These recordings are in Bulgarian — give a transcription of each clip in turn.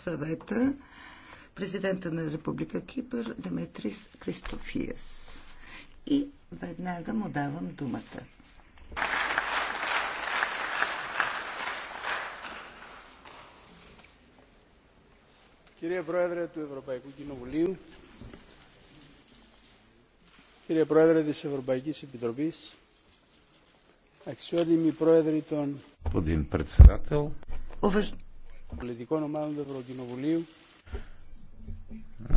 съвета президента на Република Кипър Деметрис Кристофиес. И веднага му давам думата. Κύριε Πρόεδρε του Ευρωπαϊκού Κοινοβουλίου, κύριε Πρόεδρε της Ευρωπαϊκής Επιτροπής, αξιότιμοι πρόεδροι των... Господин Πρετσεράτελ. Уважаеми политικών ομάδων του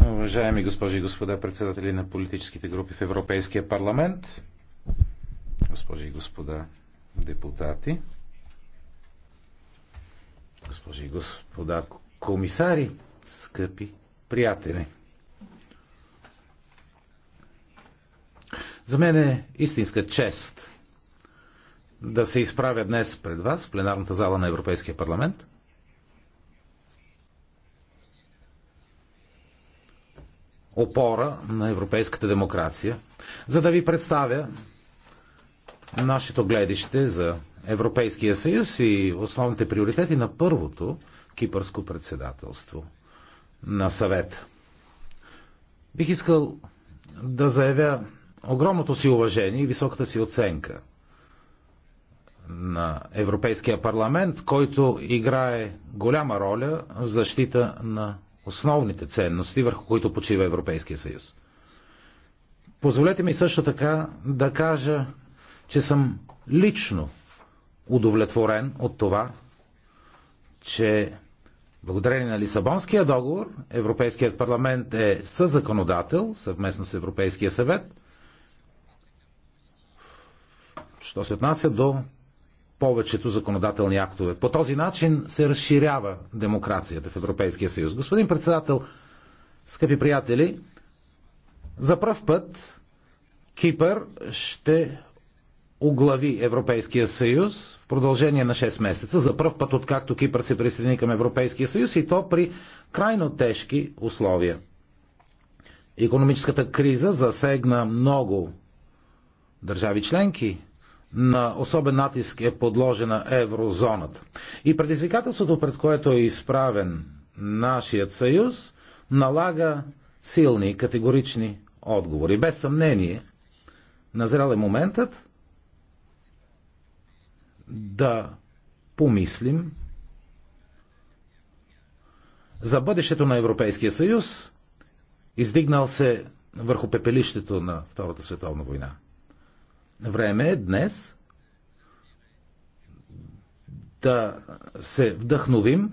Уважаеми госпожи и господа председатели на политическите групи в Европейския парламент, госпожи и господа депутати, госпожи и господа комисари, скъпи приятели. За мен е истинска чест да се изправя днес пред вас в пленарната зала на Европейския парламент – опора на европейската демокрация, за да ви представя нашето гледище за Европейския съюз и основните приоритети на първото кипърско председателство на съвет. Бих искал да заявя огромното си уважение и високата си оценка на Европейския парламент, който играе голяма роля в защита на основните ценности, върху които почива Европейския съюз. Позволете ми също така да кажа, че съм лично удовлетворен от това, че благодарение на Лисабонския договор Европейският парламент е със законодател съвместно с Европейския съвет – що се отнася до повечето законодателни актове. По този начин се разширява демокрацията в Европейския съюз. Господин председател, скъпи приятели, за пръв път Кипър ще оглави Европейския съюз в продължение на 6 месеца, за първ път откакто Кипър се присъедини към Европейския съюз и то при крайно тежки условия. Економическата криза засегна много държави членки, на особен натиск е подложена еврозоната. И предизвикателството, пред което е изправен нашият съюз, налага силни и категорични отговори. Без съмнение, назрял е моментът да помислим за бъдещето на Европейския съюз, издигнал се върху пепелището на Втората световна война. Време е днес да се вдъхновим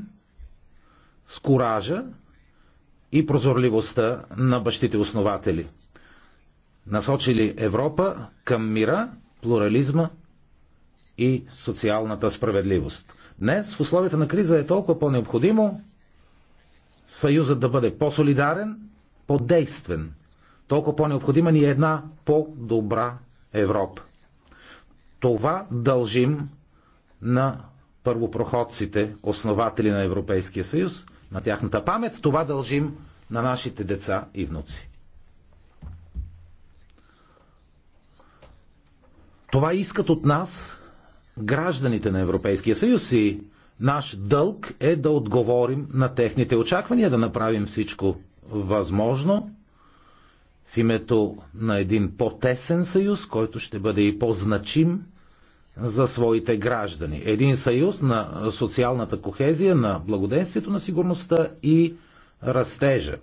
с коража и прозорливостта на бащите основатели, насочили Европа към мира, плурализма и социалната справедливост. Днес в условията на криза е толкова по-необходимо съюзът да бъде по-солидарен, по-действен. Толкова по-необходима ни е една по-добра Европа. Това дължим на първопроходците, основатели на Европейския съюз, на тяхната памет, това дължим на нашите деца и внуци. Това искат от нас гражданите на Европейския съюз и наш дълг е да отговорим на техните очаквания, да направим всичко възможно в името на един по-тесен съюз, който ще бъде и по-значим за своите граждани. Един съюз на социалната кохезия, на благоденствието, на сигурността и растежа.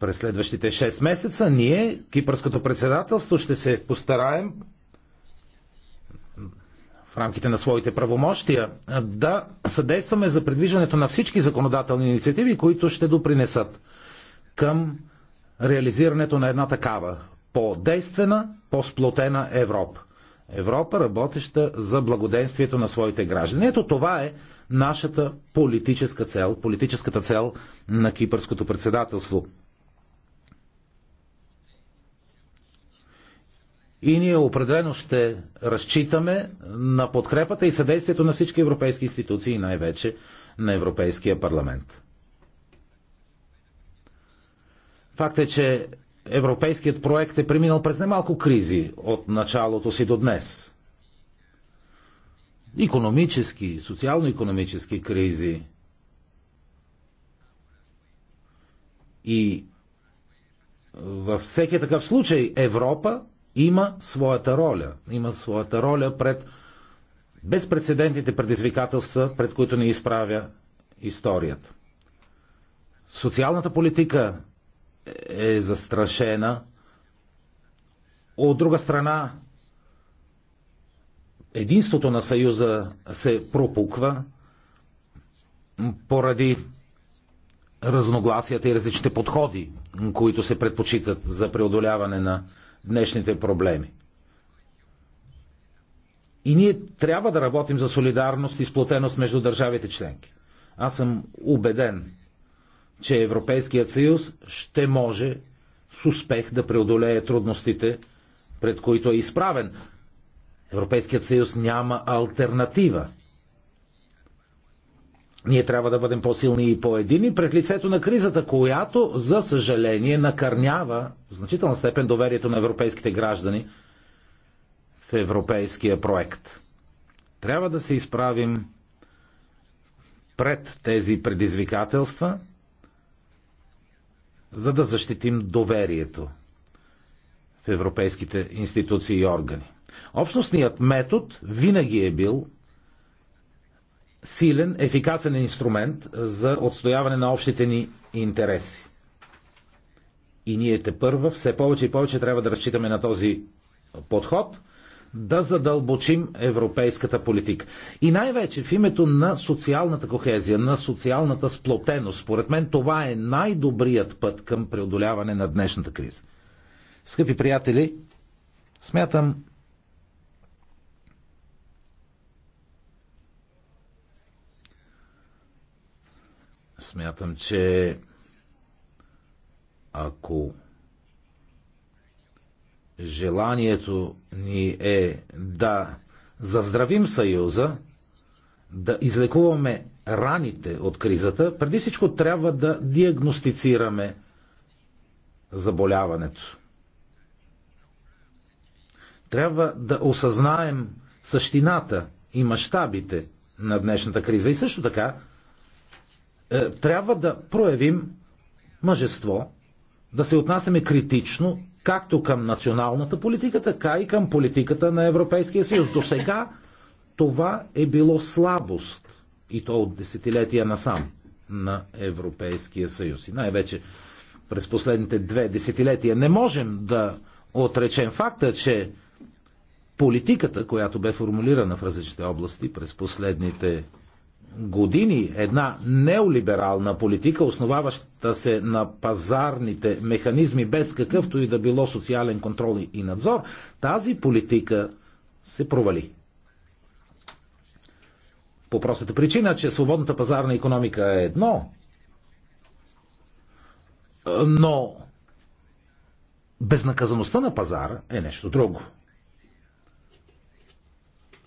През следващите 6 месеца ние, Кипърското председателство, ще се постараем в рамките на своите правомощия да съдействаме за предвижването на всички законодателни инициативи, които ще допринесат към реализирането на една такава по-действена, по-сплотена Европа. Европа, работеща за благоденствието на своите граждани. Ето това е нашата политическа цел, политическата цел на кипърското председателство. И ние определено ще разчитаме на подкрепата и съдействието на всички европейски институции, най-вече на Европейския парламент. Факт е, че европейският проект е преминал през немалко кризи от началото си до днес. Икономически, социално-економически кризи. И във всеки такъв случай Европа има своята роля. Има своята роля пред безпредседентните предизвикателства, пред които ни изправя историята. Социалната политика е застрашена. От друга страна, единството на Съюза се пропуква поради разногласията и различните подходи, които се предпочитат за преодоляване на днешните проблеми. И ние трябва да работим за солидарност и сплотеност между държавите членки. Аз съм убеден, че Европейският съюз ще може с успех да преодолее трудностите, пред които е изправен. Европейският съюз няма альтернатива. Ние трябва да бъдем по-силни и по-едини пред лицето на кризата, която, за съжаление, накърнява в значителна степен доверието на европейските граждани в европейския проект. Трябва да се изправим пред тези предизвикателства – за да защитим доверието в европейските институции и органи. Общностният метод винаги е бил силен, ефикасен инструмент за отстояване на общите ни интереси. И ние те първа все повече и повече трябва да разчитаме на този подход – да задълбочим европейската политика. И най-вече в името на социалната кохезия, на социалната сплотеност. Според мен това е най-добрият път към преодоляване на днешната криза. Скъпи приятели, смятам, смятам, че ако желанието ни е да заздравим Съюза, да излекуваме раните от кризата, преди всичко трябва да диагностицираме заболяването. Трябва да осъзнаем същината и мащабите на днешната криза. И също така е, трябва да проявим мъжество, да се отнасяме критично както към националната политика, така и към политиката на Европейския съюз. До сега това е било слабост, и то от десетилетия насам, на Европейския съюз. И най-вече през последните две десетилетия не можем да отречем факта, че политиката, която бе формулирана в различните области през последните години една неолиберална политика, основаваща се на пазарните механизми без какъвто и да било социален контрол и надзор, тази политика се провали. По простата причина, че свободната пазарна економика е едно, но безнаказаността на пазара е нещо друго.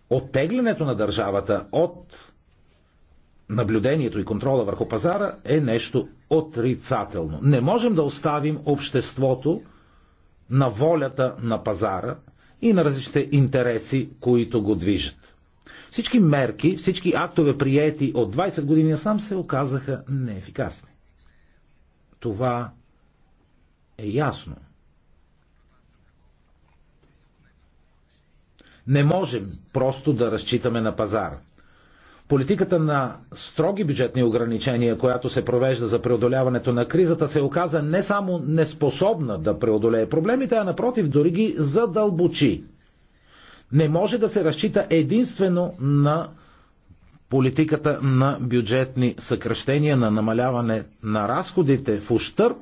Оттеглянето на държавата от наблюдението и контрола върху пазара е нещо отрицателно. Не можем да оставим обществото на волята на пазара и на различните интереси, които го движат. Всички мерки, всички актове приети от 20 години сам се оказаха неефикасни. Това е ясно. Не можем просто да разчитаме на пазара. Политиката на строги бюджетни ограничения, която се провежда за преодоляването на кризата, се оказа не само неспособна да преодолее проблемите, а напротив дори ги задълбочи. Не може да се разчита единствено на политиката на бюджетни съкръщения, на намаляване на разходите в ущърп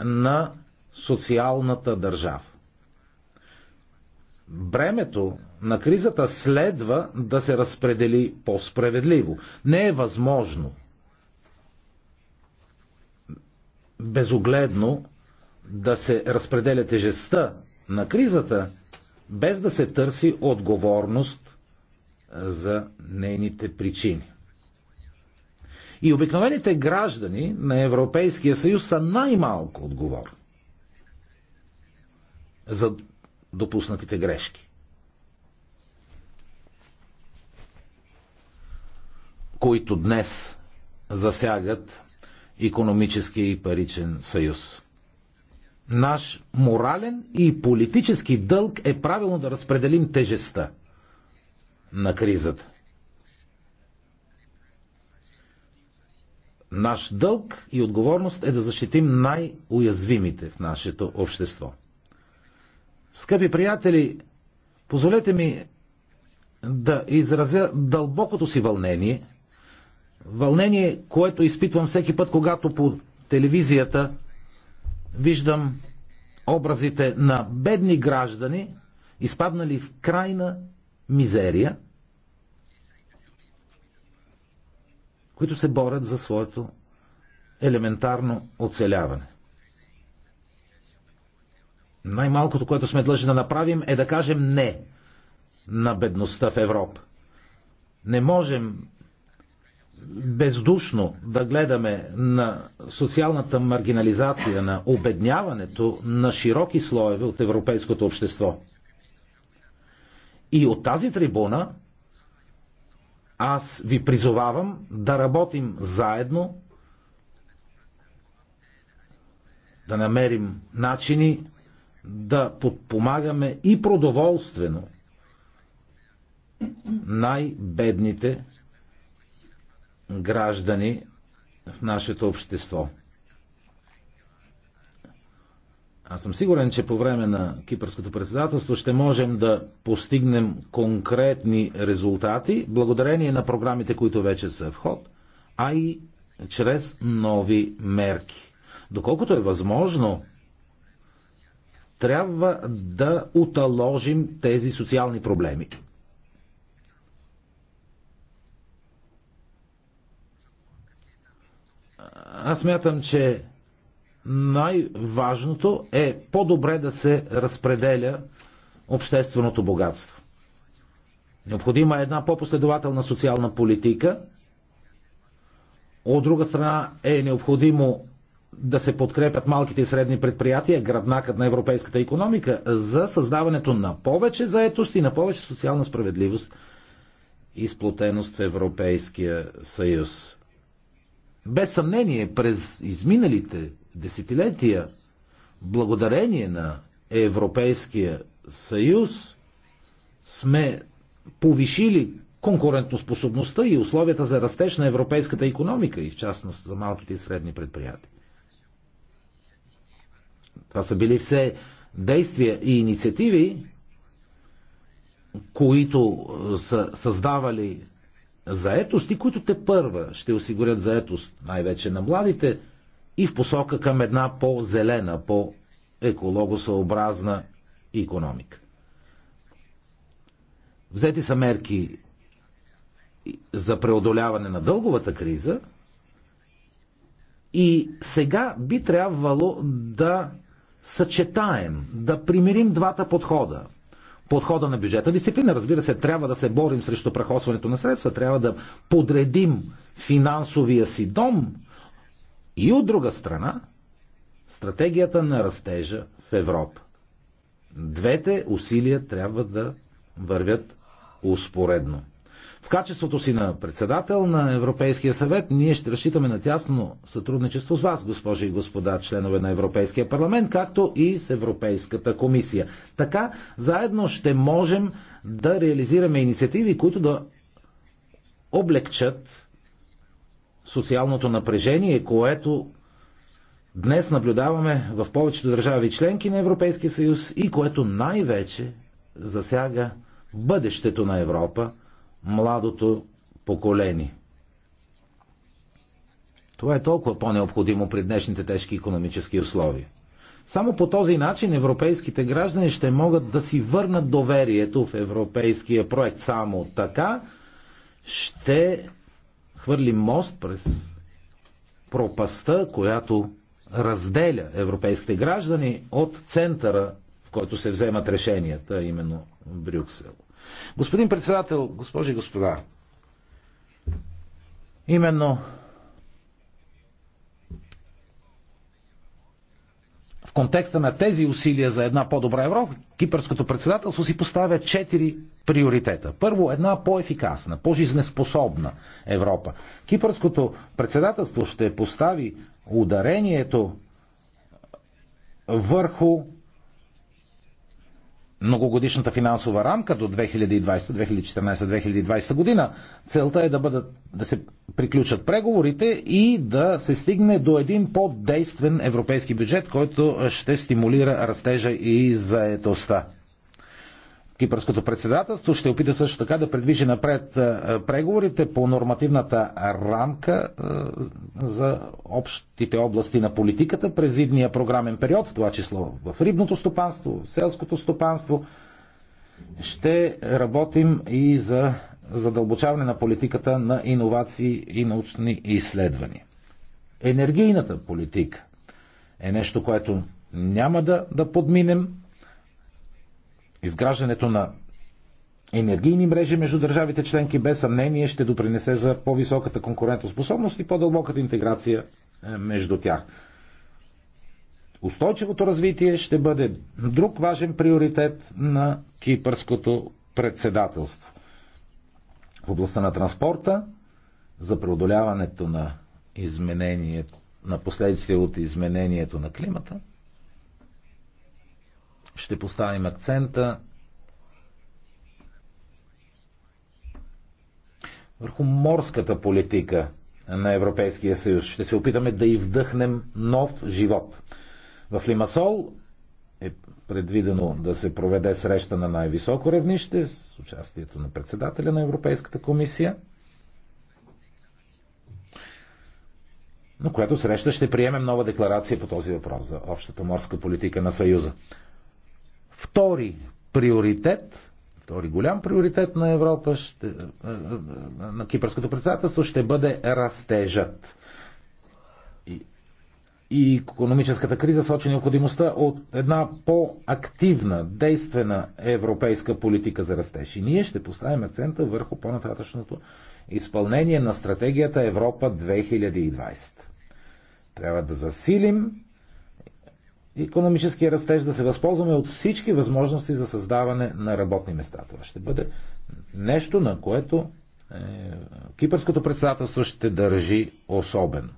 на социалната държава. Бремето на кризата следва да се разпредели по-справедливо. Не е възможно безогледно да се разпределя тежестта на кризата, без да се търси отговорност за нейните причини. И обикновените граждани на Европейския съюз са най-малко отговорни за допуснатите грешки. които днес засягат економически и паричен съюз. Наш морален и политически дълг е правилно да разпределим тежестта на кризата. Наш дълг и отговорност е да защитим най-уязвимите в нашето общество. Скъпи приятели, позволете ми да изразя дълбокото си вълнение – Вълнение, което изпитвам всеки път, когато по телевизията виждам образите на бедни граждани, изпаднали в крайна мизерия, които се борят за своето елементарно оцеляване. Най-малкото, което сме длъжни да направим, е да кажем не на бедността в Европа. Не можем бездушно да гледаме на социалната маргинализация, на обедняването на широки слоеве от европейското общество. И от тази трибуна аз ви призовавам да работим заедно, да намерим начини да подпомагаме и продоволствено най-бедните граждани в нашето общество. Аз съм сигурен, че по време на кипърското председателство ще можем да постигнем конкретни резултати, благодарение на програмите, които вече са в ход, а и чрез нови мерки. Доколкото е възможно, трябва да оталожим тези социални проблеми. аз мятам, че най-важното е по-добре да се разпределя общественото богатство. Необходима е една по-последователна социална политика. От друга страна е необходимо да се подкрепят малките и средни предприятия, гръбнакът на европейската економика, за създаването на повече заетост и на повече социална справедливост и сплотеност в Европейския съюз. Без съмнение, през изминалите десетилетия, благодарение на Европейския съюз, сме повишили конкурентоспособността и условията за растеж на европейската економика и в частност за малките и средни предприятия. Това са били все действия и инициативи, които е, са създавали Заетости, които те първа ще осигурят заетост най-вече на младите и в посока към една по-зелена, по-екологосъобразна економика. Взети са мерки за преодоляване на дълговата криза и сега би трябвало да съчетаем, да примирим двата подхода подхода на бюджета. Дисциплина, разбира се, трябва да се борим срещу прахосването на средства, трябва да подредим финансовия си дом и от друга страна стратегията на растежа в Европа. Двете усилия трябва да вървят успоредно. В качеството си на председател на Европейския съвет ние ще разчитаме на тясно сътрудничество с вас, госпожи и господа, членове на Европейския парламент, както и с Европейската комисия. Така заедно ще можем да реализираме инициативи, които да облегчат социалното напрежение, което днес наблюдаваме в повечето държави членки на Европейския съюз и което най-вече засяга бъдещето на Европа – младото поколение. Това е толкова по-необходимо при днешните тежки економически условия. Само по този начин европейските граждани ще могат да си върнат доверието в европейския проект. Само така ще хвърли мост през пропаста, която разделя европейските граждани от центъра, в който се вземат решенията, именно Брюксел. Господин председател, госпожи и господа, именно в контекста на тези усилия за една по-добра Европа, кипърското председателство си поставя четири приоритета. Първо, една по-ефикасна, по-жизнеспособна Европа. Кипърското председателство ще постави ударението върху многогодишната финансова рамка до 2020-2014-2020 година. Целта е да, бъдат, да се приключат преговорите и да се стигне до един по-действен европейски бюджет, който ще стимулира растежа и заетостта. Кипърското председателство ще опита също така да предвижи напред е, преговорите по нормативната рамка е, за общите области на политиката през идния програмен период, в това число в рибното стопанство, в селското стопанство. Ще работим и за задълбочаване на политиката на иновации и научни изследвания. Енергийната политика е нещо, което няма да, да подминем Изграждането на енергийни мрежи между държавите членки без съмнение ще допринесе за по-високата конкурентоспособност и по-дълбоката интеграция е, между тях. Устойчивото развитие ще бъде друг важен приоритет на кипърското председателство. В областта на транспорта, за преодоляването на изменението, на последствия от изменението на климата, ще поставим акцента върху морската политика на Европейския съюз. Ще се опитаме да и вдъхнем нов живот. В Лимасол е предвидено да се проведе среща на най-високо равнище с участието на председателя на Европейската комисия. на която среща ще приемем нова декларация по този въпрос за общата морска политика на Съюза. Втори приоритет, втори голям приоритет на Европа, ще, е, е, е, на кипърското председателство ще бъде растежът. И, и економическата криза сочи необходимостта от една по-активна, действена европейска политика за растеж. И ние ще поставим акцента върху по-нататъчното изпълнение на стратегията Европа 2020. Трябва да засилим економическия растеж, да се възползваме от всички възможности за създаване на работни места. Това ще бъде нещо, на което е, кипърското председателство ще държи особено.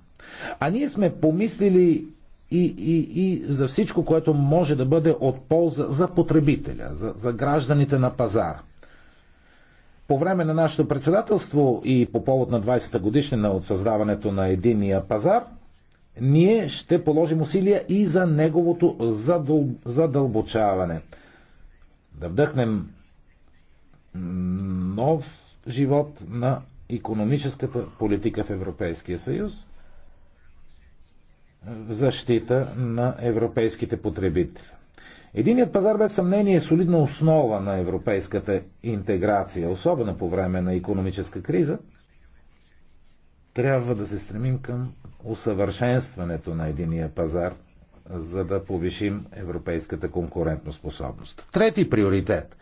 А ние сме помислили и, и, и за всичко, което може да бъде от полза за потребителя, за, за гражданите на пазара. По време на нашето председателство и по повод на 20-та годишнина от създаването на единия пазар – ние ще положим усилия и за неговото задъл... задълбочаване. Да вдъхнем нов живот на економическата политика в Европейския съюз в защита на европейските потребители. Единият пазар без съмнение е солидна основа на европейската интеграция, особено по време на економическа криза – трябва да се стремим към усъвършенстването на единия пазар, за да повишим европейската конкурентоспособност. Трети приоритет.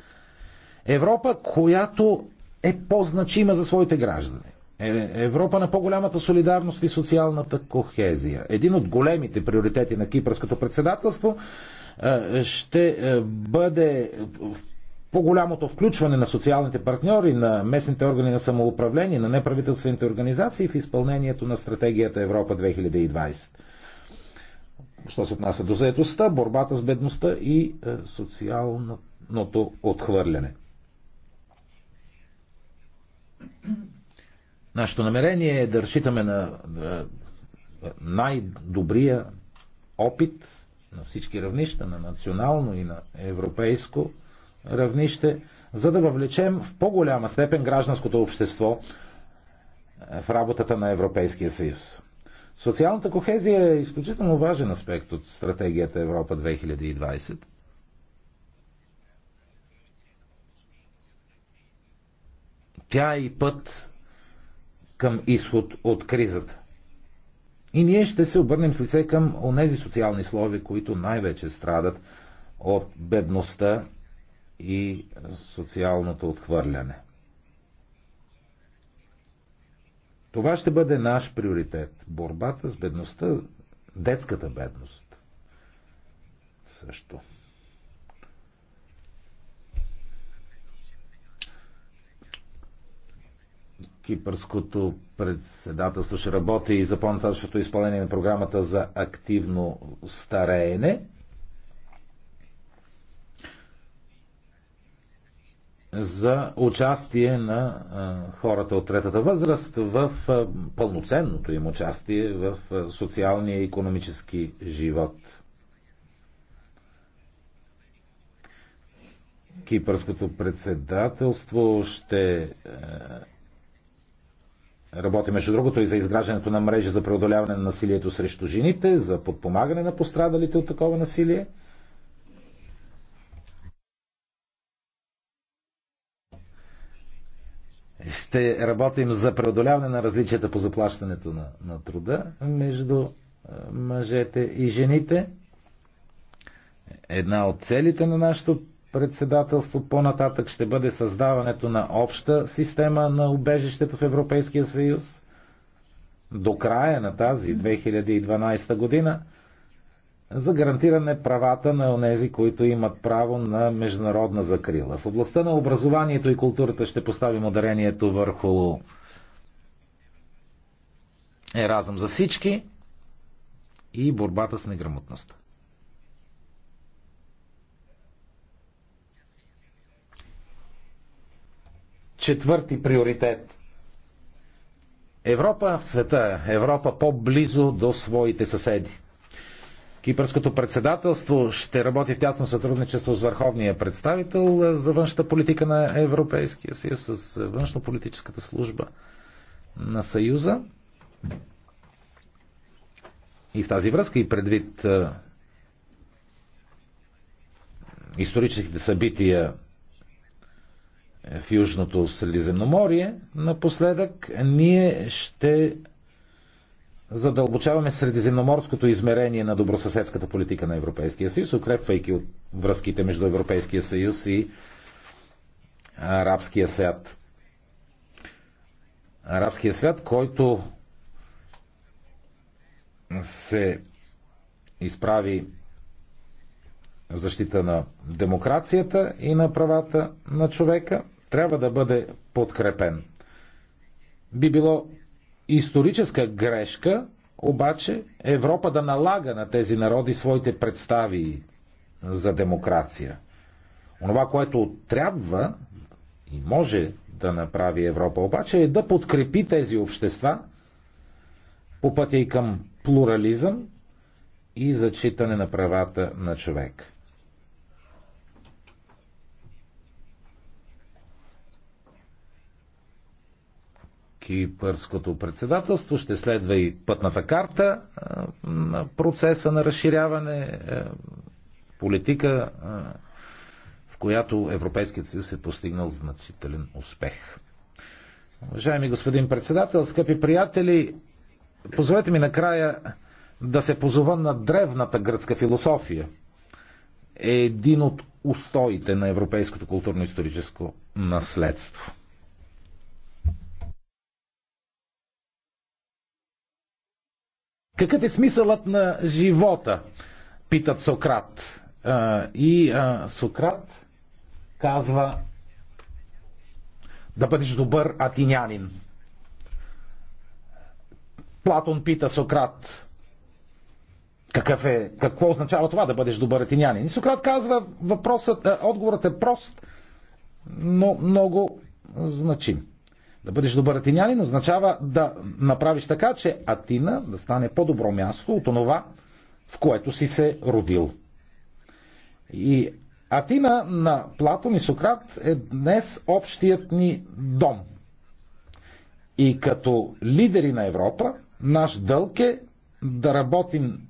Европа, която е по-значима за своите граждани. Е, Европа на по-голямата солидарност и социалната кохезия. Един от големите приоритети на кипърското председателство е, ще е, бъде по-голямото включване на социалните партньори, на местните органи на самоуправление, на неправителствените организации в изпълнението на стратегията Европа 2020. Що се отнася до заедостта, борбата с бедността и е, социалното отхвърляне. Нашето намерение е да разчитаме на е, най-добрия опит на всички равнища, на национално и на европейско равнище, за да въвлечем в по-голяма степен гражданското общество е, в работата на Европейския съюз. Социалната кохезия е изключително важен аспект от стратегията Европа 2020. Тя е и път към изход от кризата. И ние ще се обърнем с лице към онези социални слови, които най-вече страдат от бедността и социалното отхвърляне. Това ще бъде наш приоритет. Борбата с бедността, детската бедност. Също. Кипърското председателство ще работи и за по-нататъчното е изпълнение на програмата за активно стареене. за участие на хората от третата възраст в пълноценното им участие в социалния и економически живот. Кипърското председателство ще Работи, между другото, и за изграждането на мрежи за преодоляване на насилието срещу жените, за подпомагане на пострадалите от такова насилие. Ще работим за преодоляване на различията по заплащането на, на труда между мъжете и жените. Една от целите на нашето председателство по-нататък ще бъде създаването на обща система на убежището в Европейския съюз до края на тази 2012 година за гарантиране правата на онези, които имат право на международна закрила. В областта на образованието и културата ще поставим ударението върху Еразъм за всички и борбата с неграмотността. Четвърти приоритет. Европа в света, Европа по-близо до своите съседи. Кипърското председателство ще работи в тясно сътрудничество с върховния представител е, за външната политика на Европейския съюз, с е, външно-политическата служба на Съюза. И в тази връзка и предвид е, историческите събития в Южното Средиземноморие, напоследък ние ще задълбочаваме средиземноморското измерение на добросъседската политика на Европейския съюз, укрепвайки от връзките между Европейския съюз и арабския свят. Арабския свят, който се изправи в защита на демокрацията и на правата на човека, трябва да бъде подкрепен. Би било историческа грешка, обаче, Европа да налага на тези народи своите представи за демокрация. Онова, което трябва и може да направи Европа, обаче, е да подкрепи тези общества по пътя и към плурализъм и зачитане на правата на човек. кипърското председателство. Ще следва и пътната карта на процеса на разширяване, е, политика, е, в която Европейският съюз е постигнал значителен успех. Уважаеми господин председател, скъпи приятели, позволете ми накрая да се позова на древната гръцка философия. Е един от устоите на европейското културно-историческо наследство. Какъв е смисълът на живота? Питат Сократ. И Сократ казва да бъдеш добър атинянин. Платон пита Сократ какъв е, какво означава това да бъдеш добър атинянин. И Сократ казва, въпросът, е, отговорът е прост, но много значим. Да бъдеш добър атинянин означава да направиш така, че Атина да стане по-добро място от онова, в което си се родил. И Атина на Платон и Сократ е днес общият ни дом. И като лидери на Европа, наш дълг е да работим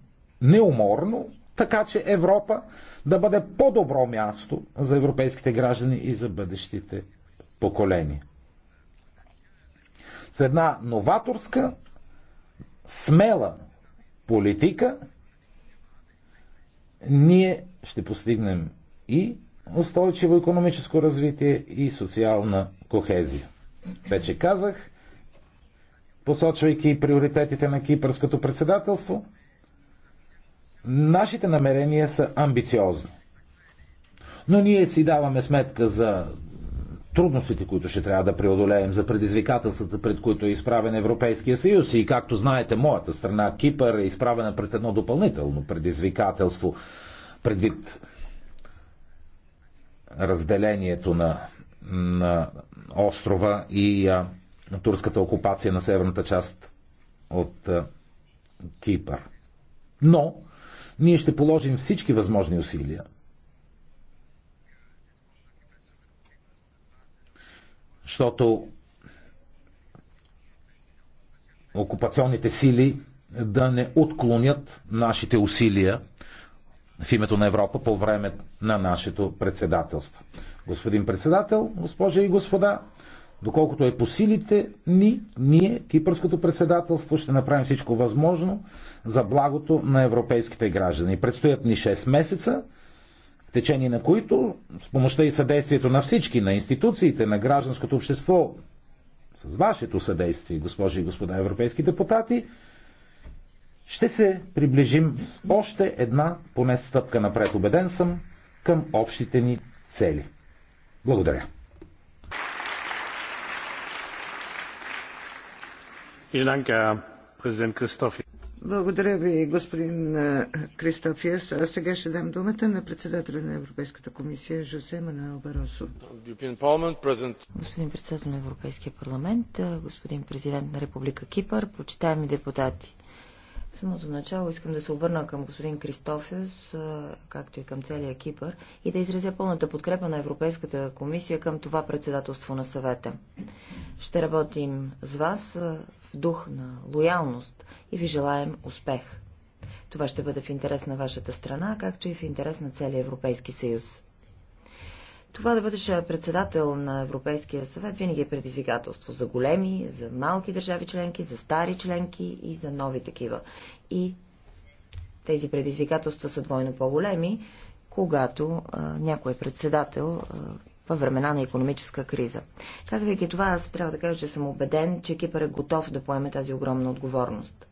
неуморно, така че Европа да бъде по-добро място за европейските граждани и за бъдещите поколения с една новаторска, смела политика, ние ще постигнем и устойчиво економическо развитие и социална кохезия. Вече казах, посочвайки приоритетите на кипърското председателство, нашите намерения са амбициозни. Но ние си даваме сметка за трудностите, които ще трябва да преодолеем, за предизвикателствата, пред които е изправен Европейския съюз. И както знаете, моята страна, Кипър, е изправена пред едно допълнително предизвикателство, предвид разделението на, на острова и а, турската окупация на северната част от а, Кипър. Но ние ще положим всички възможни усилия защото окупационните сили да не отклонят нашите усилия в името на Европа по време на нашето председателство. Господин председател, госпожи и господа, доколкото е по силите ни, ние, Кипърското председателство, ще направим всичко възможно за благото на европейските граждани. Предстоят ни 6 месеца, течение на които, с помощта и съдействието на всички, на институциите, на гражданското общество, с вашето съдействие, госпожи и господа европейски депутати, ще се приближим с още една поне стъпка напред, убеден съм, към общите ни цели. Благодаря. Vielen президент Кристофи. Благодаря ви, господин Кристофиес. А сега ще дам думата на председателя на Европейската комисия Жосе Мануел Баросо. Господин председател на Европейския парламент, господин президент на Република Кипър, почитаеми депутати. В самото начало искам да се обърна към господин Кристофиус, както и към целия Кипър, и да изразя пълната подкрепа на Европейската комисия към това председателство на съвета. Ще работим с вас дух на лоялност и ви желаем успех. Това ще бъде в интерес на вашата страна, както и в интерес на целия Европейски съюз. Това да бъдеш председател на Европейския съвет винаги е предизвикателство за големи, за малки държави членки, за стари членки и за нови такива. И тези предизвикателства са двойно по-големи, когато а, някой е председател а, във времена на економическа криза. Казвайки това, аз трябва да кажа, че съм убеден, че Кипър е готов да поеме тази огромна отговорност.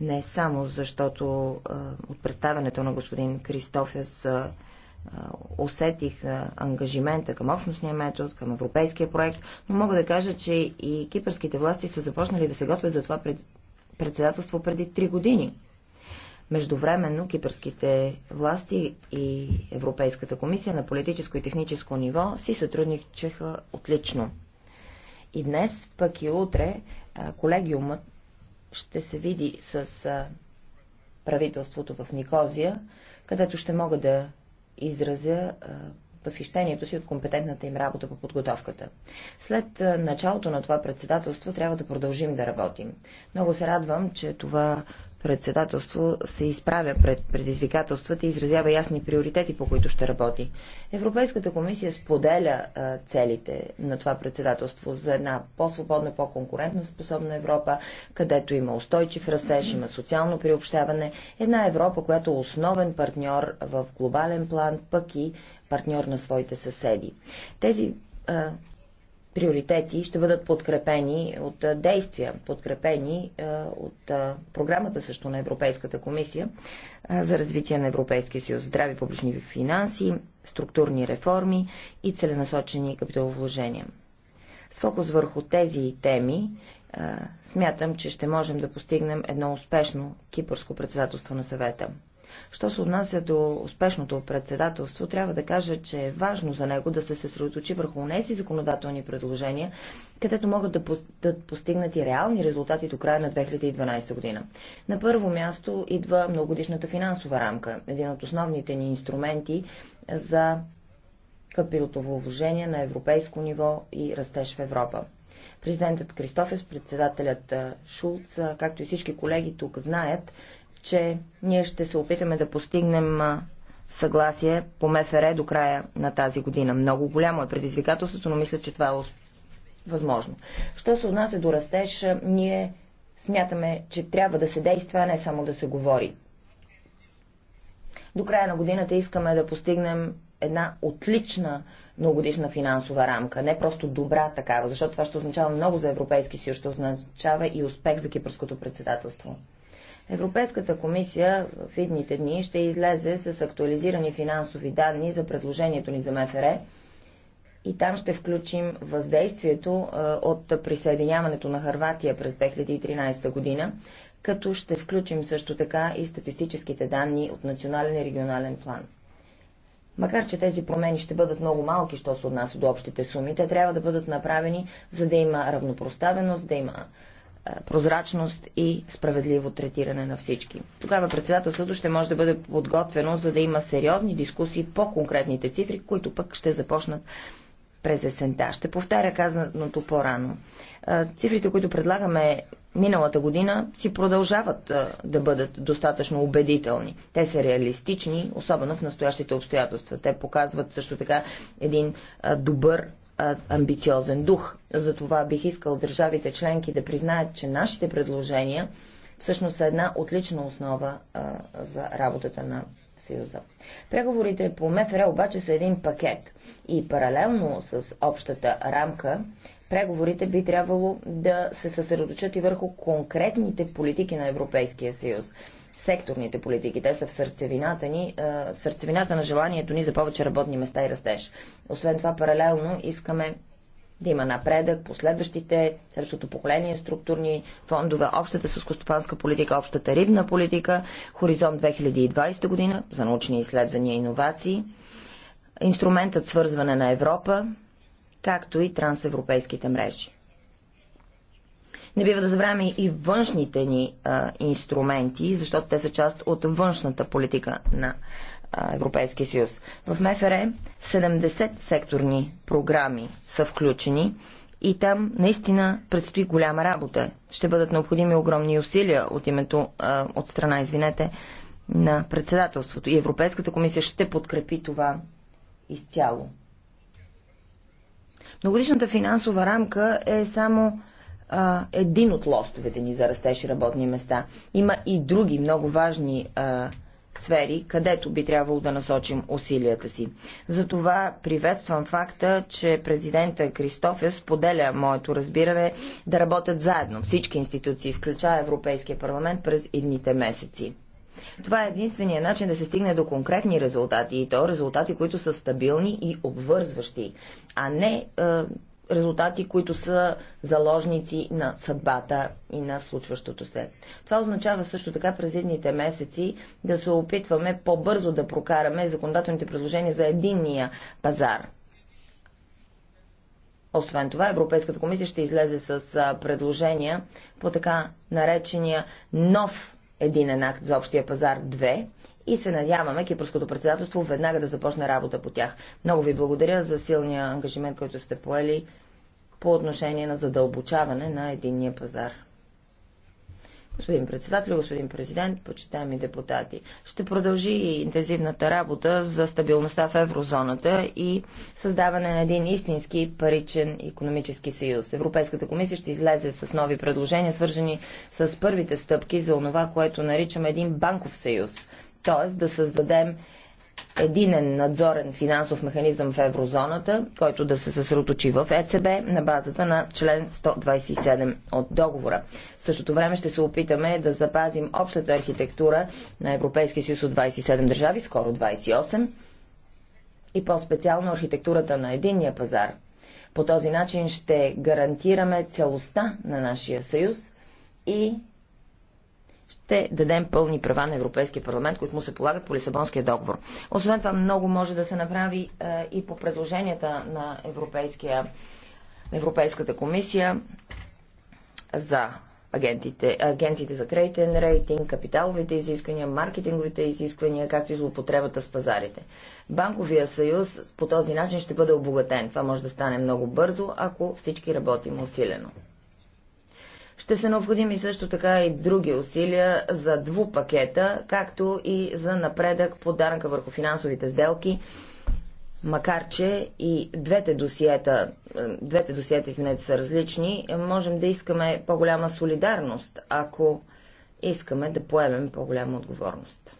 Не само защото а, от представянето на господин Кристофес а, усетих ангажимента към общностния метод, към европейския проект, но мога да кажа, че и кипърските власти са започнали да се готвят за това пред... председателство преди три години. Междувременно кипърските власти и Европейската комисия на политическо и техническо ниво си сътрудничаха отлично. И днес, пък и утре, колегиумът ще се види с правителството в Никозия, където ще мога да изразя възхищението си от компетентната им работа по подготовката. След началото на това председателство трябва да продължим да работим. Много се радвам, че това председателство се изправя пред предизвикателствата и изразява ясни приоритети, по които ще работи. Европейската комисия споделя целите на това председателство за една по-свободна, по-конкурентна способна Европа, където има устойчив растеж, има социално приобщаване, една Европа, която е основен партньор в глобален план, пък и партньор на своите съседи. Тези приоритети ще бъдат подкрепени от действия, подкрепени от програмата също на Европейската комисия за развитие на Европейския съюз, здрави публични финанси, структурни реформи и целенасочени капиталовложения. С фокус върху тези теми смятам, че ще можем да постигнем едно успешно кипърско председателство на съвета. Що се отнася до успешното председателство, трябва да кажа, че е важно за него да се съсредоточи върху тези законодателни предложения, където могат да бъдат постигнати реални резултати до края на 2012 година. На първо място идва многогодишната финансова рамка, един от основните ни инструменти за капиталово вложение на европейско ниво и растеж в Европа. Президентът Кристофес, председателят Шулц, както и всички колеги тук знаят, че ние ще се опитаме да постигнем съгласие по МФР до края на тази година. Много голямо е предизвикателството, но мисля, че това е възможно. Що се отнася до растеж, ние смятаме, че трябва да се действа, а не само да се говори. До края на годината искаме да постигнем една отлична многогодишна финансова рамка, не просто добра такава, защото това ще означава много за Европейски съюз, ще означава и успех за кипърското председателство. Европейската комисия в идните дни ще излезе с актуализирани финансови данни за предложението ни за МФР и там ще включим въздействието е, от присъединяването на Харватия през 2013 година, като ще включим също така и статистическите данни от национален и регионален план. Макар, че тези промени ще бъдат много малки, що се отнася до общите суми, те трябва да бъдат направени, за да има равнопроставеност, да има е, прозрачност и справедливо третиране на всички. Тогава председателството ще може да бъде подготвено, за да има сериозни дискусии по конкретните цифри, които пък ще започнат през есента. Ще повтаря казаното по-рано. Е, цифрите, които предлагаме миналата година, си продължават е, да бъдат достатъчно убедителни. Те са реалистични, особено в настоящите обстоятелства. Те показват също така един добър амбициозен дух. Затова бих искал държавите членки да признаят, че нашите предложения всъщност са една отлична основа а, за работата на Съюза. Преговорите по МФР обаче са един пакет и паралелно с общата рамка, преговорите би трябвало да се съсредоточат и върху конкретните политики на Европейския съюз секторните политики. Те са в сърцевината, ни, в сърцевината на желанието ни за повече работни места и растеж. Освен това, паралелно искаме да има напредък, последващите, следващото поколение, структурни фондове, общата сълскостопанска политика, общата рибна политика, Хоризонт 2020 година за научни изследвания и иновации, инструментът свързване на Европа, както и трансевропейските мрежи. Не бива да забравяме и външните ни а, инструменти, защото те са част от външната политика на а, Европейския съюз. В МФР 70 секторни програми са включени и там наистина предстои голяма работа. Ще бъдат необходими огромни усилия от името, а, от страна, извинете, на председателството. И Европейската комисия ще подкрепи това изцяло. Многодишната финансова рамка е само а, един от лостовете ни за растеж и работни места. Има и други много важни а, сфери, където би трябвало да насочим усилията си. Затова приветствам факта, че президента Кристофия споделя моето разбиране да работят заедно всички институции, включая Европейския парламент през едните месеци. Това е единствения начин да се стигне до конкретни резултати и то резултати, които са стабилни и обвързващи, а не е, резултати, които са заложници на съдбата и на случващото се. Това означава също така през едните месеци да се опитваме по-бързо да прокараме законодателните предложения за единния пазар. Освен това, Европейската комисия ще излезе с предложения по така наречения нов единен акт за общия пазар 2, и се надяваме Кипърското председателство веднага да започне работа по тях. Много ви благодаря за силния ангажимент, който сте поели по отношение на задълбочаване на единния пазар. Господин председател, господин президент, почитаеми депутати, ще продължи интензивната работа за стабилността в еврозоната и създаване на един истински паричен економически съюз. Европейската комисия ще излезе с нови предложения, свържени с първите стъпки за онова, което наричаме един банков съюз – т.е. да създадем единен надзорен финансов механизъм в еврозоната, който да се съсредоточи в ЕЦБ на базата на член 127 от договора. В същото време ще се опитаме да запазим общата архитектура на Европейския съюз от 27 държави, скоро 28, и по-специално архитектурата на единния пазар. По този начин ще гарантираме целостта на нашия съюз и ще дадем пълни права на Европейския парламент, които му се полагат по Лисабонския договор. Освен това, много може да се направи е, и по предложенията на Европейския, Европейската комисия за агентите, агенциите за кредитен рейтинг, капиталовите изисквания, маркетинговите изисквания, както и злоупотребата с пазарите. Банковия съюз по този начин ще бъде обогатен. Това може да стане много бързо, ако всички работим усилено. Ще са необходими също така и други усилия за двупакета, както и за напредък по данъка върху финансовите сделки, макар че и двете досиета, е, двете досиета извинете, са различни, можем да искаме по-голяма солидарност, ако искаме да поемем по-голяма отговорност.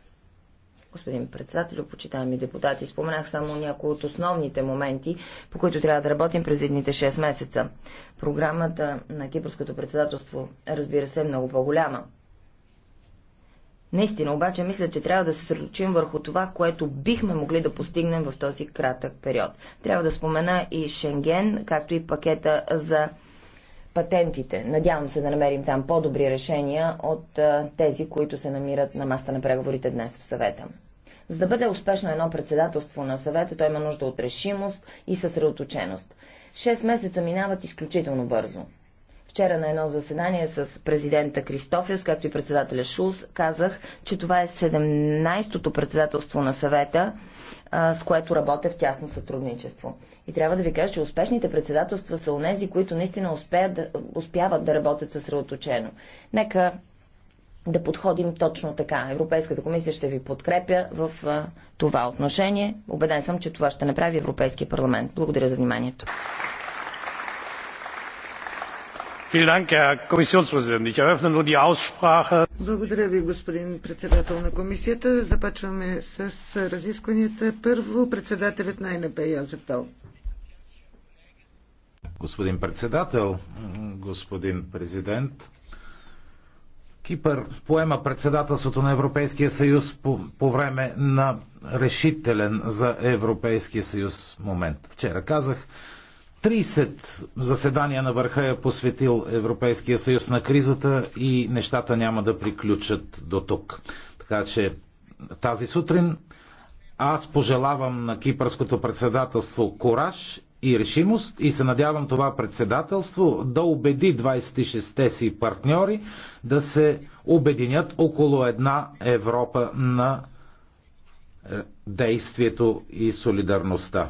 Господин председател, почитаеми депутати, споменах само някои от основните моменти, по които трябва да работим през едните 6 месеца. Програмата на Кипърското председателство, разбира се, е много по-голяма. Наистина, обаче, мисля, че трябва да се средочим върху това, което бихме могли да постигнем в този кратък период. Трябва да спомена и Шенген, както и пакета за патентите. Надявам се да намерим там по-добри решения от тези, които се намират на маста на преговорите днес в съвета. За да бъде успешно едно председателство на съвета, той има нужда от решимост и съсредоточеност. Шест месеца минават изключително бързо. Вчера на едно заседание с президента Кристофиас, както и председателя Шулс, казах, че това е 17-тото председателство на съвета, с което работя в тясно сътрудничество. И трябва да ви кажа, че успешните председателства са онези, които наистина успеят успяват да работят съсредоточено. Нека да подходим точно така. Европейската комисия ще ви подкрепя в това отношение. Обеден съм, че това ще направи Европейския парламент. Благодаря за вниманието. Благодаря ви, господин председател на комисията. Започваме с разискванията. Първо, председателят на НП Йозеф Дол. Господин председател, господин президент, Кипър поема председателството на Европейския съюз по, по време на решителен за Европейския съюз момент. Вчера казах, 30 заседания на върха е посветил Европейския съюз на кризата и нещата няма да приключат до тук. Така че тази сутрин аз пожелавам на кипърското председателство кораж и решимост и се надявам това председателство да убеди 26-те си партньори да се обединят около една Европа на е, действието и солидарността.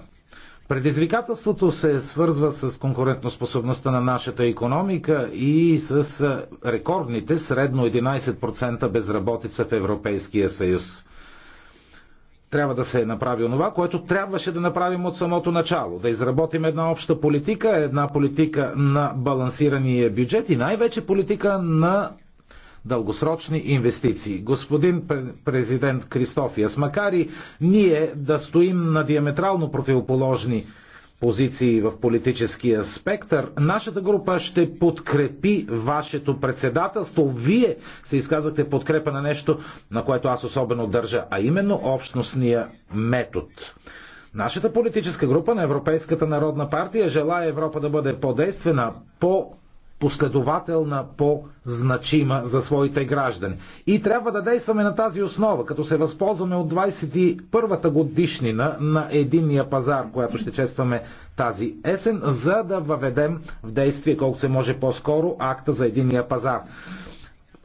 Предизвикателството се свързва с конкурентоспособността на нашата економика и с е, рекордните средно 11% безработица в Европейския съюз трябва да се е направи това, което трябваше да направим от самото начало. Да изработим една обща политика, една политика на балансирания бюджет и най-вече политика на дългосрочни инвестиции. Господин президент Кристофиас, макар и ние да стоим на диаметрално противоположни позиции в политическия спектър. Нашата група ще подкрепи вашето председателство. Вие се изказахте подкрепа на нещо, на което аз особено държа, а именно общностния метод. Нашата политическа група на Европейската народна партия желая Европа да бъде по-действена, по последователна по-значима за своите граждани. И трябва да действаме на тази основа, като се възползваме от 21-та годишнина на единния пазар, която ще честваме тази есен, за да въведем в действие колко се може по-скоро акта за единния пазар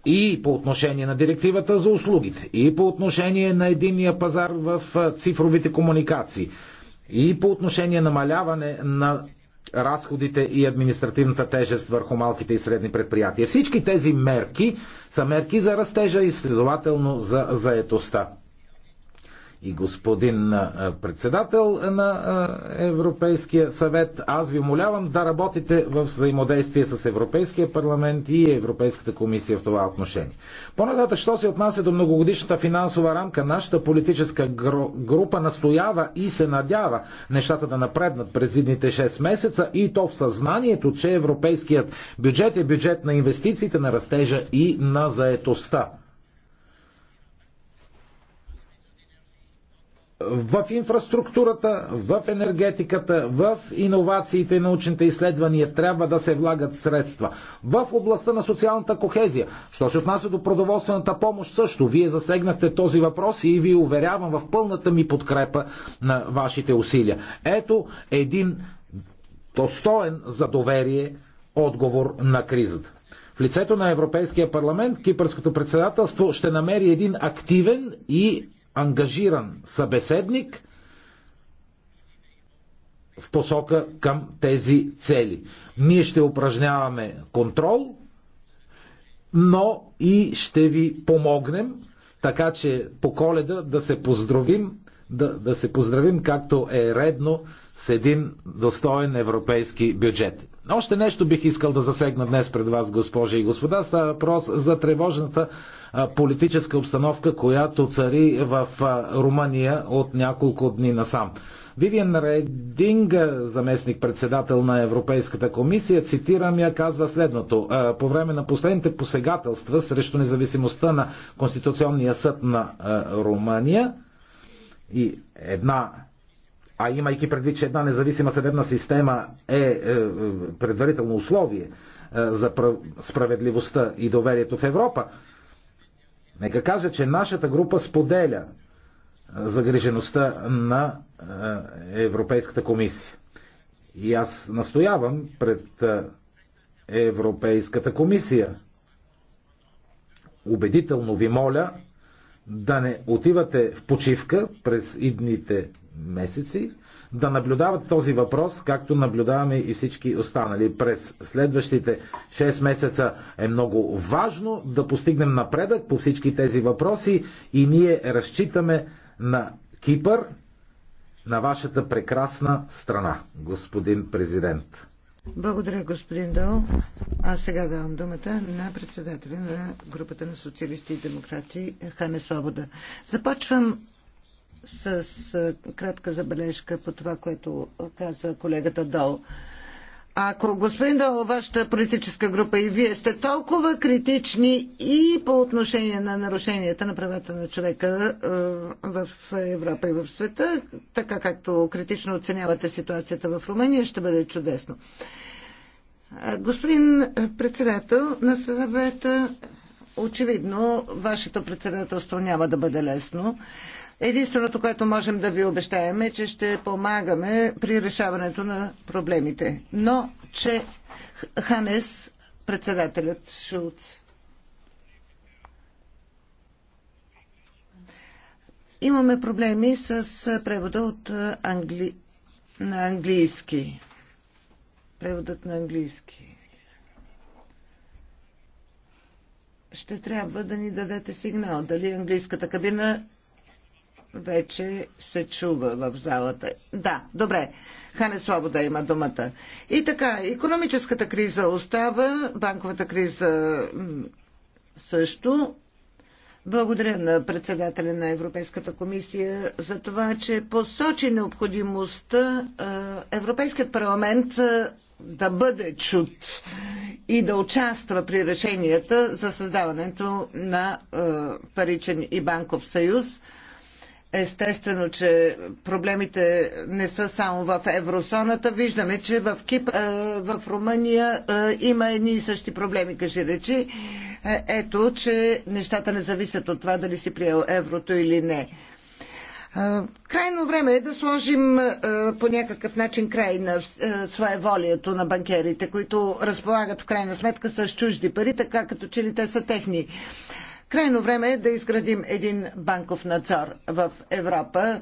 и по отношение на директивата за услугите, и по отношение на единния пазар в цифровите комуникации, и по отношение на намаляване на разходите и административната тежест върху малките и средни предприятия. Всички тези мерки са мерки за растежа и следователно за заетостта и господин председател на Европейския съвет, аз ви молявам да работите в взаимодействие с Европейския парламент и Европейската комисия в това отношение. По-нататък, що се отнася до многогодишната финансова рамка, нашата политическа група настоява и се надява нещата да напреднат през едните 6 месеца и то в съзнанието, че европейският бюджет е бюджет на инвестициите, на растежа и на заетостта. в инфраструктурата, в енергетиката, в иновациите и научните изследвания трябва да се влагат средства. В областта на социалната кохезия, що се отнася до продоволствената помощ също, вие засегнахте този въпрос и ви уверявам в пълната ми подкрепа на вашите усилия. Ето един достоен за доверие отговор на кризата. В лицето на Европейския парламент кипърското председателство ще намери един активен и ангажиран събеседник в посока към тези цели. Ние ще упражняваме контрол, но и ще ви помогнем, така че по коледа да се поздравим, да, да се поздравим както е редно с един достоен европейски бюджет. Още нещо бих искал да засегна днес пред вас, госпожи и господа. Става въпрос за тревожната политическа обстановка, която цари в Румъния от няколко дни насам. Вивиан Рединг, заместник председател на Европейската комисия, цитирам я, казва следното. По време на последните посегателства срещу независимостта на Конституционния съд на Румъния и една а имайки предвид, че една независима съдебна система е, е, е предварително условие е, за справедливостта и доверието в Европа, нека кажа, че нашата група споделя загрижеността на Европейската комисия. И аз настоявам пред Европейската комисия. Убедително ви моля да не отивате в почивка през идните месеци да наблюдават този въпрос, както наблюдаваме и всички останали. През следващите 6 месеца е много важно да постигнем напредък по всички тези въпроси и ние разчитаме на Кипър, на вашата прекрасна страна, господин президент. Благодаря, господин Дол. А сега давам думата на председателя на групата на социалисти и демократи Хане Свобода. Започвам с кратка забележка по това, което каза колегата Дол. Ако господин Дол, вашата политическа група и вие сте толкова критични и по отношение на нарушенията на правата на човека в Европа и в света, така както критично оценявате ситуацията в Румъния, ще бъде чудесно. Господин председател на съвета, очевидно вашето председателство няма да бъде лесно. Единственото, което можем да ви обещаем е, че ще помагаме при решаването на проблемите. Но, че Ханес, председателят Шулц, имаме проблеми с превода от англи... на английски. Преводът на английски. Ще трябва да ни дадете сигнал дали английската кабина вече се чува в залата. Да, добре. Хане Свобода има думата. И така, економическата криза остава, банковата криза също. Благодаря на председателя на Европейската комисия за това, че посочи необходимостта Европейският парламент да бъде чут и да участва при решенията за създаването на паричен и банков съюз Естествено, че проблемите не са само в еврозоната. Виждаме, че в Кип, в Румъния има едни и същи проблеми, кажи речи. Ето, че нещата не зависят от това дали си приел еврото или не. Крайно време е да сложим по някакъв начин край на своеволието на банкерите, които разполагат в крайна сметка с чужди пари, така като че ли те са техни. Крайно време е да изградим един банков надзор в Европа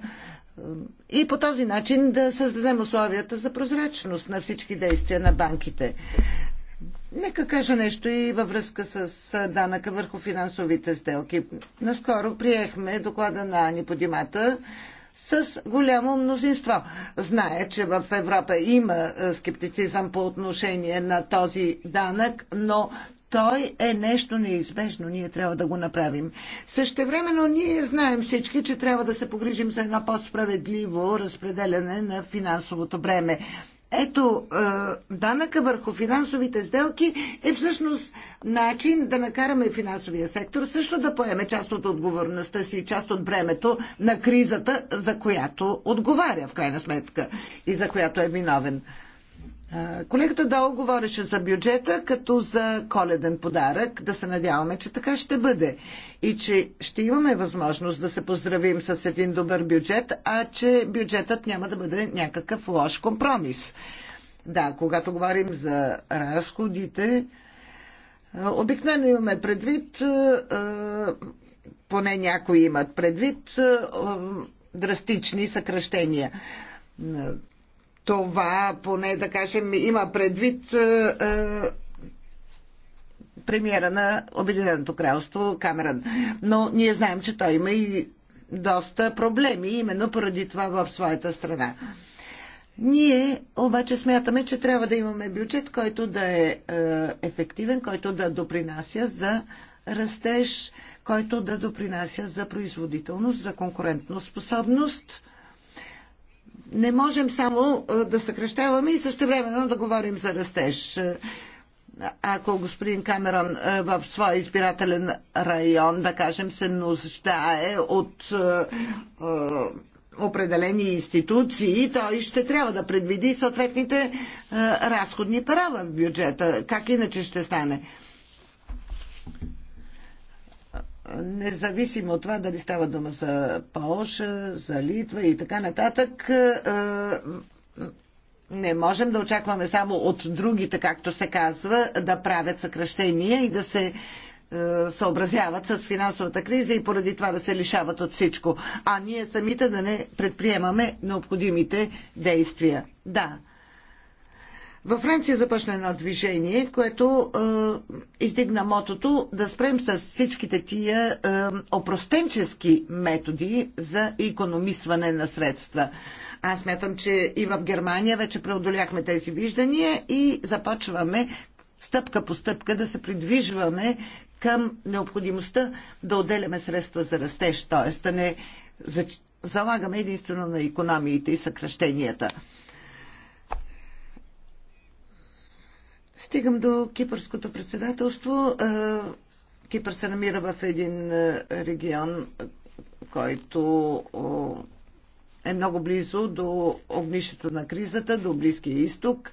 и по този начин да създадем условията за прозрачност на всички действия на банките. Нека кажа нещо и във връзка с данъка върху финансовите сделки. Наскоро приехме доклада на Ани Подимата с голямо мнозинство. Знае, че в Европа има е, скептицизъм по отношение на този данък, но той е нещо неизбежно. Ние трябва да го направим. Същевременно ние знаем всички, че трябва да се погрижим за едно по-справедливо разпределяне на финансовото бреме. Ето, данъка върху финансовите сделки е всъщност начин да накараме финансовия сектор също да поеме част от отговорността си, част от бремето на кризата, за която отговаря в крайна сметка и за която е виновен. Колегата долу говореше за бюджета като за коледен подарък. Да се надяваме, че така ще бъде. И че ще имаме възможност да се поздравим с един добър бюджет, а че бюджетът няма да бъде някакъв лош компромис. Да, когато говорим за разходите, обикновено имаме предвид, поне някои имат предвид, драстични съкръщения това, поне да кажем, има предвид е, е, премиера на Обединеното кралство Камеран. Но ние знаем, че той има и доста проблеми, именно поради това в своята страна. Ние обаче смятаме, че трябва да имаме бюджет, който да е, е ефективен, който да допринася за растеж, който да допринася за производителност, за конкурентно способност не можем само да съкрещаваме и също времено да говорим за растеж. Ако господин Камерон в своя избирателен район, да кажем, се нуждае от определени институции, той ще трябва да предвиди съответните разходни права в бюджета. Как иначе ще стане? независимо от това дали става дума за Полша, за Литва и така нататък, е, не можем да очакваме само от другите, както се казва, да правят съкръщения и да се е, съобразяват с финансовата криза и поради това да се лишават от всичко, а ние самите да не предприемаме необходимите действия. Да, във Франция започна едно движение, което е, издигна мотото да спрем с всичките тия е, опростенчески методи за економисване на средства. Аз мятам, че и в Германия вече преодоляхме тези виждания и започваме стъпка по стъпка да се придвижваме към необходимостта да отделяме средства за растеж, т.е. да не залагаме единствено на економиите и съкръщенията. Стигам до кипърското председателство. Кипър се намира в един регион, който е много близо до огнището на кризата, до Близкия изток.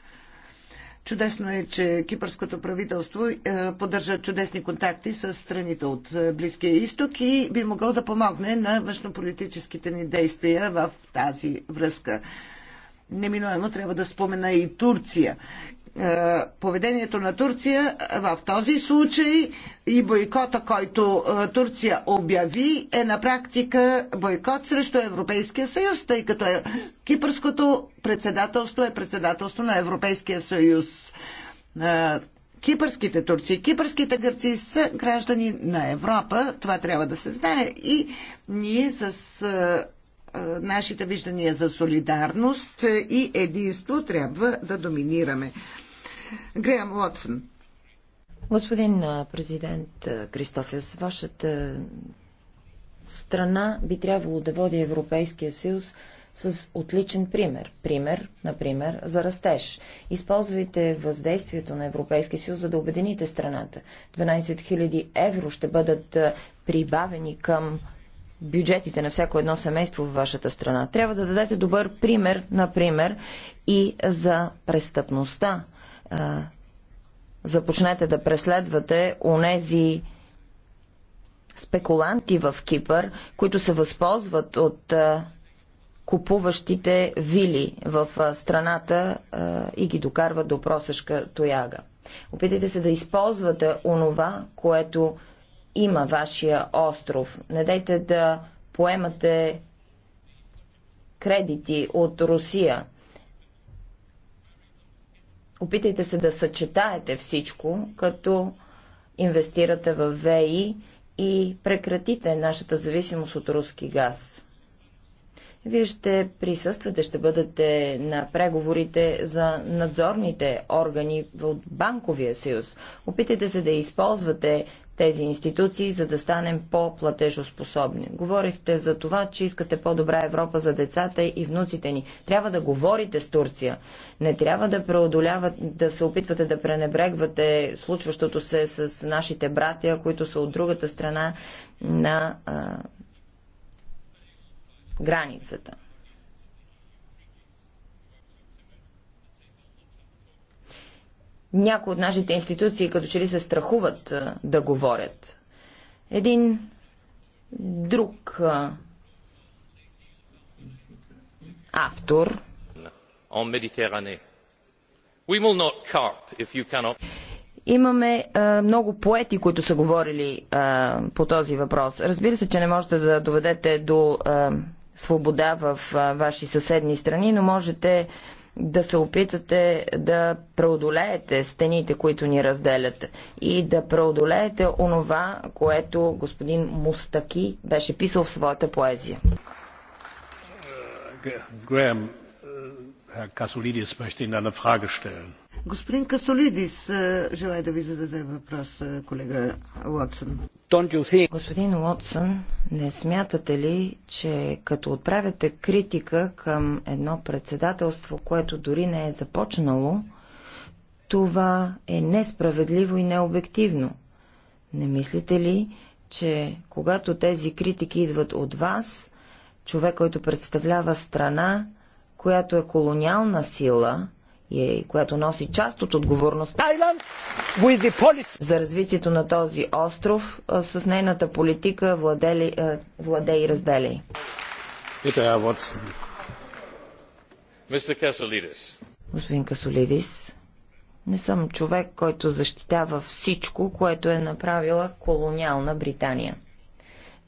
Чудесно е, че кипърското правителство е, поддържа чудесни контакти с страните от е, Близкия изток и би могъл да помогне на външнополитическите ни действия в тази връзка. Неминуемо трябва да спомена и Турция. Е, поведението на Турция в този случай и бойкота, който е, Турция обяви, е на практика бойкот срещу Европейския съюз, тъй като е, кипърското председателство е председателство на Европейския съюз. Е, кипърските турци, кипърските гърци са граждани на Европа, това трябва да се знае и ние с нашите виждания за солидарност и единство трябва да доминираме. Греъм Уотсън. Господин президент Кристофес, вашата страна би трябвало да води Европейския съюз с отличен пример. Пример, например, за растеж. Използвайте въздействието на Европейския съюз, за да обедините страната. 12 000 евро ще бъдат прибавени към бюджетите на всяко едно семейство в вашата страна. Трябва да дадете добър пример, например, и за престъпността а, започнете да преследвате онези спекуланти в Кипър, които се възползват от а, купуващите вили в а, страната а, и ги докарват до просешка тояга. Опитайте се да използвате онова, което има вашия остров. Не дайте да поемате кредити от Русия. Опитайте се да съчетаете всичко, като инвестирате в ВЕИ и прекратите нашата зависимост от руски газ. Вие ще присъствате, ще бъдете на преговорите за надзорните органи от Банковия съюз. Опитайте се да използвате тези институции, за да станем по-платежоспособни. Говорихте за това, че искате по-добра Европа за децата и внуците ни. Трябва да говорите с Турция. Не трябва да преодолявате, да се опитвате да пренебрегвате случващото се с нашите братя, които са от другата страна на а, границата. някои от нашите институции като че ли се страхуват да говорят. Един друг автор. Имаме а, много поети, които са говорили а, по този въпрос. Разбира се, че не можете да доведете до а, свобода в а, ваши съседни страни, но можете да се опитате да преодолеете стените, които ни разделят и да преодолеете онова, което господин Мустаки беше писал в своята поезия. Грэм, Herr Kasoulidis möchte Ihnen eine Frage stellen. Господин Касолидис е, желая да ви зададе въпрос, е, колега Уотсън. Господин Уотсън, не смятате ли, че като отправяте критика към едно председателство, което дори не е започнало, това е несправедливо и необективно? Не мислите ли, че когато тези критики идват от вас, човек, който представлява страна, която е колониална сила, и е, която носи част от отговорността за развитието на този остров с нейната политика владели, владей и разделей. Господин Касолидис, не съм човек, който защитава всичко, което е направила колониална Британия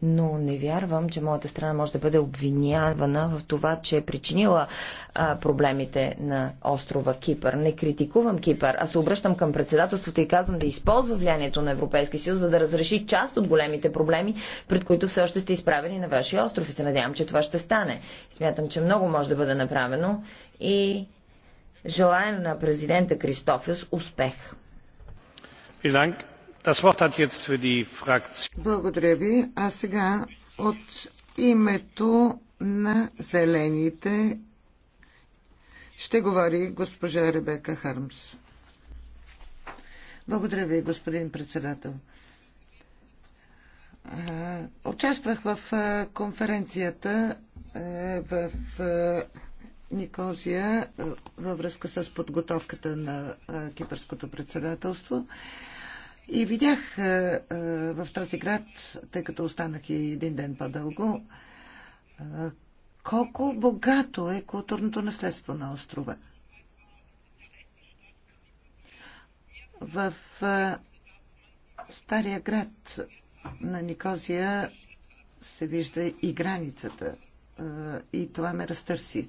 но не вярвам, че моята страна може да бъде обвинявана в това, че е причинила а, проблемите на острова Кипър. Не критикувам Кипър, а се обръщам към председателството и казвам да използва влиянието на Европейския съюз, за да разреши част от големите проблеми, пред които все още сте изправени на вашия остров и се надявам, че това ще стане. Смятам, че много може да бъде направено и желая на президента Кристофес успех. Vielen благодаря ви. А сега от името на зелените ще говори госпожа Ребека Хармс. Благодаря ви, господин председател. Участвах в конференцията в Никозия във връзка с подготовката на кипърското председателство. И видях е, е, в този град, тъй като останах и един ден по-дълго, е, колко богато е културното наследство на острова. В стария град на Никозия се вижда и границата. И това ме разтърси.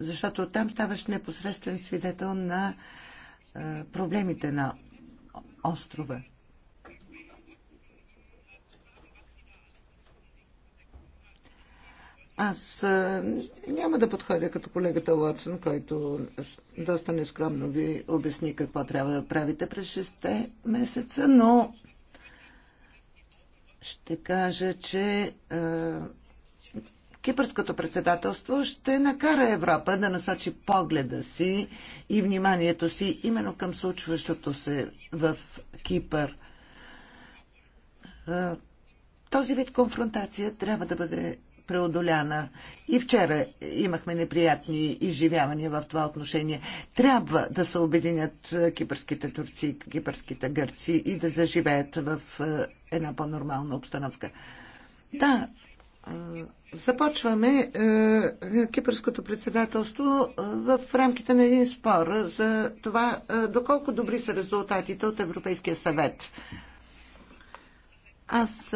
Защото там ставаш непосредствен свидетел на проблемите на острова. Аз а, няма да подходя като колегата Уотсън, който доста нескромно ви обясни какво трябва да правите през 6 месеца, но ще кажа, че а, Кипърското председателство ще накара Европа да насочи погледа си и вниманието си именно към случващото се в Кипър. Този вид конфронтация трябва да бъде преодоляна. И вчера имахме неприятни изживявания в това отношение. Трябва да се обединят кипърските турци, кипърските гърци и да заживеят в една по-нормална обстановка. Да, Започваме е, кипърското председателство е, в рамките на един спор за това е, доколко добри са резултатите от Европейския съвет. Аз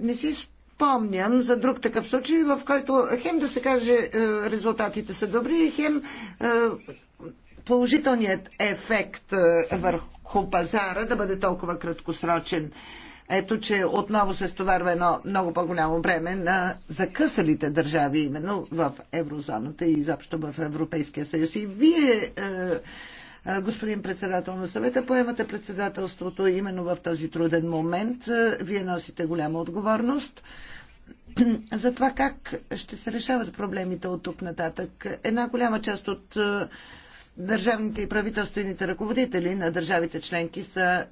не си спомням за друг такъв случай, в който хем да се каже резултатите са добри, хем положителният ефект върху пазара да бъде толкова краткосрочен. Ето, че отново се стоварва едно много по-голямо време на закъсалите държави, именно в еврозоната и изобщо в Европейския съюз. И вие, е, е, господин председател на съвета, поемате председателството именно в този труден момент. Е, вие носите голяма отговорност за това как ще се решават проблемите от тук нататък. Една голяма част от държавните и правителствените ръководители на държавите членки са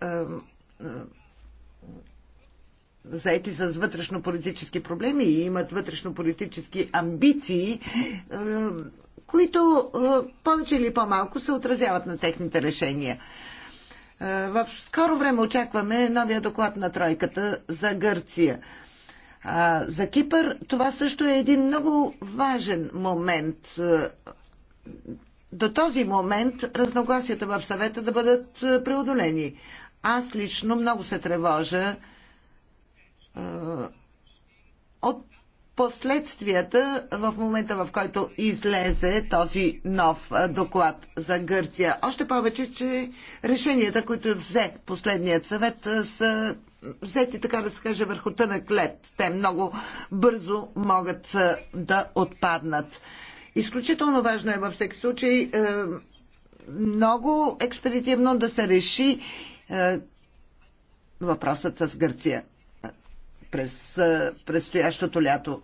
заети с вътрешно-политически проблеми и имат вътрешно-политически амбиции, е, които е, повече или по-малко се отразяват на техните решения. Е, в скоро време очакваме новия доклад на тройката за Гърция. За Кипър това също е един много важен момент. До този момент разногласията в съвета да бъдат преодолени. Аз лично много се тревожа от последствията в момента, в който излезе този нов доклад за Гърция. Още повече, че решенията, които взе последният съвет, са взети, така да се каже, върху тънък лед. Те много бързо могат да отпаднат. Изключително важно е във всеки случай много експедитивно да се реши въпросът с Гърция през предстоящото лято.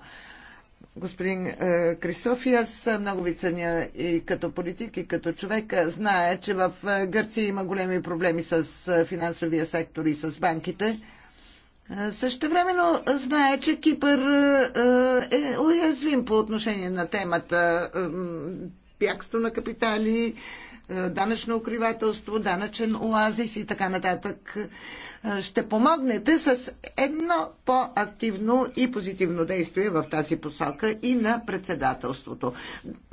Господин е, Кристофи, аз много ви ценя и като политик, и като човек. Знае, че в Гърция има големи проблеми с финансовия сектор и с банките. Също времено знае, че Кипър е уязвим по отношение на темата бягство на капитали, е, данъчно укривателство, данъчен оазис и така нататък. Е, ще помогнете с едно по-активно и позитивно действие в тази посока и на председателството.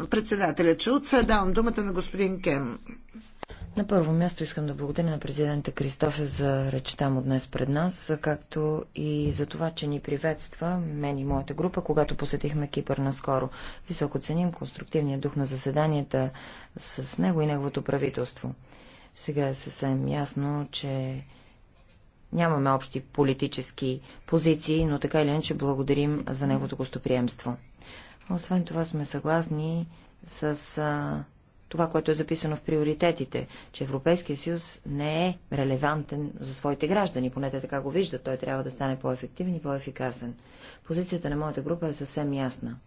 Председателя Чулц, давам думата на господин Кем. На първо място искам да благодаря на президента Кристофе за речта му днес пред нас, както и за това, че ни приветства, мен и моята група, когато посетихме Кипър наскоро. Високо ценим конструктивния дух на заседанията с него и неговото правителство. Сега е съвсем ясно, че нямаме общи политически позиции, но така или иначе благодарим за неговото гостоприемство. Освен това сме съгласни с това, което е записано в приоритетите, че Европейския съюз не е релевантен за своите граждани, поне те така го виждат, той трябва да стане по-ефективен и по-ефикасен. Позицията на моята група е съвсем ясна.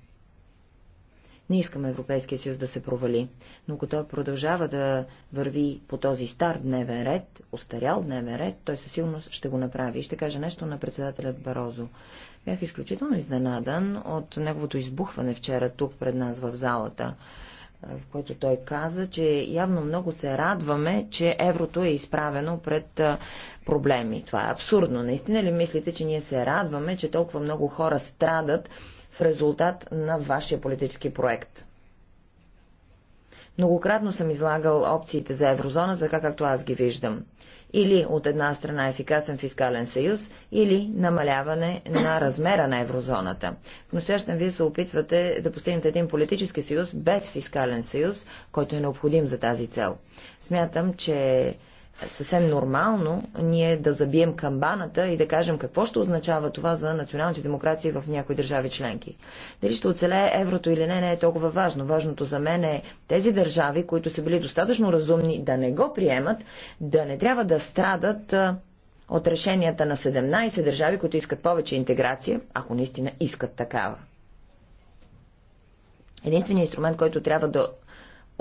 Не искаме Европейския съюз да се провали, но ако той продължава да върви по този стар дневен ред, устарял дневен ред, той със сигурност ще го направи. И ще каже нещо на председателят Барозо. Бях изключително изненадан от неговото избухване вчера тук пред нас в залата в което той каза, че явно много се радваме, че еврото е изправено пред проблеми. Това е абсурдно. Наистина ли мислите, че ние се радваме, че толкова много хора страдат в резултат на вашия политически проект? Многократно съм излагал опциите за еврозоната, така както аз ги виждам. Или от една страна ефикасен фискален съюз, или намаляване на размера на еврозоната. В настоящен, вие се опитвате да постигнете един политически съюз без фискален съюз, който е необходим за тази цел. Смятам, че съвсем нормално ние да забием камбаната и да кажем какво ще означава това за националните демокрации в някои държави членки. Дали ще оцелее еврото или не, не е толкова важно. Важното за мен е тези държави, които са били достатъчно разумни да не го приемат, да не трябва да страдат от решенията на 17 държави, които искат повече интеграция, ако наистина искат такава. Единственият инструмент, който трябва да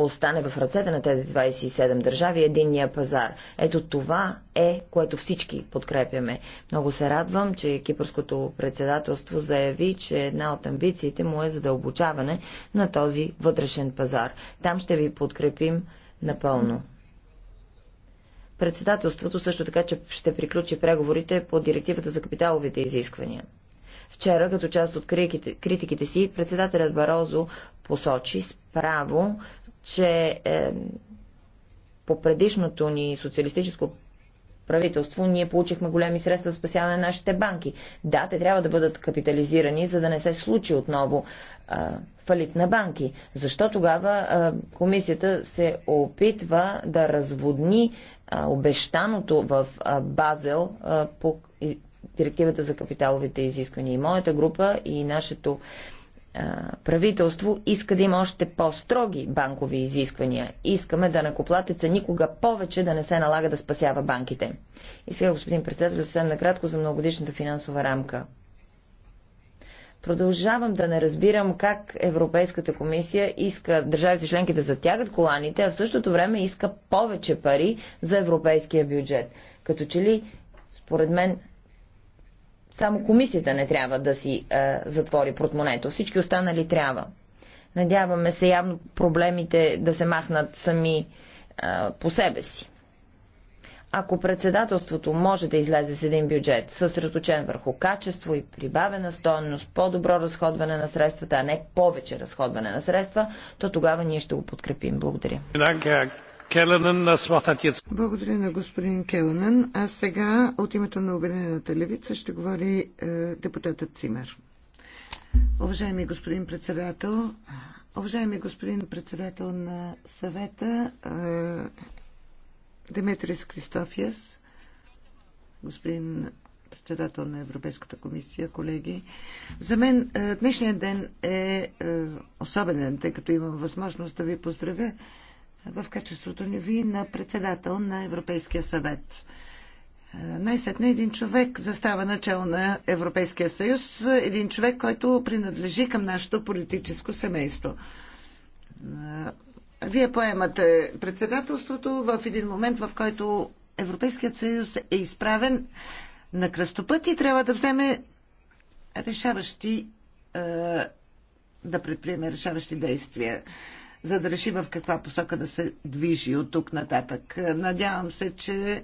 остане в ръцете на тези 27 държави единния пазар. Ето това е, което всички подкрепяме. Много се радвам, че Кипърското председателство заяви, че една от амбициите му е задълбочаване на този вътрешен пазар. Там ще ви подкрепим напълно. Председателството също така, че ще приключи преговорите по директивата за капиталовите изисквания. Вчера, като част от критиките си, председателят Барозо посочи с право, че е, по предишното ни социалистическо правителство, ние получихме големи средства за спасяване на нашите банки. Да, те трябва да бъдат капитализирани, за да не се случи отново е, фалит на банки. Защо тогава е, комисията се опитва да разводни е, обещаното в е, Базел е, по директивата за капиталовите изисквания? И моята група и нашето правителство иска да има още по-строги банкови изисквания. Искаме да накоплатеца никога повече да не се налага да спасява банките. И сега, господин председател, съвсем накратко за многодишната финансова рамка. Продължавам да не разбирам как Европейската комисия иска държавите членки да затягат коланите, а в същото време иска повече пари за европейския бюджет. Като че ли, според мен, само комисията не трябва да си е, затвори портмонето. Всички останали трябва. Надяваме се явно проблемите да се махнат сами е, по себе си. Ако председателството може да излезе с един бюджет, съсредоточен върху качество и прибавена стоеност, по-добро разходване на средствата, а не повече разходване на средства, то тогава ние ще го подкрепим. Благодаря. Благодаря на господин Келнен. А сега от името на Обединената левица ще говори е, депутатът Цимер. Уважаеми господин председател, уважаеми господин председател на съвета е, Деметрис Кристофиас, господин председател на Европейската комисия, колеги. За мен е, днешният ден е, е особен, тъй като имам възможност да ви поздравя в качеството ни ви на председател на Европейския съвет. Най-сетне един човек застава начало на Европейския съюз, един човек, който принадлежи към нашето политическо семейство. Вие поемате председателството в един момент, в който Европейският съюз е изправен на кръстопът и трябва да вземе решаващи е, да предприеме решаващи действия за да реши в каква посока да се движи от тук нататък. Надявам се, че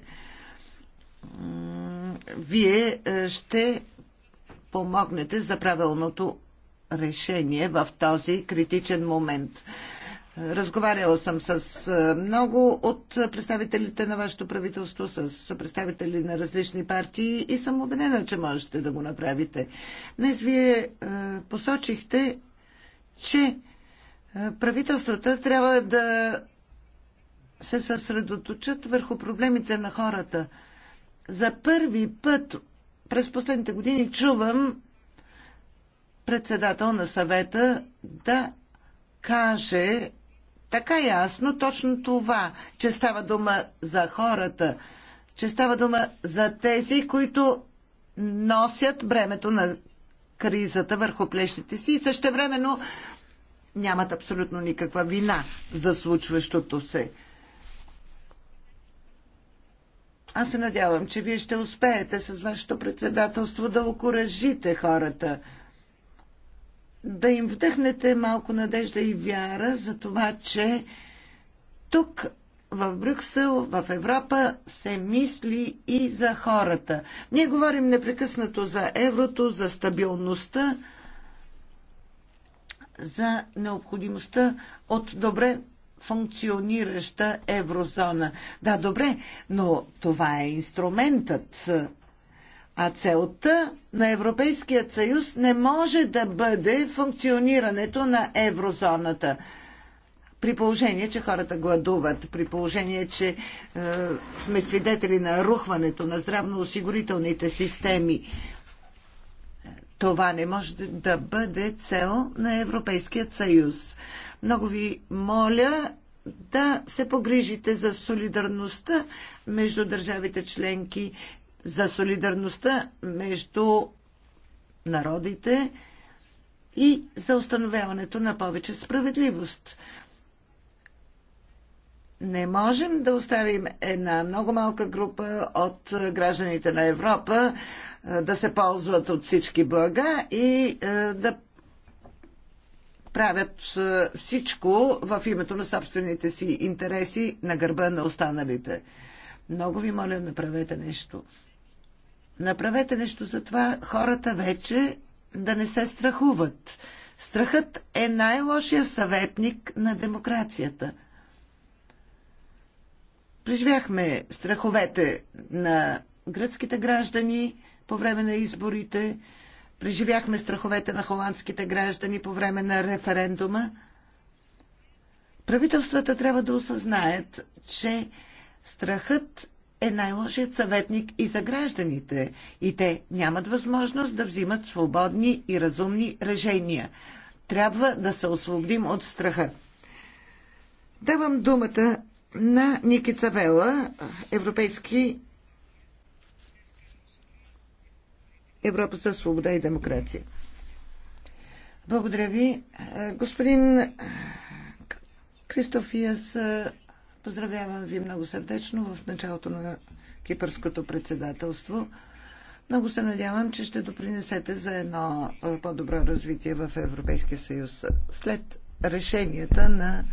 вие е, ще помогнете за правилното решение в този критичен момент. Разговаряла съм с е, много от представителите на вашето правителство, с представители на различни партии и съм убедена, че можете да го направите. Днес вие е, посочихте, че е, правителствата трябва да се съсредоточат върху проблемите на хората. За първи път през последните години чувам председател на съвета да каже така ясно точно това, че става дума за хората, че става дума за тези, които носят бремето на кризата върху плещите си и същевременно нямат абсолютно никаква вина за случващото се. Аз се надявам, че вие ще успеете с вашето председателство да окоръжите хората, да им вдъхнете малко надежда и вяра за това, че тук в Брюксел, в Европа се мисли и за хората. Ние говорим непрекъснато за еврото, за стабилността, за необходимостта от добре функционираща еврозона. Да, добре, но това е инструментът. А целта на Европейският съюз не може да бъде функционирането на еврозоната. При положение, че хората гладуват, при положение, че е, сме свидетели на рухването на здравноосигурителните системи, това не може да бъде цел на Европейският съюз. Много ви моля да се погрижите за солидарността между държавите членки, за солидарността между народите и за установяването на повече справедливост не можем да оставим една много малка група от гражданите на Европа е, да се ползват от всички блага и е, да правят е, всичко в името на собствените си интереси на гърба на останалите. Много ви моля, направете нещо. Направете нещо за това хората вече да не се страхуват. Страхът е най-лошия съветник на демокрацията – Преживяхме страховете на гръцките граждани по време на изборите, преживяхме страховете на холандските граждани по време на референдума. Правителствата трябва да осъзнаят, че страхът е най-лошият съветник и за гражданите, и те нямат възможност да взимат свободни и разумни решения. Трябва да се освободим от страха. Давам думата на Ники Вела, Европейски Европа за свобода и демокрация. Благодаря ви. Господин Кристоф поздравявам ви много сърдечно в началото на кипърското председателство. Много се надявам, че ще допринесете за едно по-добро развитие в Европейския съюз след решенията на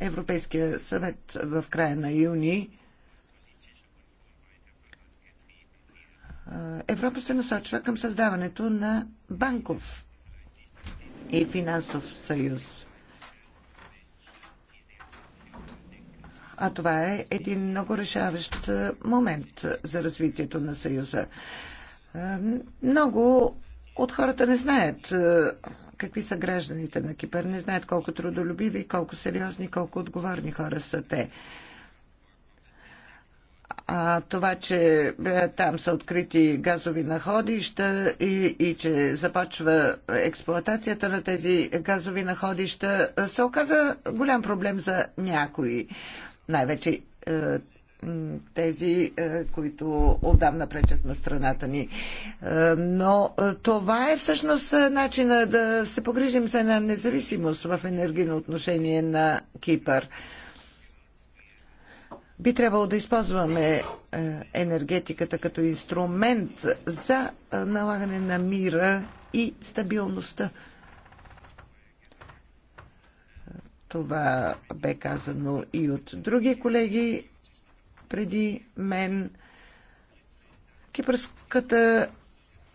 Европейския съвет в края на юни. Европа се насочва към създаването на банков и финансов съюз. А това е един много решаващ момент за развитието на съюза. Много от хората не знаят какви са гражданите на Кипър. Не знаят колко трудолюбиви, колко сериозни, колко отговорни хора са те. А, това, че бе, там са открити газови находища и, и че започва експлоатацията на тези газови находища, се оказа голям проблем за някои. Най-вече е, тези, е, които отдавна пречат на страната ни. Е, но е, това е всъщност начина да се погрижим за една независимост в енергийно отношение на Кипър. Би трябвало да използваме енергетиката като инструмент за налагане на мира и стабилността. Това бе казано и от други колеги преди мен. Кипърската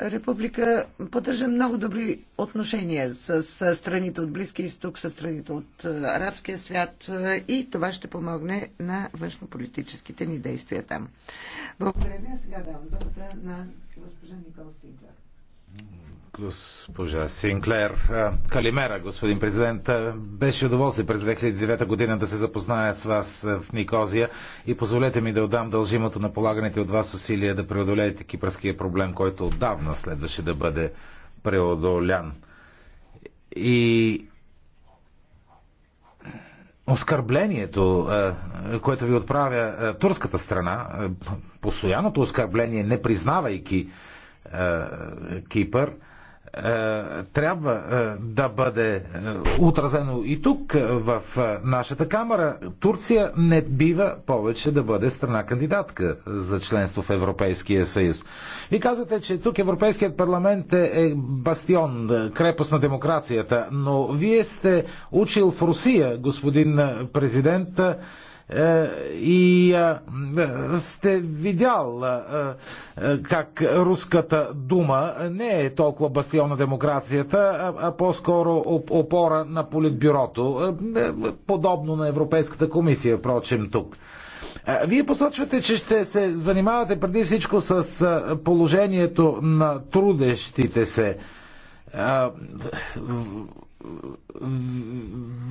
република поддържа много добри отношения с, с страните от Близкия изток, с страните от е, арабския свят е, и това ще помогне на външнополитическите ни действия там. Благодаря ви. Сега давам думата на госпожа Никол Сиглер. Госпожа Синклер. Калимера, господин президент. Беше удоволствие през 2009 година да се запозная с вас в Никозия и позволете ми да отдам дължимото на полаганите от вас усилия да преодолеете кипърския проблем, който отдавна следваше да бъде преодолян. И оскърблението, което ви отправя турската страна, постоянното оскърбление, не признавайки е, Кипър, е, трябва е, да бъде отразено и тук в нашата камера. Турция не бива повече да бъде страна кандидатка за членство в Европейския съюз. И казвате, че тук Европейският парламент е бастион, крепост на демокрацията, но вие сте учил в Русия, господин президент, е, и е, сте видял е, как руската дума не е толкова бастион на демокрацията, а по-скоро опора на политбюрото. Подобно на Европейската комисия, впрочем, тук. Вие посочвате, че ще се занимавате преди всичко с положението на трудещите се.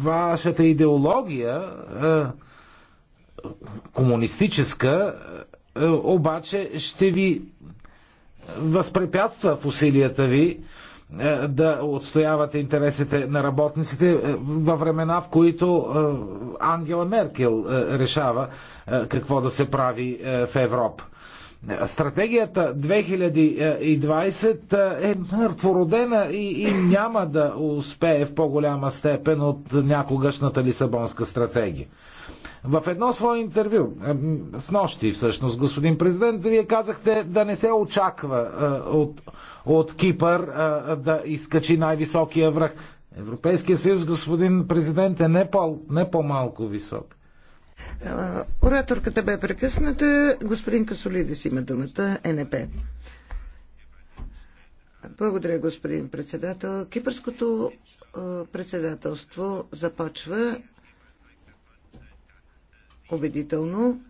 Вашата идеология комунистическа, е, обаче ще ви възпрепятства в усилията ви е, да отстоявате интересите на работниците е, във времена, в които Ангела Меркел решава какво да се прави в Европа. Стратегията 2020 е мъртвородена и, и няма да успее в по-голяма степен от някогашната Лисабонска стратегия. В едно свое интервю, с нощи всъщност, господин президент, вие казахте да не се очаква е, от, от Кипър е, да изкачи най-високия връх. Европейския съюз, господин президент, е не, по, не по-малко висок. Е, ораторката бе прекъсната. Господин Касолидис има думата. НП. Благодаря, господин председател. Кипърското председателство започва убедително.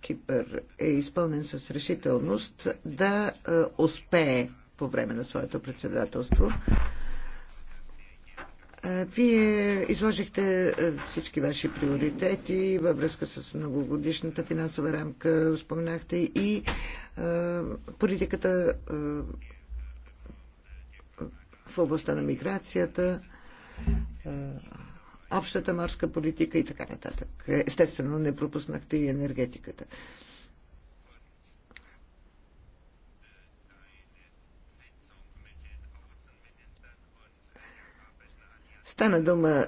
Кипър е изпълнен с решителност да е, успее по време на своето председателство. Е, вие изложихте е, всички ваши приоритети във връзка с многогодишната финансова рамка, споменахте и политиката в областта на миграцията, общата морска политика и така нататък. Естествено, не пропуснахте и енергетиката. Стана дума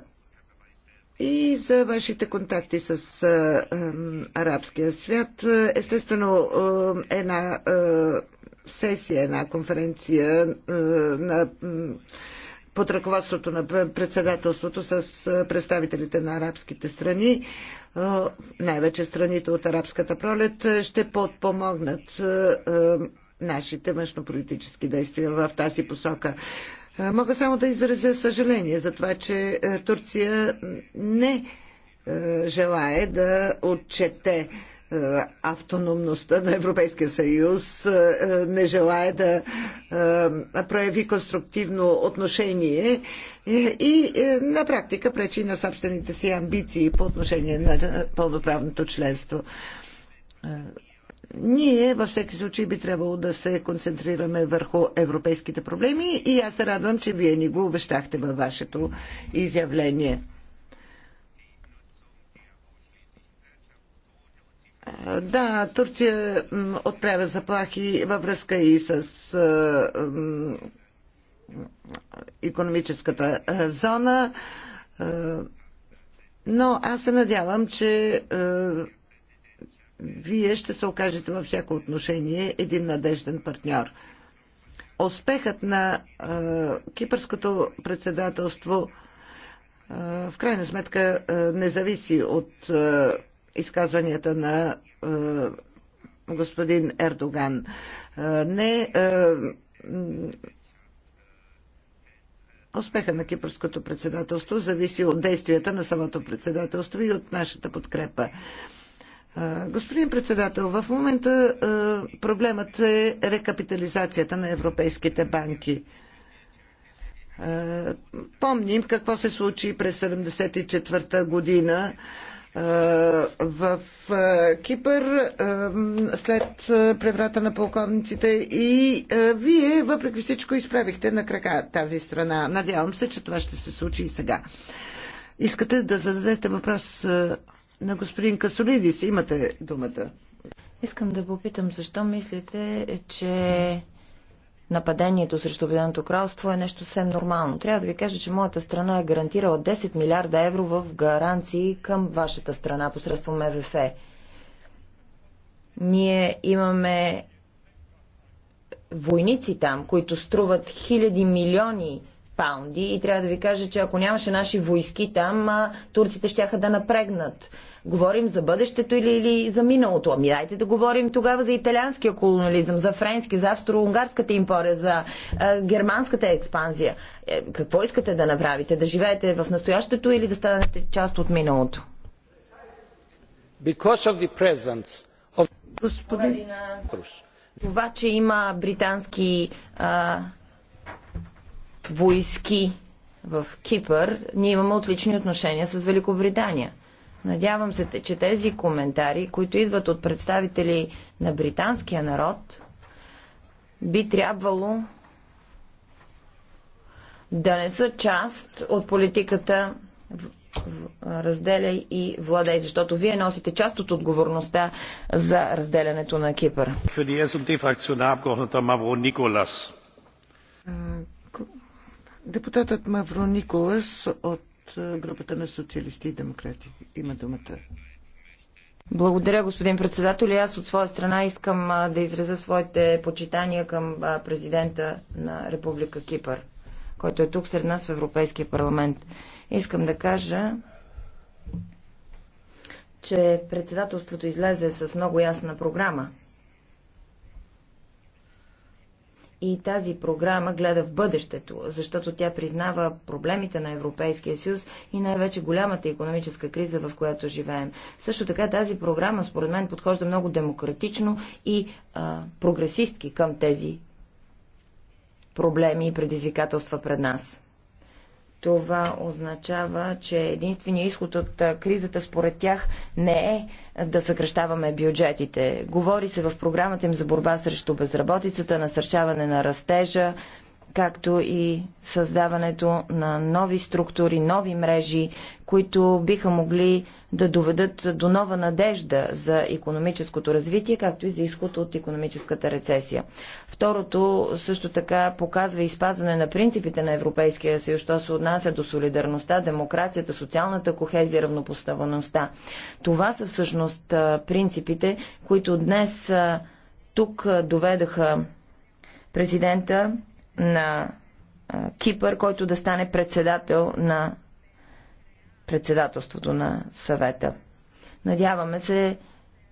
и за вашите контакти с а, а, арабския свят. Естествено, а, една а, сесия, една конференция а, на. А, под ръководството на председателството с представителите на арабските страни, най-вече страните от арабската пролет, ще подпомогнат нашите външнополитически действия в тази посока. Мога само да изразя съжаление за това, че Турция не желае да отчете е, автономността на Европейския съюз, е, е, не желая да прояви конструктивно отношение и на практика пречи на собствените си амбиции по отношение на пълноправното членство. Ние във всеки случай би трябвало да се концентрираме върху европейските проблеми и аз се радвам, че вие ни го обещахте във вашето изявление. Да, Турция отправя заплахи във връзка и с економическата зона, но аз се надявам, че вие ще се окажете във всяко отношение един надежден партньор. Успехът на кипърското председателство в крайна сметка не зависи от изказванията на е, господин Ердоган. Е, не е, Успеха на кипърското председателство зависи от действията на самото председателство и от нашата подкрепа. Господин председател, в момента проблемът е рекапитализацията на европейските банки. Помним какво се случи през 1974 година е, в е, Кипър е, след преврата на полковниците и вие, въпреки всичко, изправихте на крака тази страна. Надявам се, че това ще се случи и сега. Искате да зададете въпрос на господин Касолидис. Имате думата. Искам да попитам, защо мислите, че нападението срещу Обединеното кралство е нещо съвсем нормално. Трябва да ви кажа, че моята страна е гарантирала 10 милиарда евро в гаранции към вашата страна посредством МВФ. Ние имаме войници там, които струват хиляди милиони паунди и трябва да ви кажа, че ако нямаше наши войски там, турците щяха да напрегнат. Говорим за бъдещето или, или за миналото? Ами дайте да говорим тогава за италианския колониализъм, за френски, за австро-унгарската импория, за е, германската експанзия. Е, какво искате да направите? Да живеете в настоящето или да станете част от миналото? Because of the presence of... Господин... Това, че има британски а, войски в Кипър, ние имаме отлични отношения с Великобритания. Надявам се, че тези коментари, които идват от представители на британския народ, би трябвало да не са част от политиката разделяй и владей, защото вие носите част от отговорността за разделянето на Кипър. Депутатът Мавро Николас от е, групата на социалисти и демократи има думата. Благодаря, господин председател. И аз от своя страна искам да изразя своите почитания към президента на Република Кипър, който е тук сред нас в Европейския парламент. Искам да кажа, че председателството излезе с много ясна програма – И тази програма гледа в бъдещето, защото тя признава проблемите на Европейския съюз и най-вече голямата економическа криза, в която живеем. Също така тази програма, според мен, подхожда много демократично и а, прогресистки към тези проблеми и предизвикателства пред нас. Това означава, че единствения изход от кризата според тях не е да съкръщаваме бюджетите. Говори се в програмата им за борба срещу безработицата, насърчаване на растежа, както и създаването на нови структури, нови мрежи, които биха могли да доведат до нова надежда за економическото развитие, както и за изход от економическата рецесия. Второто също така показва изпазване на принципите на Европейския съюз, що се отнася до солидарността, демокрацията, социалната кохезия, равнопоставаността. Това са всъщност принципите, които днес тук доведаха президента на Кипър, който да стане председател на председателството на съвета. Надяваме се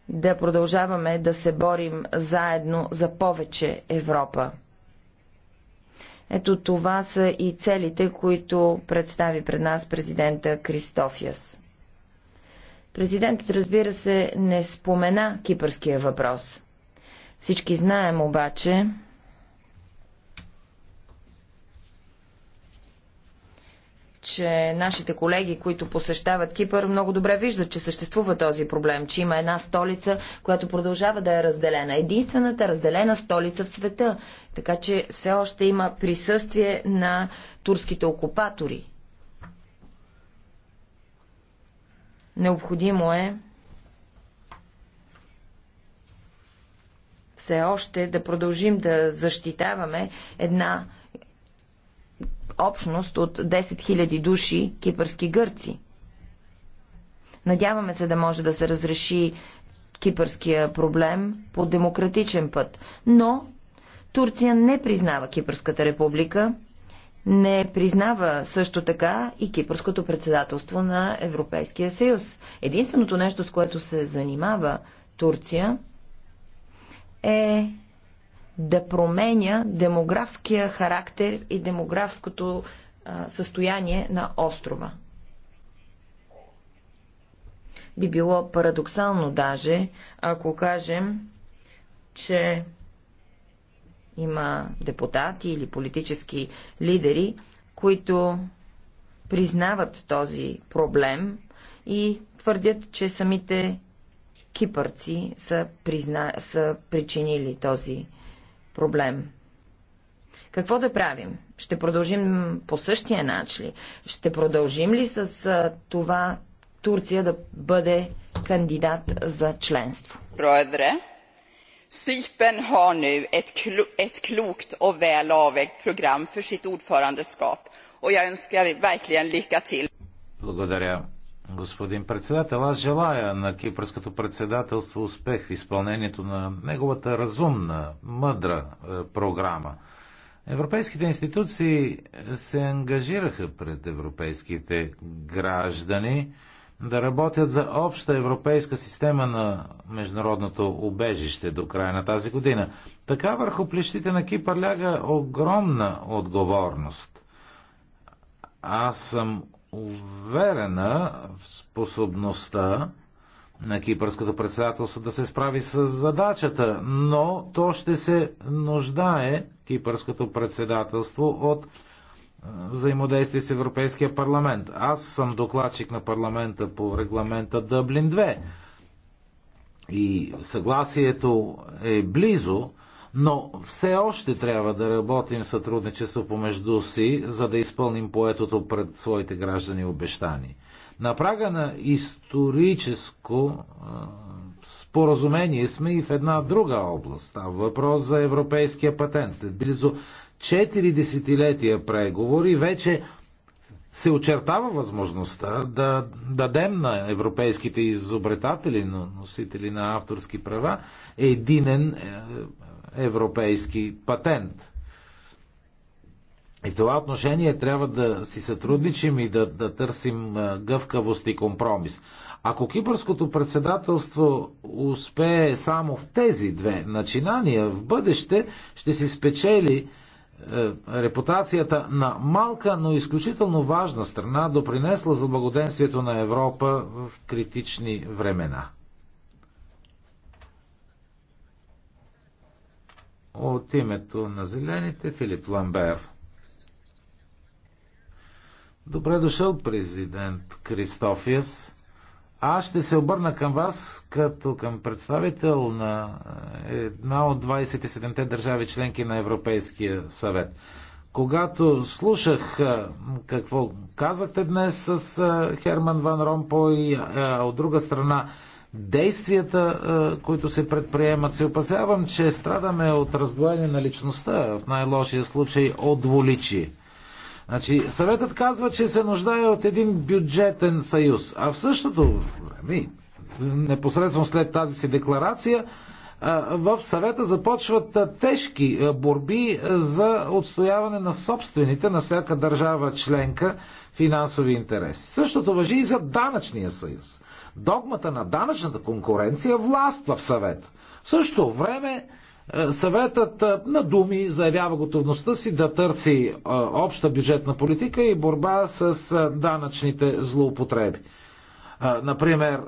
да продължаваме да се борим заедно за повече Европа. Ето това са и целите, които представи пред нас президента Кристофиас. Президентът, разбира се, не спомена кипърския въпрос. Всички знаем обаче, че нашите колеги, които посещават Кипър, много добре виждат, че съществува този проблем, че има една столица, която продължава да е разделена. Единствената разделена столица в света. Така че все още има присъствие на турските окупатори. Необходимо е все още да продължим да защитаваме една общност от 10 000 души кипърски гърци. Надяваме се да може да се разреши кипърския проблем по демократичен път. Но Турция не признава Кипърската република, не признава също така и Кипърското председателство на Европейския съюз. Единственото нещо, с което се занимава Турция, е да променя демографския характер и демографското а, състояние на острова. Би било парадоксално даже, ако кажем, че има депутати или политически лидери, които признават този проблем и твърдят, че самите кипърци са, призна... са причинили този проблем проблем. Какво да правим? Ще продължим по същия начин Ще продължим ли с а, това Турция да бъде кандидат за членство? Проедре, Сипен har nu ett, klo ett klokt och väl avvägt program för sitt ordförandeskap och jag önskar verkligen lycka till. Благодаря господин председател. Аз желая на кипърското председателство успех в изпълнението на неговата разумна, мъдра е, програма. Европейските институции се ангажираха пред европейските граждани да работят за обща европейска система на международното убежище до края на тази година. Така върху плещите на Кипър ляга огромна отговорност. Аз съм уверена в способността на кипърското председателство да се справи с задачата, но то ще се нуждае, кипърското председателство, от е, взаимодействие с Европейския парламент. Аз съм докладчик на парламента по регламента Дъблин 2 и съгласието е близо но все още трябва да работим сътрудничество помежду си, за да изпълним поетото пред своите граждани обещани. На прага на историческо споразумение сме и в една друга област. Става въпрос за европейския патент. След близо 4 десетилетия преговори вече се очертава възможността да дадем на европейските изобретатели, носители на авторски права, единен е, европейски патент. И в това отношение трябва да си сътрудничим и да, да търсим гъвкавост и компромис. Ако кипърското председателство успее само в тези две начинания, в бъдеще ще си спечели е, репутацията на малка, но изключително важна страна, допринесла за благоденствието на Европа в критични времена. От името на зелените Филип Ламбер. Добре дошъл, президент Кристофиас. Аз ще се обърна към вас като към представител на една от 27-те държави членки на Европейския съвет. Когато слушах какво казахте днес с Херман Ван Ромпой, и от друга страна действията, които се предприемат. Се опасявам, че страдаме от раздвоение на личността, в най-лошия случай от дволичие. Значи, съветът казва, че се нуждае от един бюджетен съюз, а в същото време, непосредствено след тази си декларация, в съвета започват тежки борби за отстояване на собствените на всяка държава членка финансови интереси. Същото въжи и за данъчния съюз. Догмата на данъчната конкуренция властва в съвета. В същото време е, съветът е, на думи заявява готовността си да търси е, обща бюджетна политика и борба с данъчните злоупотреби. Например,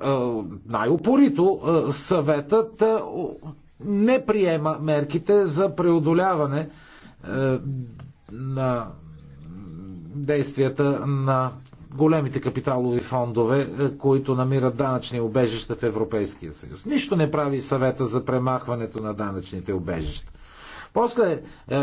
най-упорито съветът не приема мерките за преодоляване на действията на големите капиталови фондове, е, които намират данъчни обежища в Европейския съюз. Нищо не прави съвета за премахването на данъчните обежища. После е, е,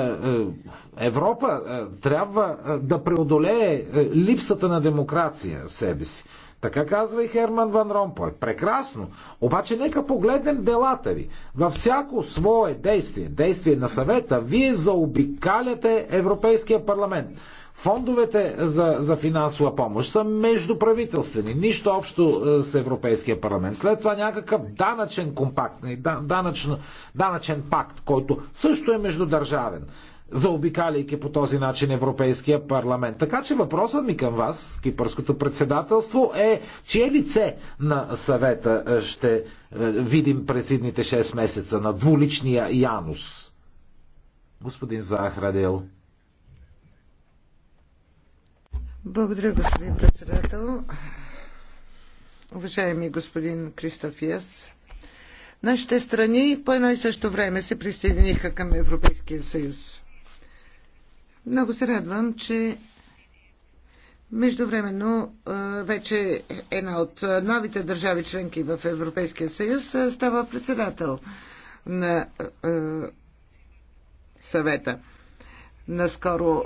Европа трябва да преодолее липсата на демокрация в себе си. Така казва и Херман Ван Ромпой. Прекрасно. Обаче нека погледнем делата ви. Във всяко свое действие, действие на съвета, вие заобикаляте Европейския парламент. Фондовете за, за финансова помощ са междуправителствени, нищо общо е, с Европейския парламент. След това някакъв данъчен компакт, данъчен, данъчен пакт, който също е междудържавен, заобикаляйки по този начин Европейския парламент. Така че въпросът ми към вас, кипърското председателство, е чие лице на съвета е, ще е, видим през идните 6 месеца на двуличния Янус? Господин Захрадел. Благодаря, господин председател. Уважаеми господин Кристоф Яс, нашите страни по едно и също време се присъединиха към Европейския съюз. Много се радвам, че Междувременно вече една от новите държави членки в Европейския съюз става председател на съвета. Наскоро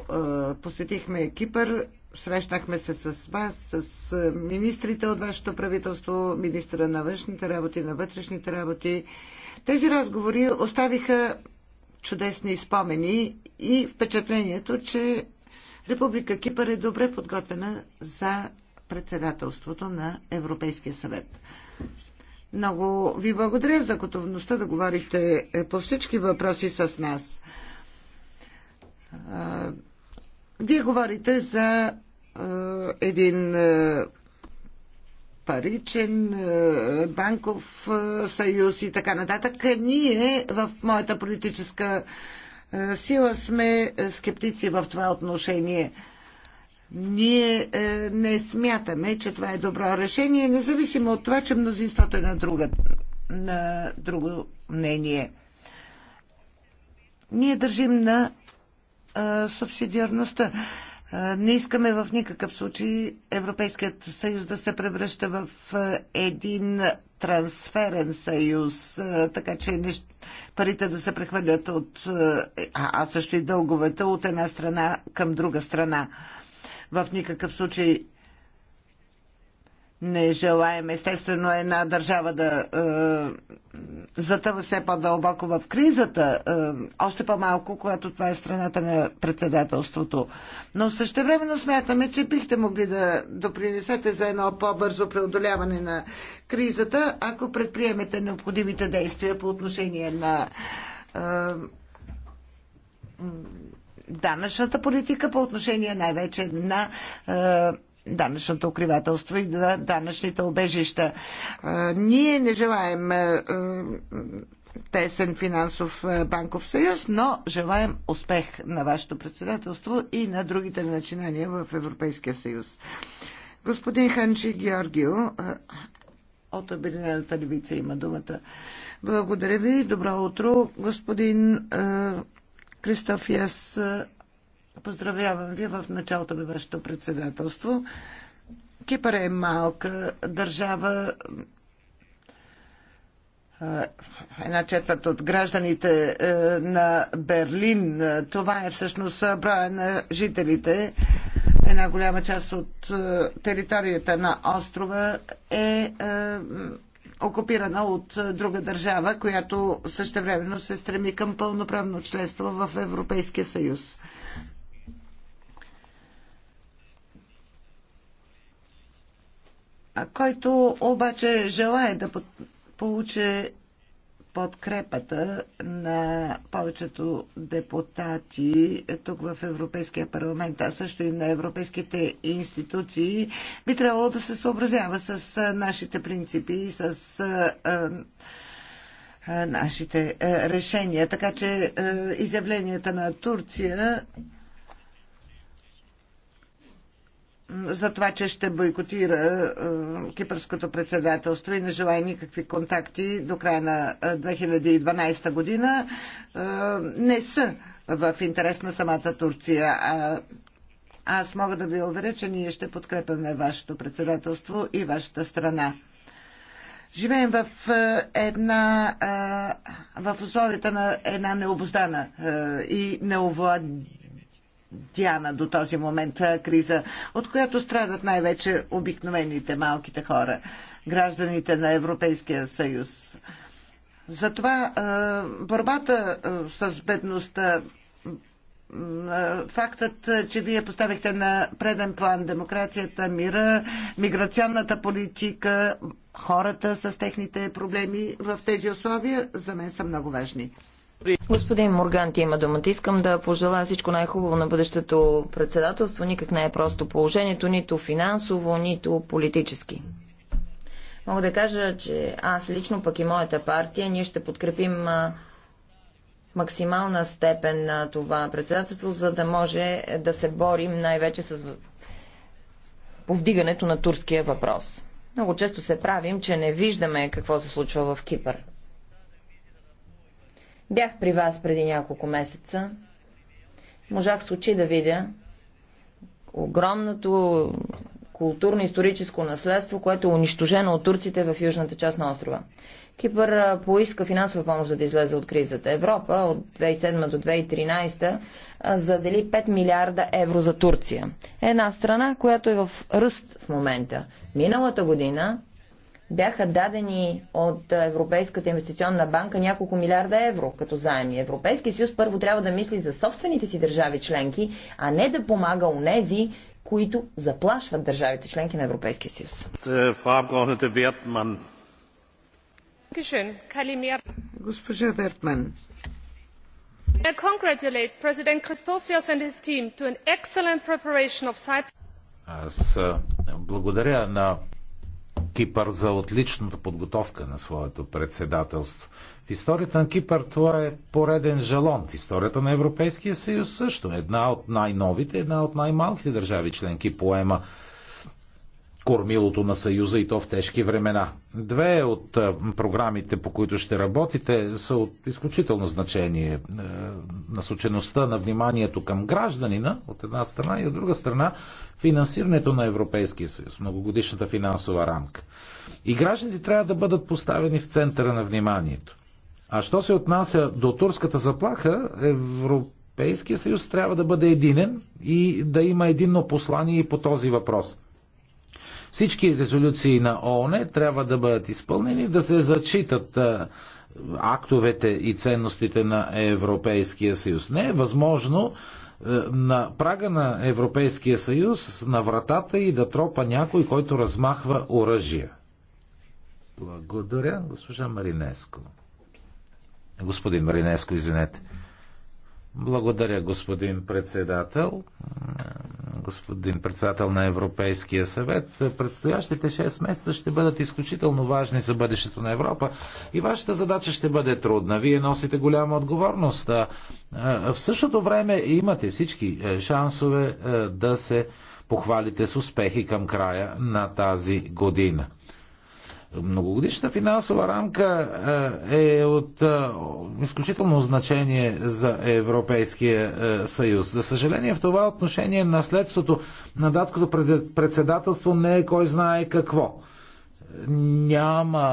посетихме Кипър Срещнахме се с вас, с е, министрите от вашето правителство, министра на външните работи, на вътрешните работи. Тези разговори оставиха чудесни спомени и впечатлението, че Република Кипър е добре подготвена за председателството на Европейския съвет. Много ви благодаря за готовността да говорите е, по всички въпроси с нас. Е, вие говорите за един паричен, банков съюз и така нататък. Ние в моята политическа сила сме скептици в това отношение. Ние не смятаме, че това е добро решение, независимо от това, че мнозинството е на, друга, на друго мнение. Ние държим на субсидиарността. Не искаме в никакъв случай Европейският съюз да се превръща в един трансферен съюз, така че парите да се прехвърлят от, а също и дълговете от една страна към друга страна. В никакъв случай не желаем естествено една държава да е, затъва все по-дълбоко в кризата, е, още по-малко, когато това е страната на председателството. Но същевременно смятаме, че бихте могли да допринесете за едно по-бързо преодоляване на кризата, ако предприемете необходимите действия по отношение на е, данъчната политика, по отношение най-вече на е, данъчното укривателство и на данъчните обежища. Ние не желаем тесен финансов банков съюз, но желаем успех на вашето председателство и на другите начинания в Европейския съюз. Господин Ханчи Георгио от Обединената левица има думата. Благодаря ви. Добро утро, господин Кристофиас. Поздравявам ви в началото на вашето председателство. Кипър е малка държава. Една четвърта от гражданите е, на Берлин. Това е всъщност броя на жителите. Една голяма част от е, територията на острова е, е окупирана от друга държава, която същевременно се стреми към пълноправно членство в Европейския съюз. който обаче желая да получи подкрепата на повечето депутати тук в Европейския парламент, а също и на европейските институции, би трябвало да се съобразява с нашите принципи и с нашите решения. Така че изявленията на Турция за това, че ще бойкотира е, кипърското председателство и не желая никакви контакти до края на 2012 е, година, е, не са в интерес на самата Турция. А аз мога да ви уверя, че ние ще подкрепяме вашето председателство и вашата страна. Живеем в, една, в условията на една необоздана и неовладена Диана до този момент криза, от която страдат най-вече обикновените малките хора, гражданите на Европейския съюз. Затова борбата с бедността, фактът, че вие поставихте на преден план демокрацията, мира, миграционната политика, хората с техните проблеми в тези условия, за мен са много важни. Господин Морган, ти има думата. Искам да пожелая всичко най-хубаво на бъдещето председателство. Никак не е просто положението, нито финансово, нито политически. Мога да кажа, че аз лично, пък и моята партия, ние ще подкрепим максимална степен на това председателство, за да може да се борим най-вече с повдигането на турския въпрос. Много често се правим, че не виждаме какво се случва в Кипър. Бях при вас преди няколко месеца. Можах с очи да видя огромното културно-историческо наследство, което е унищожено от турците в южната част на острова. Кипър поиска финансова помощ, за да излезе от кризата. Европа от 2007 до 2013 задели 5 милиарда евро за Турция. Е една страна, която е в ръст в момента. Миналата година бяха дадени от Европейската инвестиционна банка няколко милиарда евро като заеми. Европейския съюз първо трябва да мисли за собствените си държави членки, а не да помага нези, които заплашват държавите членки на Европейския съюз. Госпожа Вертман. I congratulate President Christofias and his team to an excellent preparation of Cyprus. Аз благодаря на Кипър за отличната подготовка на своето председателство. В историята на Кипър това е пореден жалон. В историята на Европейския съюз също. Една от най-новите, една от най-малките държави членки поема кормилото на Съюза и то в тежки времена. Две от програмите, по които ще работите, са от изключително значение. Е, насочеността на вниманието към гражданина от една страна и от друга страна финансирането на Европейския съюз, многогодишната финансова рамка. И гражданите трябва да бъдат поставени в центъра на вниманието. А що се отнася до турската заплаха, Европейския съюз трябва да бъде единен и да има единно послание и по този въпрос. Всички резолюции на ООН трябва да бъдат изпълнени, да се зачитат актовете и ценностите на Европейския съюз. Не е възможно на прага на Европейския съюз, на вратата и да тропа някой, който размахва оръжия. Благодаря, госпожа Маринеско. Господин Маринеско, извинете. Благодаря, господин председател. Господин председател на Европейския съвет, предстоящите 6 месеца ще бъдат изключително важни за бъдещето на Европа и вашата задача ще бъде трудна. Вие носите голяма отговорност. В същото време имате всички е, шансове е, да се похвалите с успехи към края на тази година. Многогодишната финансова рамка е, е от е, изключително значение за Европейския е, съюз. За съжаление, в това отношение наследството на датското председателство не е кой знае какво. Няма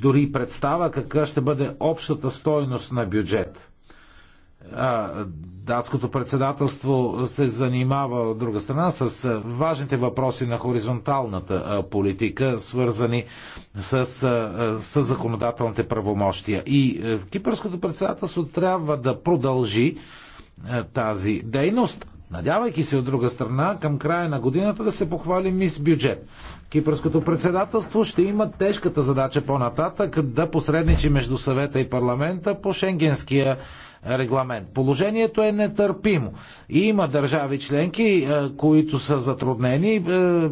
дори представа каква ще бъде общата стойност на бюджет датското председателство се занимава от друга страна с важните въпроси на хоризонталната политика, свързани с, с законодателните правомощия. И кипърското председателство трябва да продължи тази дейност, надявайки се от друга страна към края на годината да се похвали мис бюджет. Кипърското председателство ще има тежката задача по-нататък да посредничи между съвета и парламента по шенгенския регламент. Положението е нетърпимо. И има държави членки, е, които са затруднени е,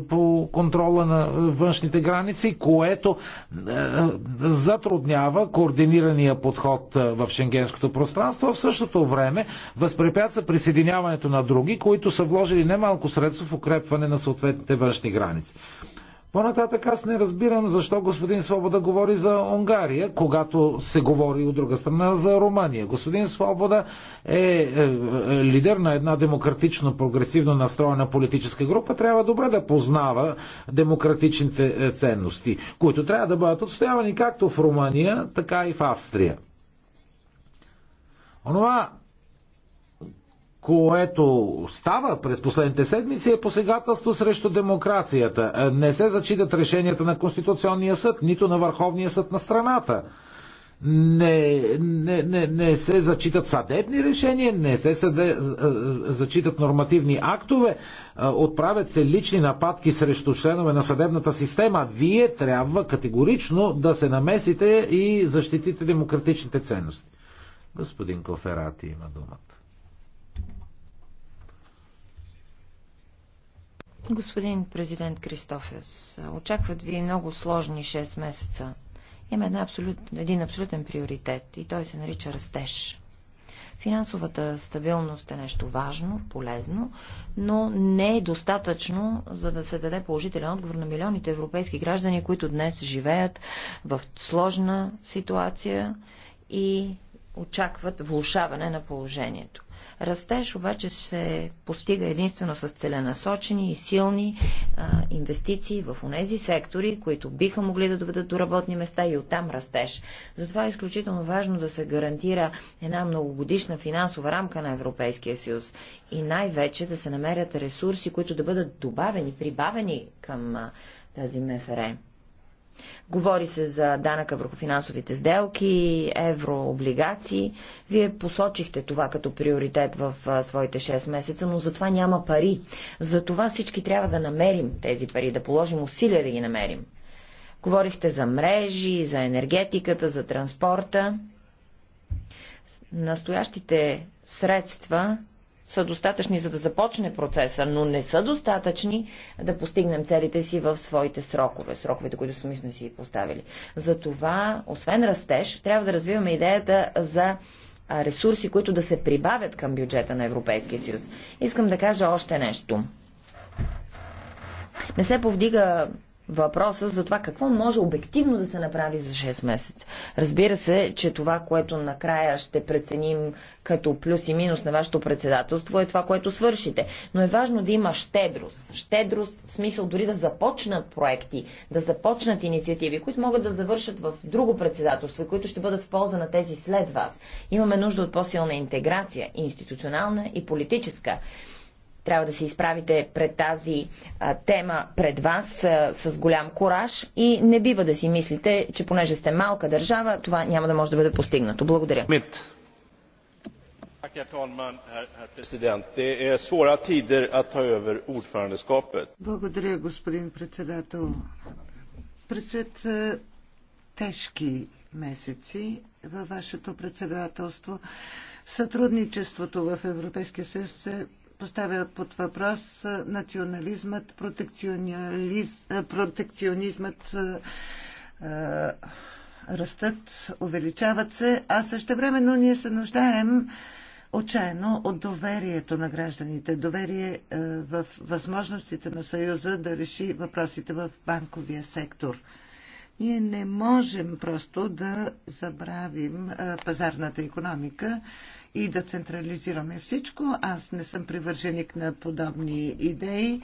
по контрола на външните граници, което е, затруднява координирания подход в шенгенското пространство, а в същото време възпрепятства присъединяването на други, които са вложили немалко средства в укрепване на съответните външни граници. По-нататък аз не разбирам защо господин Свобода говори за Унгария, когато се говори от друга страна за Румъния. Господин Свобода е, е, е лидер на една демократично прогресивно настроена политическа група, трябва добре да познава демократичните е, ценности, които трябва да бъдат отстоявани както в Румъния, така и в Австрия. Онова, което става през последните седмици е посегателство срещу демокрацията. Не се зачитат решенията на Конституционния съд, нито на Върховния съд на страната. Не, не, не, не се зачитат съдебни решения, не се съде, зачитат нормативни актове, отправят се лични нападки срещу членове на съдебната система. Вие трябва категорично да се намесите и защитите демократичните ценности. Господин Коферати има думата. Господин президент Кристофес, очакват ви много сложни 6 месеца. Има една абсолют, един абсолютен приоритет и той се нарича растеж. Финансовата стабилност е нещо важно, полезно, но не е достатъчно, за да се даде положителен отговор на милионите европейски граждани, които днес живеят в сложна ситуация и очакват влушаване на положението. Растеж обаче се постига единствено с целенасочени и силни а, инвестиции в онези сектори, които биха могли да доведат до работни места и оттам растеж. Затова е изключително важно да се гарантира една многогодишна финансова рамка на Европейския съюз и най-вече да се намерят ресурси, които да бъдат добавени, прибавени към а, тази МФР. Говори се за данъка върху финансовите сделки, еврооблигации. Вие посочихте това като приоритет в своите 6 месеца, но за това няма пари. За това всички трябва да намерим тези пари, да положим усилия да ги намерим. Говорихте за мрежи, за енергетиката, за транспорта. Настоящите средства са достатъчни за да започне процеса, но не са достатъчни да постигнем целите си в своите срокове, сроковете, които сами сме си поставили. Затова, освен растеж, трябва да развиваме идеята за ресурси, които да се прибавят към бюджета на Европейския съюз. Искам да кажа още нещо. Не се повдига въпроса за това какво може обективно да се направи за 6 месеца. Разбира се, че това, което накрая ще преценим като плюс и минус на вашето председателство е това, което свършите. Но е важно да има щедрост. Щедрост в смисъл дори да започнат проекти, да започнат инициативи, които могат да завършат в друго председателство и които ще бъдат в полза на тези след вас. Имаме нужда от по-силна интеграция, институционална и политическа трябва да се изправите пред тази а, тема пред вас а, с голям кораж и не бива да си мислите, че понеже сте малка държава, това няма да може да бъде постигнато. Благодаря. Мит. Благодаря, господин председател. Предстоят е, тежки месеци във вашето председателство. Сътрудничеството в Европейския съюз се поставя под въпрос национализмът, протекционализ... протекционизмът, растат, увеличават се, а също времено ние се нуждаем отчаяно от доверието на гражданите, доверие в възможностите на Съюза да реши въпросите в банковия сектор. Ние не можем просто да забравим пазарната економика и да централизираме всичко. Аз не съм привърженик на подобни идеи.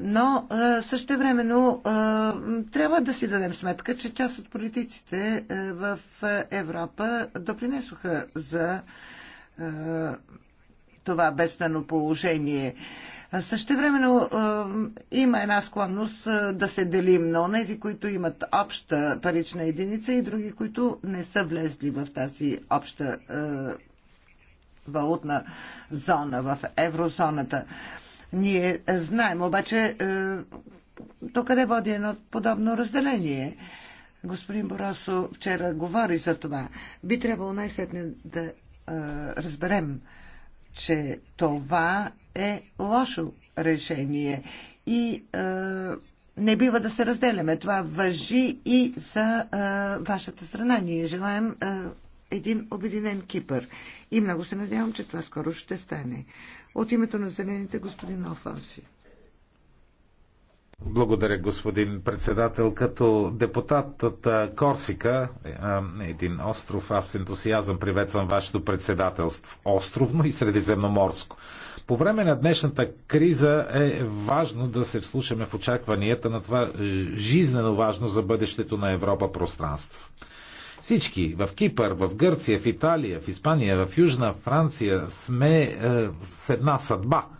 Но също времено трябва да си дадем сметка, че част от политиците в Европа допринесоха за това бедствено положение времено е, има една склонност е, да се делим на тези, които имат обща парична единица и други, които не са влезли в тази обща е, валутна зона, в еврозоната. Ние знаем обаче то къде води едно подобно разделение. Господин Боросо вчера говори за това. Би трябвало най-сетне да разберем, че това е лошо решение и а, е, не бива да се разделяме. Това въжи и за а, е, вашата страна. Ние желаем а, е, един обединен Кипър. И много се надявам, че това скоро ще стане. От името на зелените, господин Офанси. Благодаря, господин председател. Като депутат от Корсика, един остров, аз с ентусиазъм приветствам вашето председателство. Островно и средиземноморско. По време на днешната криза е важно да се вслушаме в очакванията на това жизнено важно за бъдещето на Европа пространство. Всички в Кипър, в Гърция, в Италия, в Испания, в Южна Франция сме е, с една съдба –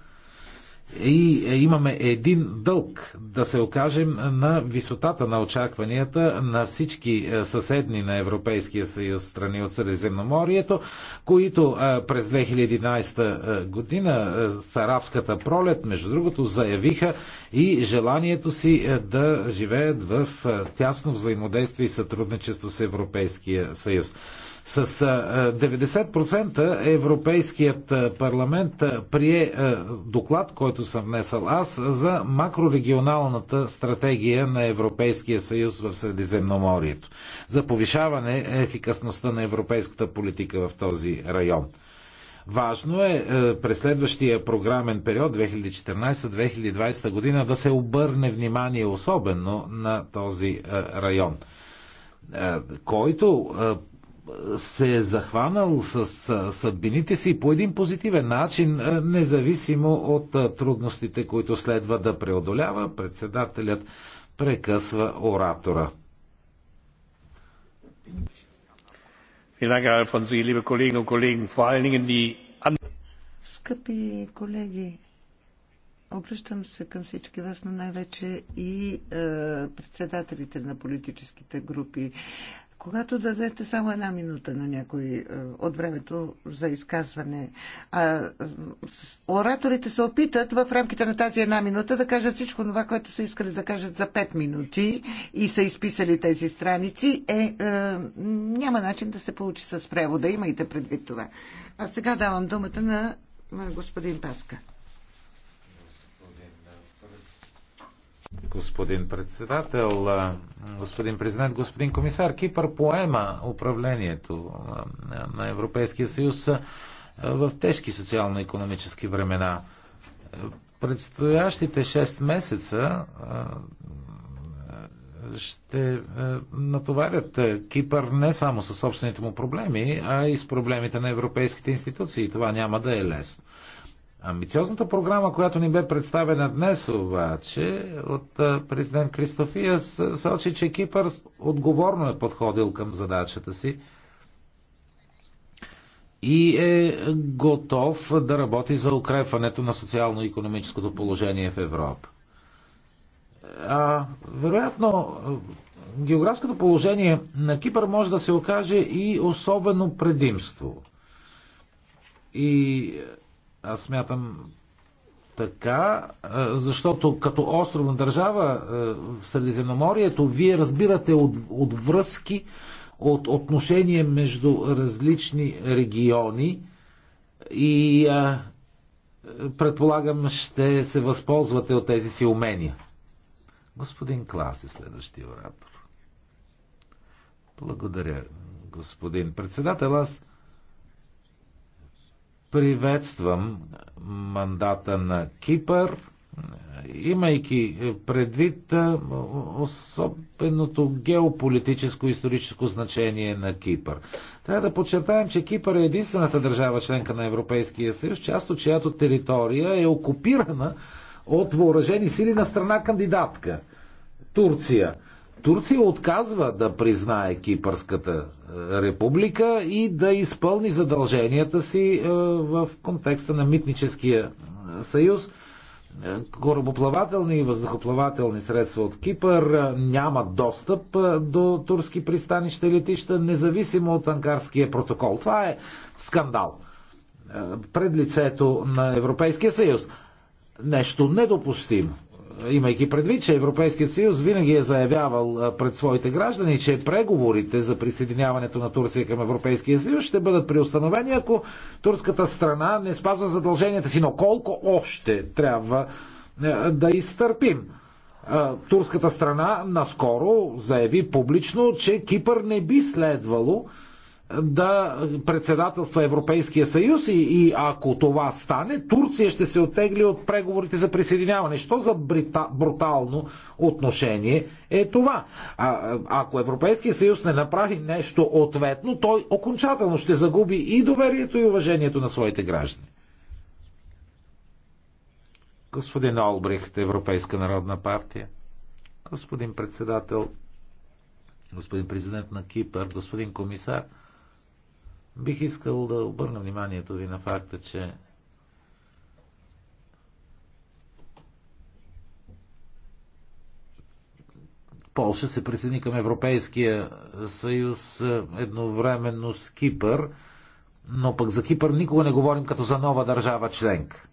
и е, имаме един дълг да се окажем на висотата на очакванията на всички е, съседни на Европейския съюз страни от Средиземноморието, които е, през 2011 година с арабската пролет, между другото, заявиха и желанието си да живеят в тясно взаимодействие и сътрудничество с Европейския съюз. С 90% Европейският парламент прие доклад, който съм внесъл аз, за макрорегионалната стратегия на Европейския съюз в Средиземноморието. За повишаване ефикасността на европейската политика в този район. Важно е през следващия програмен период 2014-2020 година да се обърне внимание особено на този район който се е захванал с съдбините си по един позитивен начин, независимо от трудностите, които следва да преодолява, председателят прекъсва оратора. Скъпи колеги, обръщам се към всички вас, но най-вече и е, председателите на политическите групи. Когато дадете само една минута на някой е, от времето за изказване, а, е, ораторите се опитат в рамките на тази една минута да кажат всичко това, което са искали да кажат за пет минути и са изписали тези страници, е, е няма начин да се получи с превода. Имайте предвид това. А сега давам думата на, на господин Паска. господин председател, господин президент, господин комисар. Кипър поема управлението на Европейския съюз в тежки социално-економически времена. Предстоящите 6 месеца ще натоварят Кипър не само с собствените му проблеми, а и с проблемите на европейските институции. Това няма да е лесно. Амбициозната програма, която ни бе представена днес обаче от президент Кристофия, сочи, че Кипър отговорно е подходил към задачата си и е готов да работи за укрепването на социално-економическото положение в Европа. А, вероятно, географското положение на Кипър може да се окаже и особено предимство. И аз смятам така, защото като островна държава в Средиземноморието, вие разбирате от, от връзки, от отношения между различни региони и а, предполагам ще се възползвате от тези си умения. Господин Клас е следващия оратор. Благодаря, господин председател. Аз Приветствам мандата на Кипър, имайки предвид особеното геополитическо и историческо значение на Кипър. Трябва да подчертаем, че Кипър е единствената държава членка на Европейския съюз, част от чиято територия е окупирана от въоръжени сили на страна кандидатка Турция. Турция отказва да признае Кипърската е, република и да изпълни задълженията си е, в контекста на митническия е, съюз. Корабоплавателни и въздухоплавателни средства от Кипър нямат достъп до турски пристанища и летища, независимо от анкарския протокол. Това е скандал пред лицето на Европейския съюз. Нещо недопустимо имайки предвид, че Европейският съюз винаги е заявявал пред своите граждани, че преговорите за присъединяването на Турция към Европейския съюз ще бъдат приостановени, ако турската страна не спазва задълженията си. Но колко още трябва да изтърпим? Турската страна наскоро заяви публично, че Кипър не би следвало да председателства Европейския съюз и, и ако това стане, Турция ще се оттегли от преговорите за присъединяване. Що за брита, брутално отношение е това? А, ако Европейския съюз не направи нещо ответно, той окончателно ще загуби и доверието и уважението на своите граждани. Господин Олбрихт, Европейска народна партия. Господин председател, господин президент на Кипър, господин комисар – Бих искал да обърна вниманието ви на факта, че Полша се присъедини към Европейския съюз е, едновременно с Кипър, но пък за Кипър никога не говорим като за нова държава членка.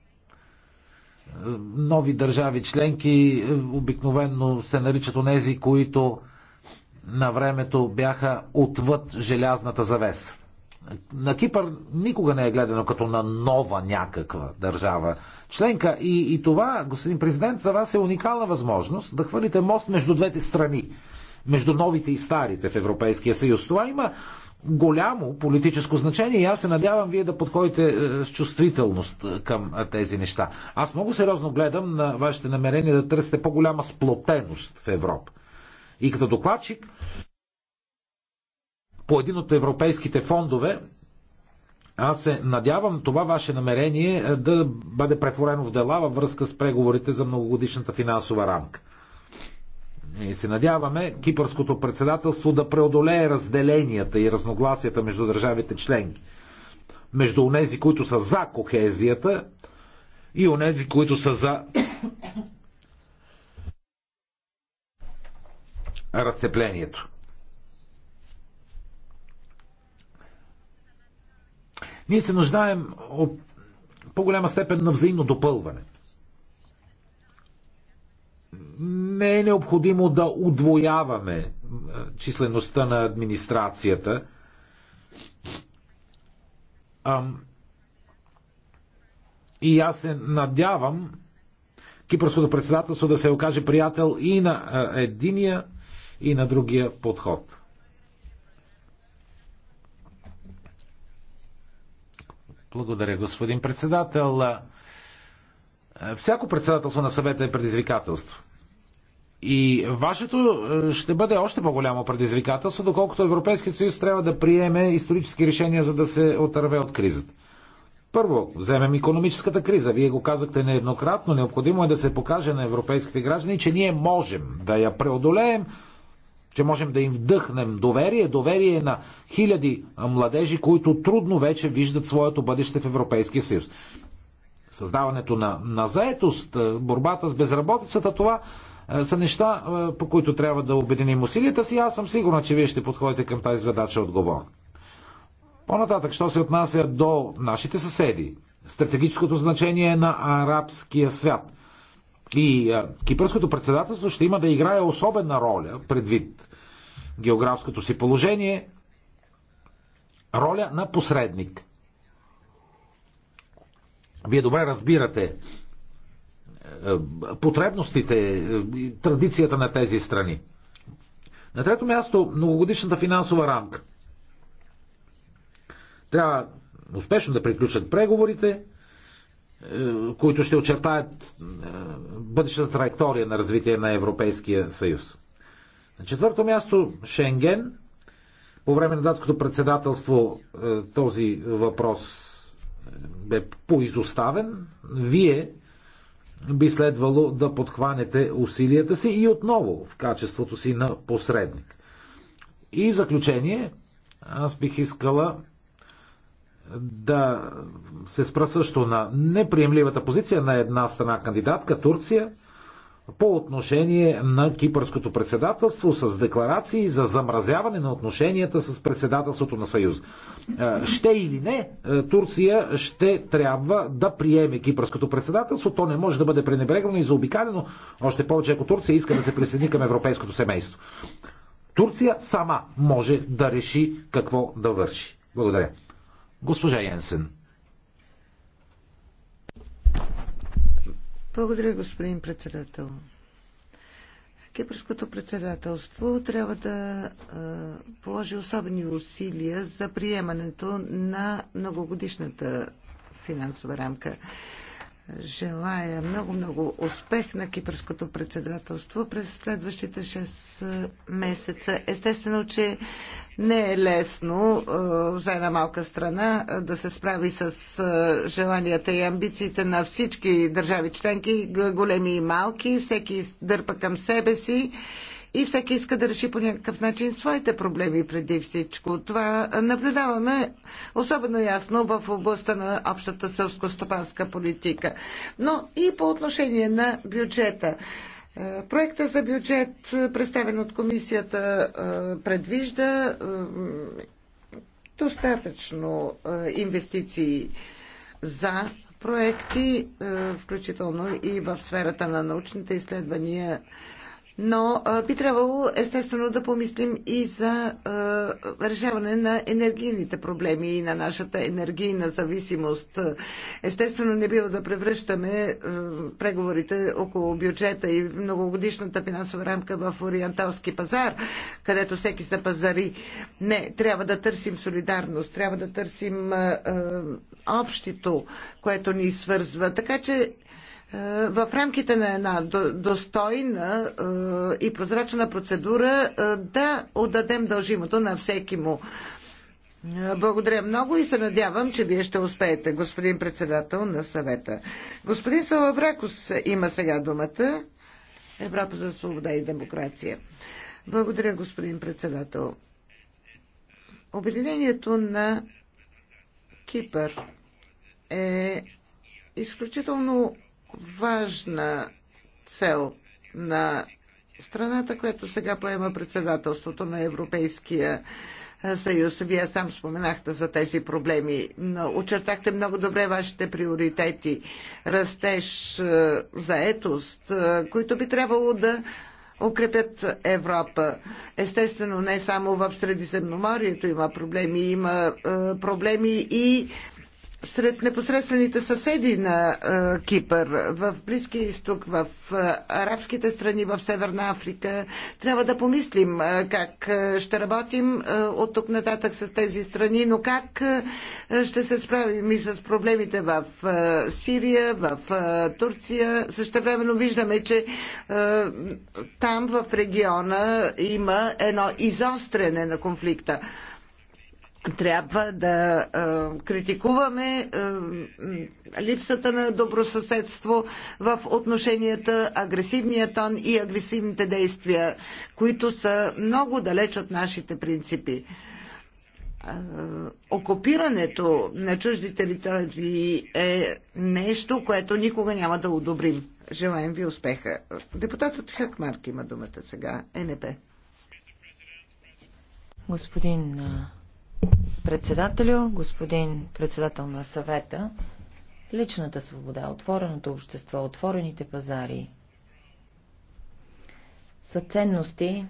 Нови държави членки е, обикновенно се наричат онези, които на времето бяха отвъд желязната завеса на Кипър никога не е гледано като на нова някаква държава членка. И, и това, господин президент, за вас е уникална възможност да хвърлите мост между двете страни, между новите и старите в Европейския съюз. Това има голямо политическо значение и аз се надявам вие да подходите е, с чувствителност е, към е, тези неща. Аз много сериозно гледам на вашите намерения да търсите по-голяма сплотеност в Европа. И като докладчик по един от европейските фондове. Аз се надявам това ваше намерение е, да бъде претворено в дела във връзка с преговорите за многогодишната финансова рамка. И се надяваме кипърското председателство да преодолее разделенията и разногласията между държавите членки. Между онези, които са за кохезията и онези, които са за разцеплението. Ние се нуждаем от по-голяма степен на взаимно допълване. Не е необходимо да удвояваме е, числеността на администрацията. И аз се надявам Кипърското председателство да се окаже приятел и на е, единия, и на другия подход. Благодаря, господин председател. Всяко председателство на съвета е предизвикателство. И вашето е, ще бъде още по-голямо предизвикателство, доколкото Европейският съюз трябва да приеме исторически решения, за да се отърве от кризата. Първо, вземем економическата криза. Вие го казахте нееднократно. Необходимо е да се покаже на европейските граждани, че ние можем да я преодолеем че можем да им вдъхнем доверие, доверие на хиляди младежи, които трудно вече виждат своето бъдеще в Европейския съюз. Създаването на, на заетост, борбата с безработицата, това са неща, по които трябва да обединим усилията си. Аз съм сигурна, че вие ще подходите към тази задача отговорно. По-нататък, що се отнася до нашите съседи, стратегическото значение на арабския свят. И кипърското председателство ще има да играе особена роля предвид географското си положение, роля на посредник. Вие добре разбирате е, потребностите, е, традицията на тези страни. На трето място, многогодишната финансова рамка. Трябва успешно да приключат преговорите, е, които ще очертаят е, бъдещата траектория на развитие на Европейския съюз. На четвърто място Шенген. По време на датското председателство е, този въпрос бе поизоставен. Вие би следвало да подхванете усилията си и отново в качеството си на посредник. И в заключение, аз бих искала да се спра също на неприемливата позиция на една страна кандидатка Турция по отношение на кипърското председателство с декларации за замразяване на отношенията с председателството на Съюз. Е, ще или не, е, Турция ще трябва да приеме кипърското председателство. То не може да бъде пренебрегвано и заобикалено, още повече ако Турция иска да се присъедини към европейското семейство. Турция сама може да реши какво да върши. Благодаря. Госпожа Янсен. Благодаря, господин председател. Кипърското председателство трябва да положи особени усилия за приемането на многогодишната финансова рамка желая много-много успех на кипърското председателство през следващите 6 месеца. Естествено, че не е лесно за една малка страна да се справи с желанията и амбициите на всички държави членки, големи и малки. Всеки дърпа към себе си и всеки иска да реши по някакъв начин своите проблеми преди всичко. Това наблюдаваме особено ясно в областта на общата сълско-стопанска политика. Но и по отношение на бюджета. Е, проекта за бюджет, е, представен от комисията, е, предвижда достатъчно инвестиции за проекти, включително и в сферата на научните изследвания но би трябвало естествено да помислим и за решаване на енергийните проблеми и на нашата енергийна зависимост. Естествено не бива да превръщаме преговорите около бюджета и многогодишната финансова рамка в ориенталски пазар, където всеки са пазари. Не, трябва да търсим солидарност, трябва да търсим общото, което ни свързва. Така че е, в рамките на една достойна е, и прозрачна процедура е, да отдадем дължимото на всеки му. Благодаря много и се надявам, че вие ще успеете, господин председател на съвета. Господин Салавракос има сега думата. Европа за свобода и демокрация. Благодаря, господин председател. Обединението на Кипър е изключително важна цел на страната, която сега поема председателството на Европейския съюз. Вие сам споменахте за тези проблеми, но очертахте много добре вашите приоритети. Растеж, заетост, които би трябвало да укрепят Европа. Естествено, не само в Средиземноморието има проблеми, има проблеми и сред непосредствените съседи на е, Кипър, в Близкия изток, в е, арабските страни, в Северна Африка. Трябва да помислим е, как е, ще работим е, от тук нататък с тези страни, но как е, ще се справим и с проблемите в е, Сирия, в е, Турция. Същевременно виждаме, че е, там в региона има едно изостряне на конфликта трябва да е, критикуваме е, липсата на добросъседство в отношенията, агресивния тон и агресивните действия, които са много далеч от нашите принципи. окупирането на чужди територии е нещо, което никога няма да одобрим. Желаем ви успеха. Депутатът Хакмарк има думата сега. Е, НП. Господин Председателю, господин председател на съвета, личната свобода, отвореното общество, отворените пазари са ценности,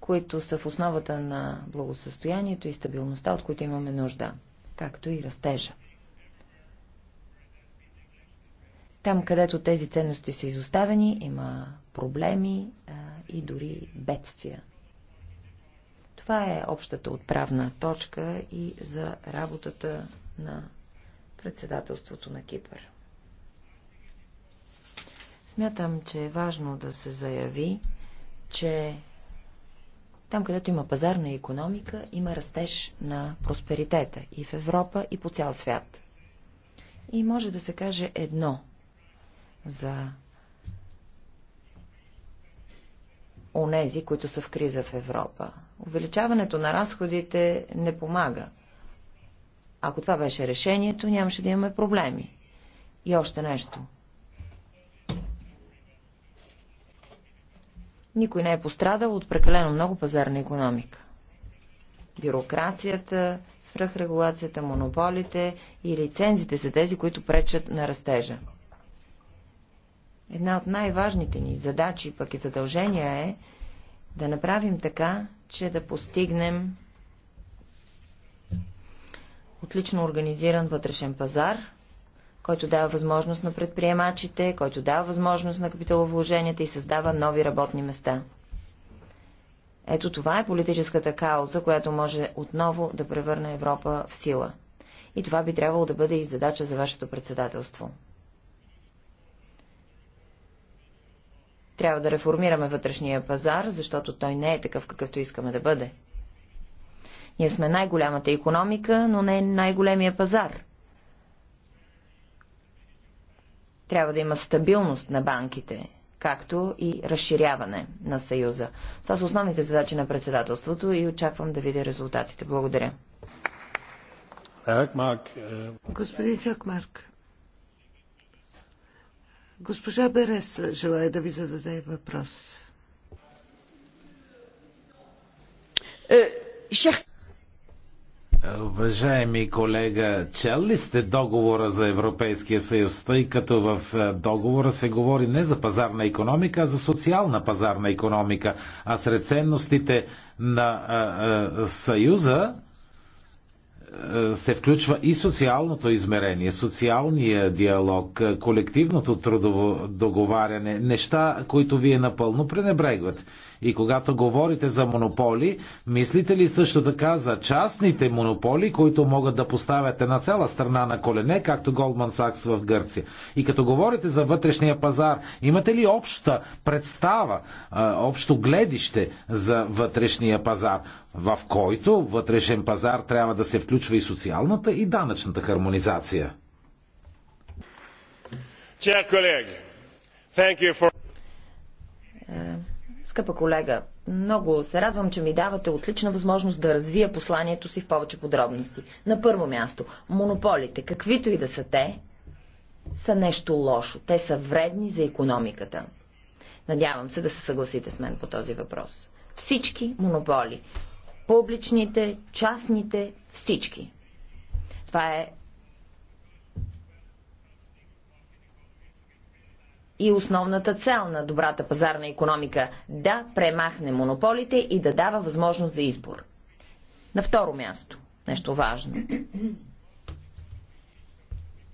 които са в основата на благосъстоянието и стабилността, от които имаме нужда, както и растежа. Там, където тези ценности са изоставени, има проблеми а, и дори бедствия. Това е общата отправна точка и за работата на председателството на Кипър. Смятам, че е важно да се заяви, че там, където има пазарна економика, има растеж на просперитета и в Европа, и по цял свят. И може да се каже едно за онези, които са в криза в Европа. Увеличаването на разходите не помага. Ако това беше решението, нямаше да имаме проблеми. И още нещо. Никой не е пострадал от прекалено много пазарна економика. Бюрокрацията, свръхрегулацията, монополите и лицензите са тези, които пречат на растежа. Една от най-важните ни задачи, пък и задължения е да направим така, че да постигнем отлично организиран вътрешен пазар, който дава възможност на предприемачите, който дава възможност на капиталовложенията и създава нови работни места. Ето това е политическата кауза, която може отново да превърне Европа в сила. И това би трябвало да бъде и задача за вашето председателство. Трябва да реформираме вътрешния пазар, защото той не е такъв какъвто искаме да бъде. Ние сме най-голямата економика, но не най-големия пазар. Трябва да има стабилност на банките, както и разширяване на Съюза. Това са основните задачи на председателството и очаквам да видя резултатите. Благодаря. Е, Господин Хакмарк. Госпожа Берес желая да ви зададе въпрос. Е, Уважаеми колега, чел ли сте договора за Европейския съюз, тъй като в е, договора се говори не за пазарна економика, а за социална пазарна економика, а сред ценностите на а, е, а, Съюза се включва и социалното измерение, социалния диалог, колективното трудово договаряне, неща, които вие напълно пренебрегвате. И когато говорите за монополи, мислите ли също така за частните монополи, които могат да поставят една цяла страна на колене, както Голдман Сакс в Гърция? И като говорите за вътрешния пазар, имате ли обща представа, общо гледище за вътрешния пазар, в който вътрешен пазар трябва да се включва и социалната и данъчната хармонизация? For... Скъпа колега, много се радвам, че ми давате отлична възможност да развия посланието си в повече подробности. На първо място, монополите, каквито и да са те, са нещо лошо. Те са вредни за економиката. Надявам се да се съгласите с мен по този въпрос. Всички монополи. Публичните, частните, всички. Това е и основната цел на добрата пазарна економика – да премахне монополите и да дава възможност за избор. На второ място – нещо важно.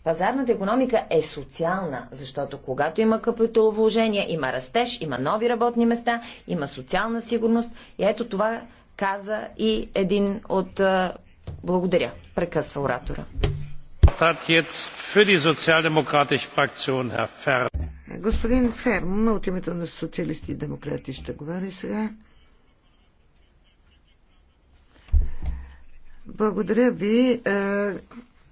Пазарната економика е социална, защото когато има капиталовложения, има растеж, има нови работни места, има социална сигурност и ето това каза и един от... Благодаря. Прекъсва оратора. Господин Ферм от името на социалисти и демократи ще говори сега. Благодаря ви. Е,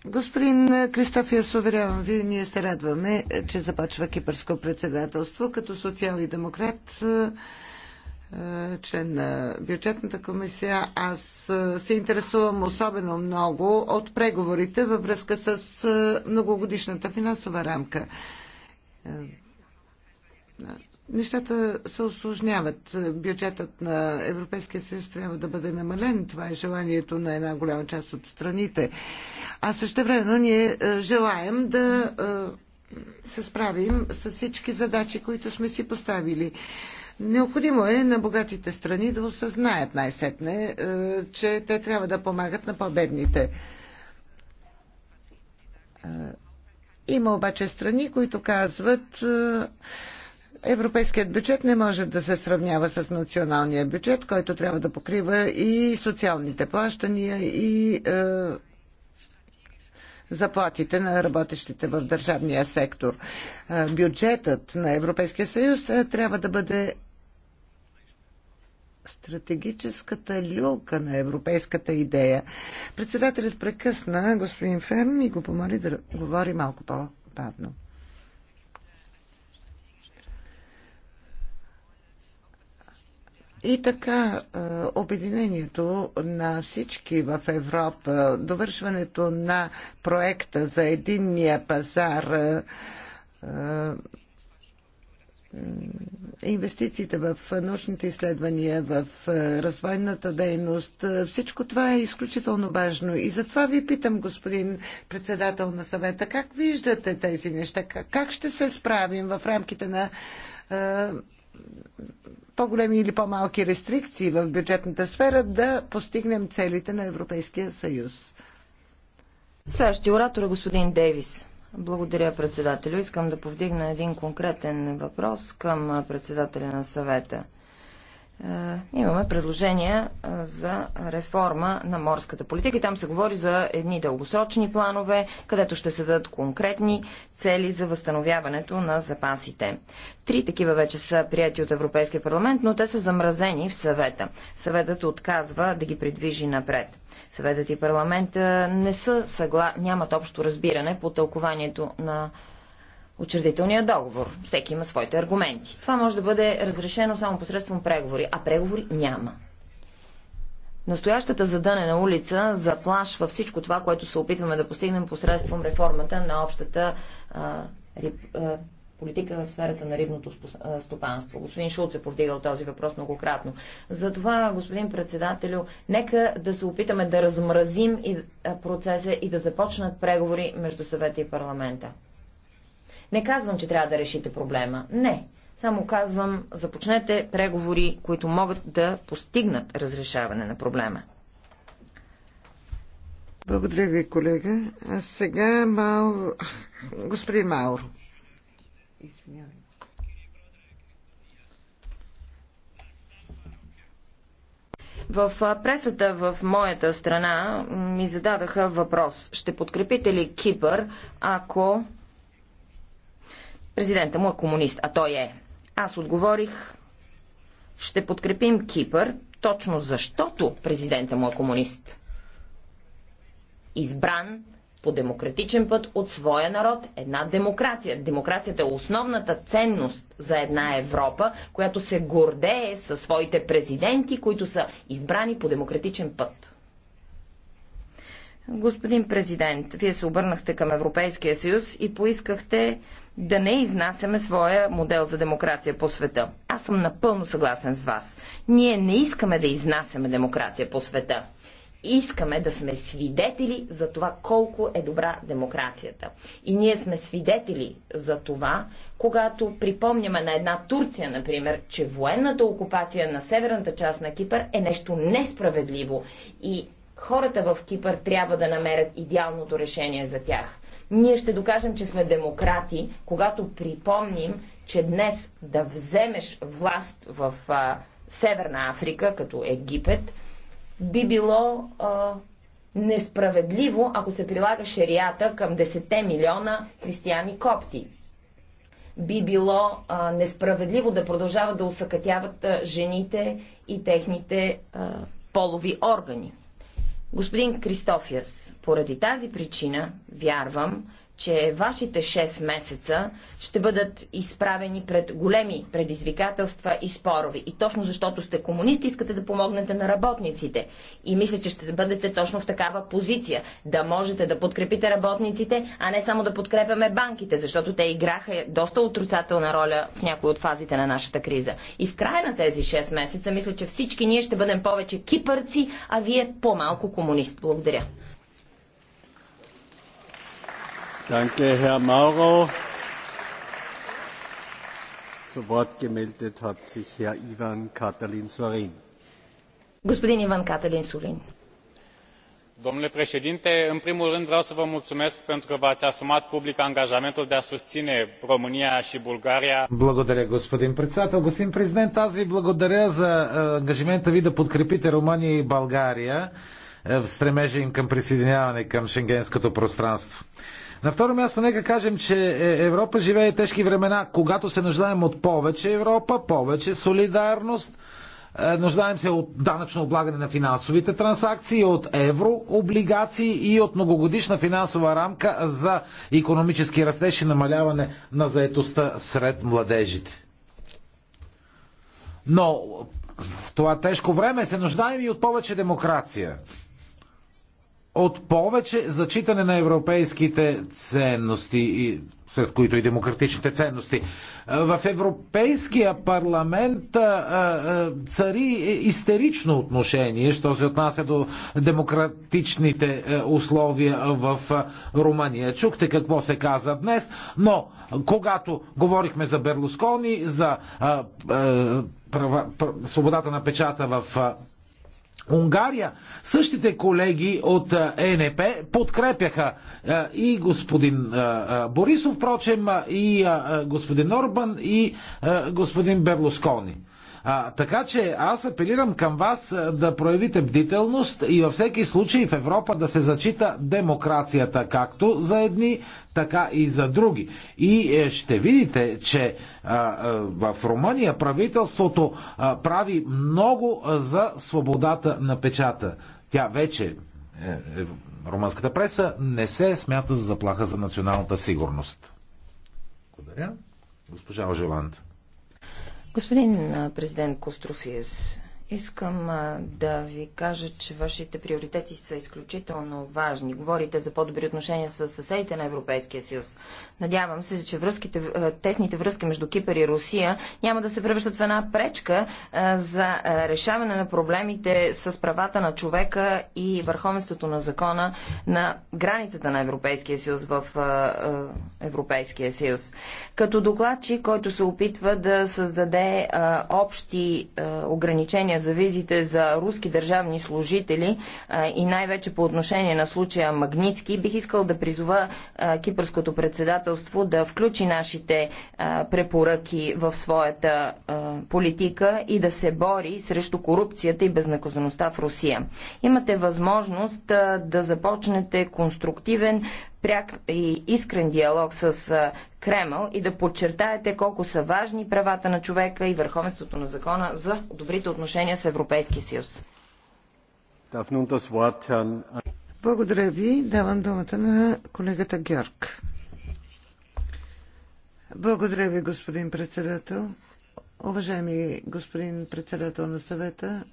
господин Кристофиас, уверявам ви, ние се радваме, е, че започва кипърско председателство. Като социал-демократ, и е, член на бюджетната комисия, аз се интересувам особено много от преговорите във връзка с многогодишната финансова рамка. Нещата се осложняват. Бюджетът на Европейския съюз трябва да бъде намален. Това е желанието на една голяма част от страните. А също времено ние е, желаем да е, се справим с всички задачи, които сме си поставили. Необходимо е на богатите страни да осъзнаят най-сетне, е, че те трябва да помагат на по-бедните. Има обаче страни, които казват Европейският бюджет не може да се сравнява с националния бюджет, който трябва да покрива и социалните плащания, и е, заплатите на работещите в държавния сектор. Е, бюджетът на Европейския съюз е, трябва да бъде стратегическата люлка на европейската идея. Председателят прекъсна господин Ферм и го помоли да говори малко по-бавно. И така, е, обединението на всички в Европа, довършването на проекта за единния пазар, е, е, инвестициите в научните изследвания, в развойната дейност, всичко това е изключително важно. И затова ви питам, господин председател на съвета, как виждате тези неща? Как ще се справим в рамките на по-големи или по-малки рестрикции в бюджетната сфера да постигнем целите на Европейския съюз. Следващия оратор е господин Дейвис. Благодаря, председателю. Искам да повдигна един конкретен въпрос към председателя на съвета. Е, имаме предложения е, за реформа на морската политика и там се говори за едни дългосрочни планове, където ще се дадат конкретни цели за възстановяването на запасите. Три такива вече са прияти от Европейския парламент, но те са замразени в съвета. Съветът отказва да ги придвижи напред. Съветът и парламент не са съгла... нямат общо разбиране по тълкованието на учредителния договор. Всеки има своите аргументи. Това може да бъде разрешено само посредством преговори, а преговори няма. Настоящата задънена улица заплашва всичко това, което се опитваме да постигнем посредством реформата на общата а, риб, а, политика в сферата на рибното стопанство. Господин Шулц е повдигал този въпрос многократно. Затова, господин председателю, нека да се опитаме да размразим и, процеса и да започнат преговори между съвета и парламента. Не казвам, че трябва да решите проблема. Не. Само казвам, започнете преговори, които могат да постигнат разрешаване на проблема. Благодаря ви, колега. А сега Мау... Господин Мауро. Извинявай. В пресата в моята страна ми зададаха въпрос. Ще подкрепите ли Кипър, ако Президента му е комунист, а той е. Аз отговорих, ще подкрепим Кипър, точно защото президента му е комунист. Избран по демократичен път от своя народ, една демокрация. Демокрацията е основната ценност за една Европа, която се гордее със своите президенти, които са избрани по демократичен път. Господин президент, вие се обърнахте към Европейския съюз и поискахте да не изнасяме своя модел за демокрация по света. Аз съм напълно съгласен с вас. Ние не искаме да изнасяме демокрация по света. Искаме да сме свидетели за това колко е добра демокрацията. И ние сме свидетели за това, когато припомняме на една Турция, например, че военната окупация на северната част на Кипър е нещо несправедливо и хората в Кипър трябва да намерят идеалното решение за тях. Ние ще докажем, че сме демократи, когато припомним, че днес да вземеш власт в а, Северна Африка, като Египет, би било а, несправедливо, ако се прилага шерията към 10 милиона християни копти. Би било а, несправедливо да продължават да усъкътяват а, жените и техните а, полови органи. Господин Кристофиас, поради тази причина вярвам, че вашите 6 месеца ще бъдат изправени пред големи предизвикателства и спорови. И точно защото сте комунисти, искате да помогнете на работниците. И мисля, че ще бъдете точно в такава позиция. Да можете да подкрепите работниците, а не само да подкрепяме банките, защото те играха доста отрицателна роля в някои от фазите на нашата криза. И в края на тези 6 месеца, мисля, че всички ние ще бъдем повече кипърци, а вие по-малко комунист. Благодаря. Danke, Herr Mauro. Zu Wort gemeldet hat sich Herr Ivan Katalin Sorin. Господин Иван Каталин Сурин. Domnule președinte, în primul rând vreau să vă mulțumesc pentru că v-ați asumat public angajamentul de a susține România și Bulgaria. Благодаря, господин председател. Господин президент, аз ви благодаря за е, ангажимента ви да подкрепите Румъния и България е, в стремежа им към присъединяване към шенгенското пространство. На второ място, нека кажем, че е, Европа живее тежки времена, когато се нуждаем от повече Европа, повече солидарност, е, нуждаем се от данъчно облагане на финансовите транзакции, от еврооблигации и от многогодишна финансова рамка за економически растеж и намаляване на заетостта сред младежите. Но в това тежко време се нуждаем и от повече демокрация от повече зачитане на европейските ценности, сред които и демократичните ценности. В Европейския парламент цари истерично отношение, що се отнася до демократичните е, условия в Румъния. Чухте какво се каза днес, но когато говорихме за Берлускони, за свободата на печата в Унгария същите колеги от ЕНП подкрепяха и господин Борисов, впрочем, и господин Орбан, и господин Берлускони. А, така че аз апелирам към вас да проявите бдителност и във всеки случай в Европа да се зачита демокрацията както за едни, така и за други. И е, ще видите, че в Румъния правителството прави много за свободата на печата. Тя вече е, е, румънската преса не се смята за заплаха за националната сигурност. Благодаря. Госпожа Ожеланд. Господин президент Костров, Искам да ви кажа, че вашите приоритети са изключително важни. Говорите за по-добри отношения с съседите на Европейския съюз. Надявам се, че връзките, тесните връзки между Кипър и Русия няма да се превръщат в една пречка за решаване на проблемите с правата на човека и върховенството на закона на границата на Европейския съюз в Европейския съюз. Като докладчик, който се опитва да създаде общи ограничения за визите за руски държавни служители и най-вече по отношение на случая Магницки, бих искал да призова Кипърското председателство да включи нашите препоръки в своята политика и да се бори срещу корупцията и безнаказаността в Русия. Имате възможност да започнете конструктивен пряк и искрен диалог с Кремъл и да подчертаете колко са важни правата на човека и върховенството на закона за добрите отношения с Европейския съюз. Благодаря ви. Давам думата на колегата Георг. Благодаря ви, господин председател. Уважаеми господин председател на съвета,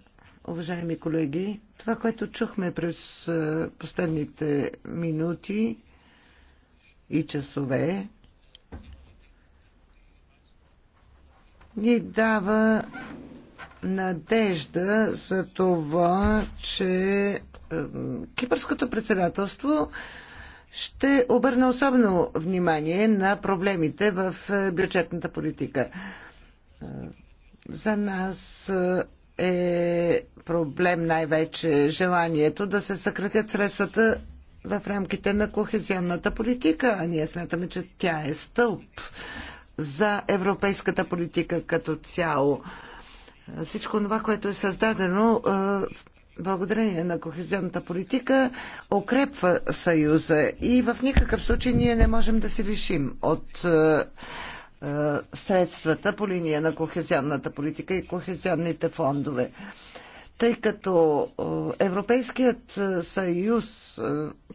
уважаеми колеги, това, което чухме през последните минути, и часове ни дава надежда за това, че кипърското председателство ще обърне особено внимание на проблемите в е, бюджетната политика. Е, за нас е, е проблем най-вече желанието да се съкратят средствата в рамките на кохезионната политика, а ние смятаме, че тя е стълб за европейската политика като цяло. Всичко това, което е създадено е, благодарение на кохезионната политика, укрепва Съюза и в никакъв случай ние не можем да се лишим от е, е, средствата по линия на кохезионната политика и кохезионните фондове тъй като е, Европейският е, съюз е,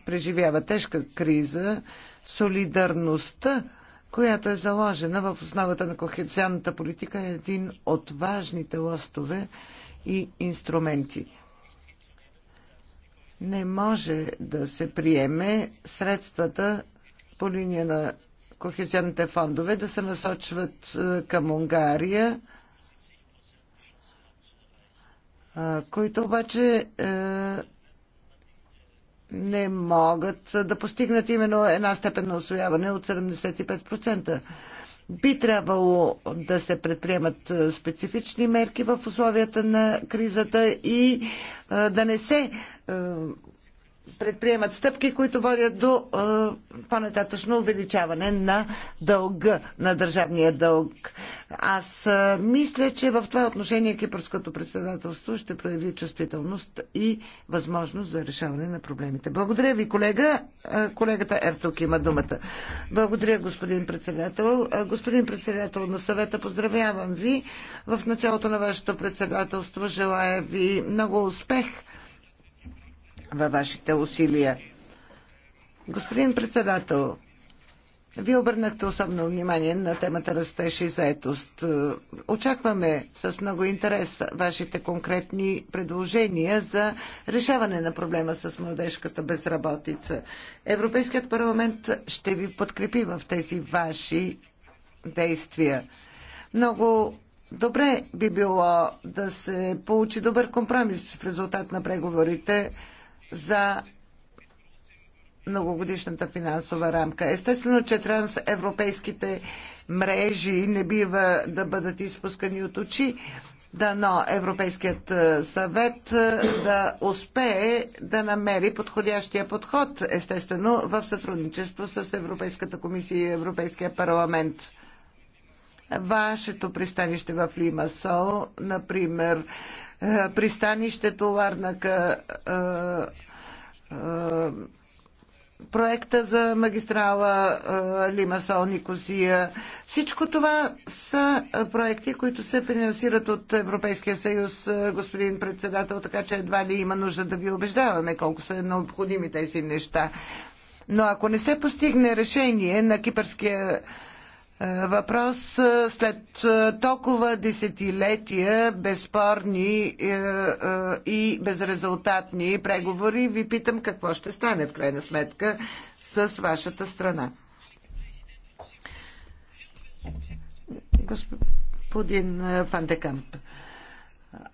преживява тежка криза, солидарността, която е заложена в основата на кохезионната политика, е един от важните лостове и инструменти. Не може да се приеме средствата по линия на кохезионните фондове да се насочват към Унгария, които обаче е, не могат да постигнат именно една степен на освояване от 75%. Би трябвало да се предприемат е, специфични мерки в условията на кризата и е, да не се предприемат стъпки, които водят до е, по-нататъчно увеличаване на дълга, на държавния дълг. Аз е, мисля, че в това отношение Кипърското председателство ще прояви чувствителност и възможност за решаване на проблемите. Благодаря ви, колега. Е, колегата Ертук има думата. Благодаря, господин председател. Господин председател на съвета, поздравявам ви. В началото на вашето председателство желая ви много успех във вашите усилия. Господин председател, вие обърнахте особено внимание на темата растеж и заетост. Очакваме с много интерес вашите конкретни предложения за решаване на проблема с младежката безработица. Европейският парламент ще ви подкрепи в тези ваши действия. Много добре би било да се получи добър компромис в резултат на преговорите за многогодишната финансова рамка. Естествено, че трансевропейските мрежи не бива да бъдат изпускани от очи, да, но Европейският е, съвет е, да успее да намери подходящия подход, естествено, в сътрудничество с Европейската комисия и Европейския парламент вашето пристанище в Лимасол, например, е, пристанището Ларнака, е, е, проекта за магистрала Лимасол Никосия. Всичко това са проекти, които се финансират от Европейския съюз, господин председател, така че едва ли има нужда да ви убеждаваме колко са необходими тези неща. Но ако не се постигне решение на кипърския е, въпрос е, след е, толкова десетилетия безспорни и безрезултатни преговори. Ви питам какво ще стане в крайна сметка с вашата страна. Господин Фантекамп,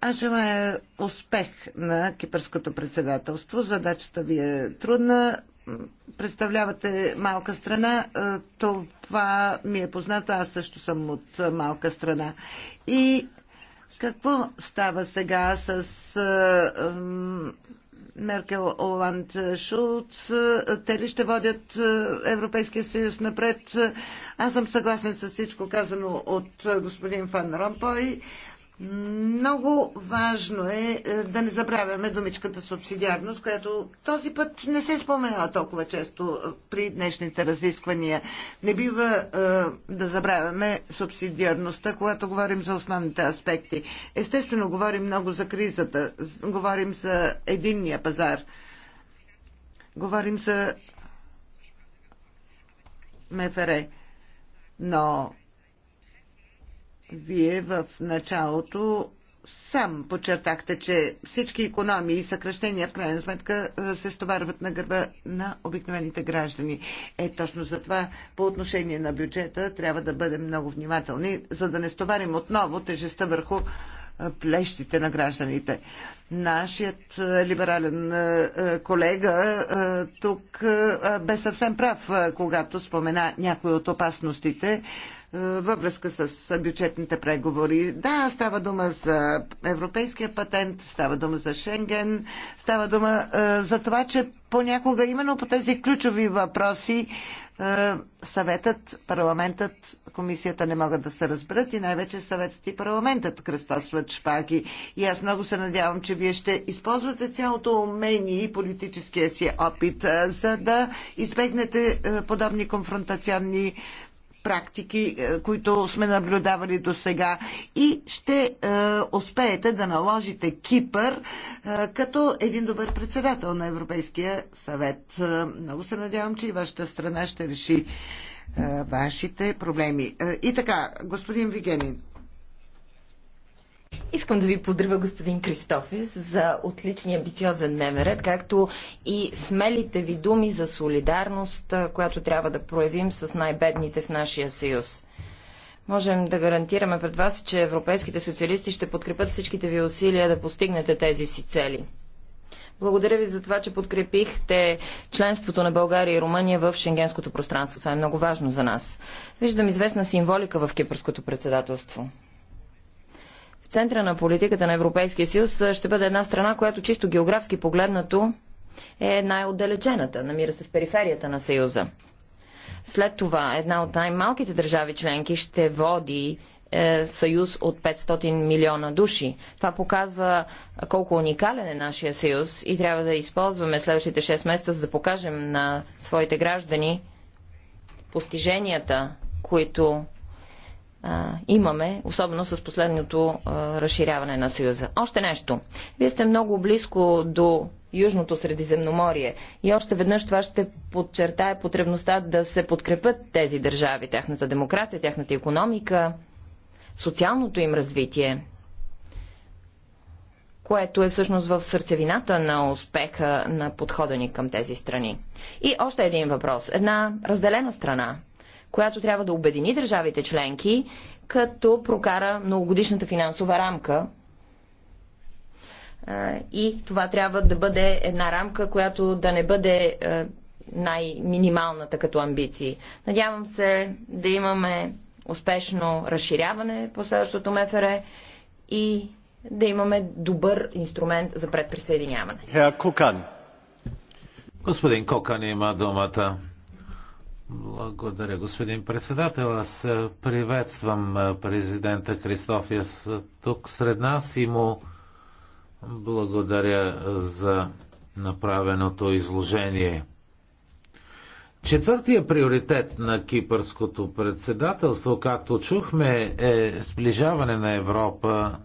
аз желая успех на кипърското председателство. Задачата ви е трудна представлявате малка страна. Е, това ми е познато. Аз също съм от е, малка страна. И какво става сега с е, Меркел, Оланд, Шулц, те ли ще водят Европейския съюз напред? Аз съм съгласен с всичко казано от господин Фан Ромпой. Много важно е, е да не забравяме думичката субсидиарност, която този път не се споменава толкова често е, при днешните разисквания. Не бива е, да забравяме субсидиарността, когато говорим за основните аспекти. Естествено, говорим много за кризата, говорим за единния пазар, говорим за МФР, но вие в началото сам подчертахте, че всички економии и съкръщения в крайна сметка се стоварват на гърба на обикновените граждани. Е, точно за това по отношение на бюджета трябва да бъдем много внимателни, за да не стоварим отново тежестта върху плещите на гражданите. Нашият е, либерален е, е, колега тук бе съвсем прав, когато спомена някои от опасностите във връзка с бюджетните преговори. Да, става дума за европейския патент, става дума за Шенген, става дума за това, че понякога именно по тези ключови въпроси съветът, парламентът, комисията не могат да се разберат и най-вече съветът и парламентът кръстосват шпаги. И аз много се надявам, че вие ще използвате цялото умение и политическия си опит, за да избегнете подобни конфронтационни практики, които сме наблюдавали до сега и ще е, успеете да наложите Кипър е, като един добър председател на Европейския съвет. Е, много се надявам, че и вашата страна ще реши е, вашите проблеми. Е, и така, господин Вигенин. Искам да ви поздравя, господин Кристофис, за отличния амбициозен немерет, ред, както и смелите ви думи за солидарност, която трябва да проявим с най-бедните в нашия съюз. Можем да гарантираме пред вас, че европейските социалисти ще подкрепят всичките ви усилия да постигнете тези си цели. Благодаря ви за това, че подкрепихте членството на България и Румъния в шенгенското пространство. Това е много важно за нас. Виждам известна символика в кипърското председателство центъра на политиката на Европейския съюз ще бъде една страна, която чисто географски погледнато е най-отдалечената, намира се в периферията на Съюза. След това една от най-малките държави членки ще води е, съюз от 500 милиона души. Това показва колко уникален е нашия съюз и трябва да използваме следващите 6 месеца, за да покажем на своите граждани постиженията, които имаме, особено с последното а, разширяване на Съюза. Още нещо. Вие сте много близко до Южното Средиземноморие и още веднъж това ще подчертае потребността да се подкрепят тези държави, тяхната демокрация, тяхната економика, социалното им развитие което е всъщност в сърцевината на успеха на подхода ни към тези страни. И още един въпрос. Една разделена страна, която трябва да обедини държавите членки, като прокара многогодишната финансова рамка. И това трябва да бъде една рамка, която да не бъде най-минималната като амбиции. Надявам се да имаме успешно разширяване по следващото МФР и да имаме добър инструмент за предприсъединяване. Господин Кокан има думата. Благодаря, господин председател. Аз е, приветствам е, президента Кристофия е, тук сред нас и му благодаря за направеното изложение. Четвъртия приоритет на кипърското председателство, както чухме, е сближаване на Европа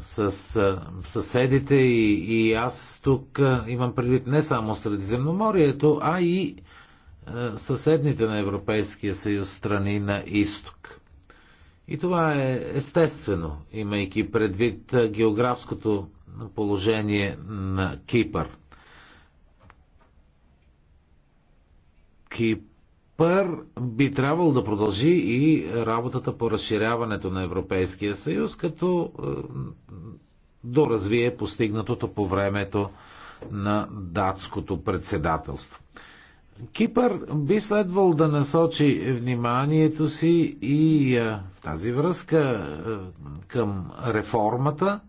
с съседите и, и аз тук имам предвид не само Средиземноморието, а и съседните на Европейския съюз страни на изток. И това е естествено, имайки предвид географското положение на Кипър. Кипър ПЪР би трябвало да продължи и работата по разширяването на Европейския съюз, като е, доразвие постигнатото по времето на датското председателство. Кипър би следвал да насочи вниманието си и е, в тази връзка е, към реформата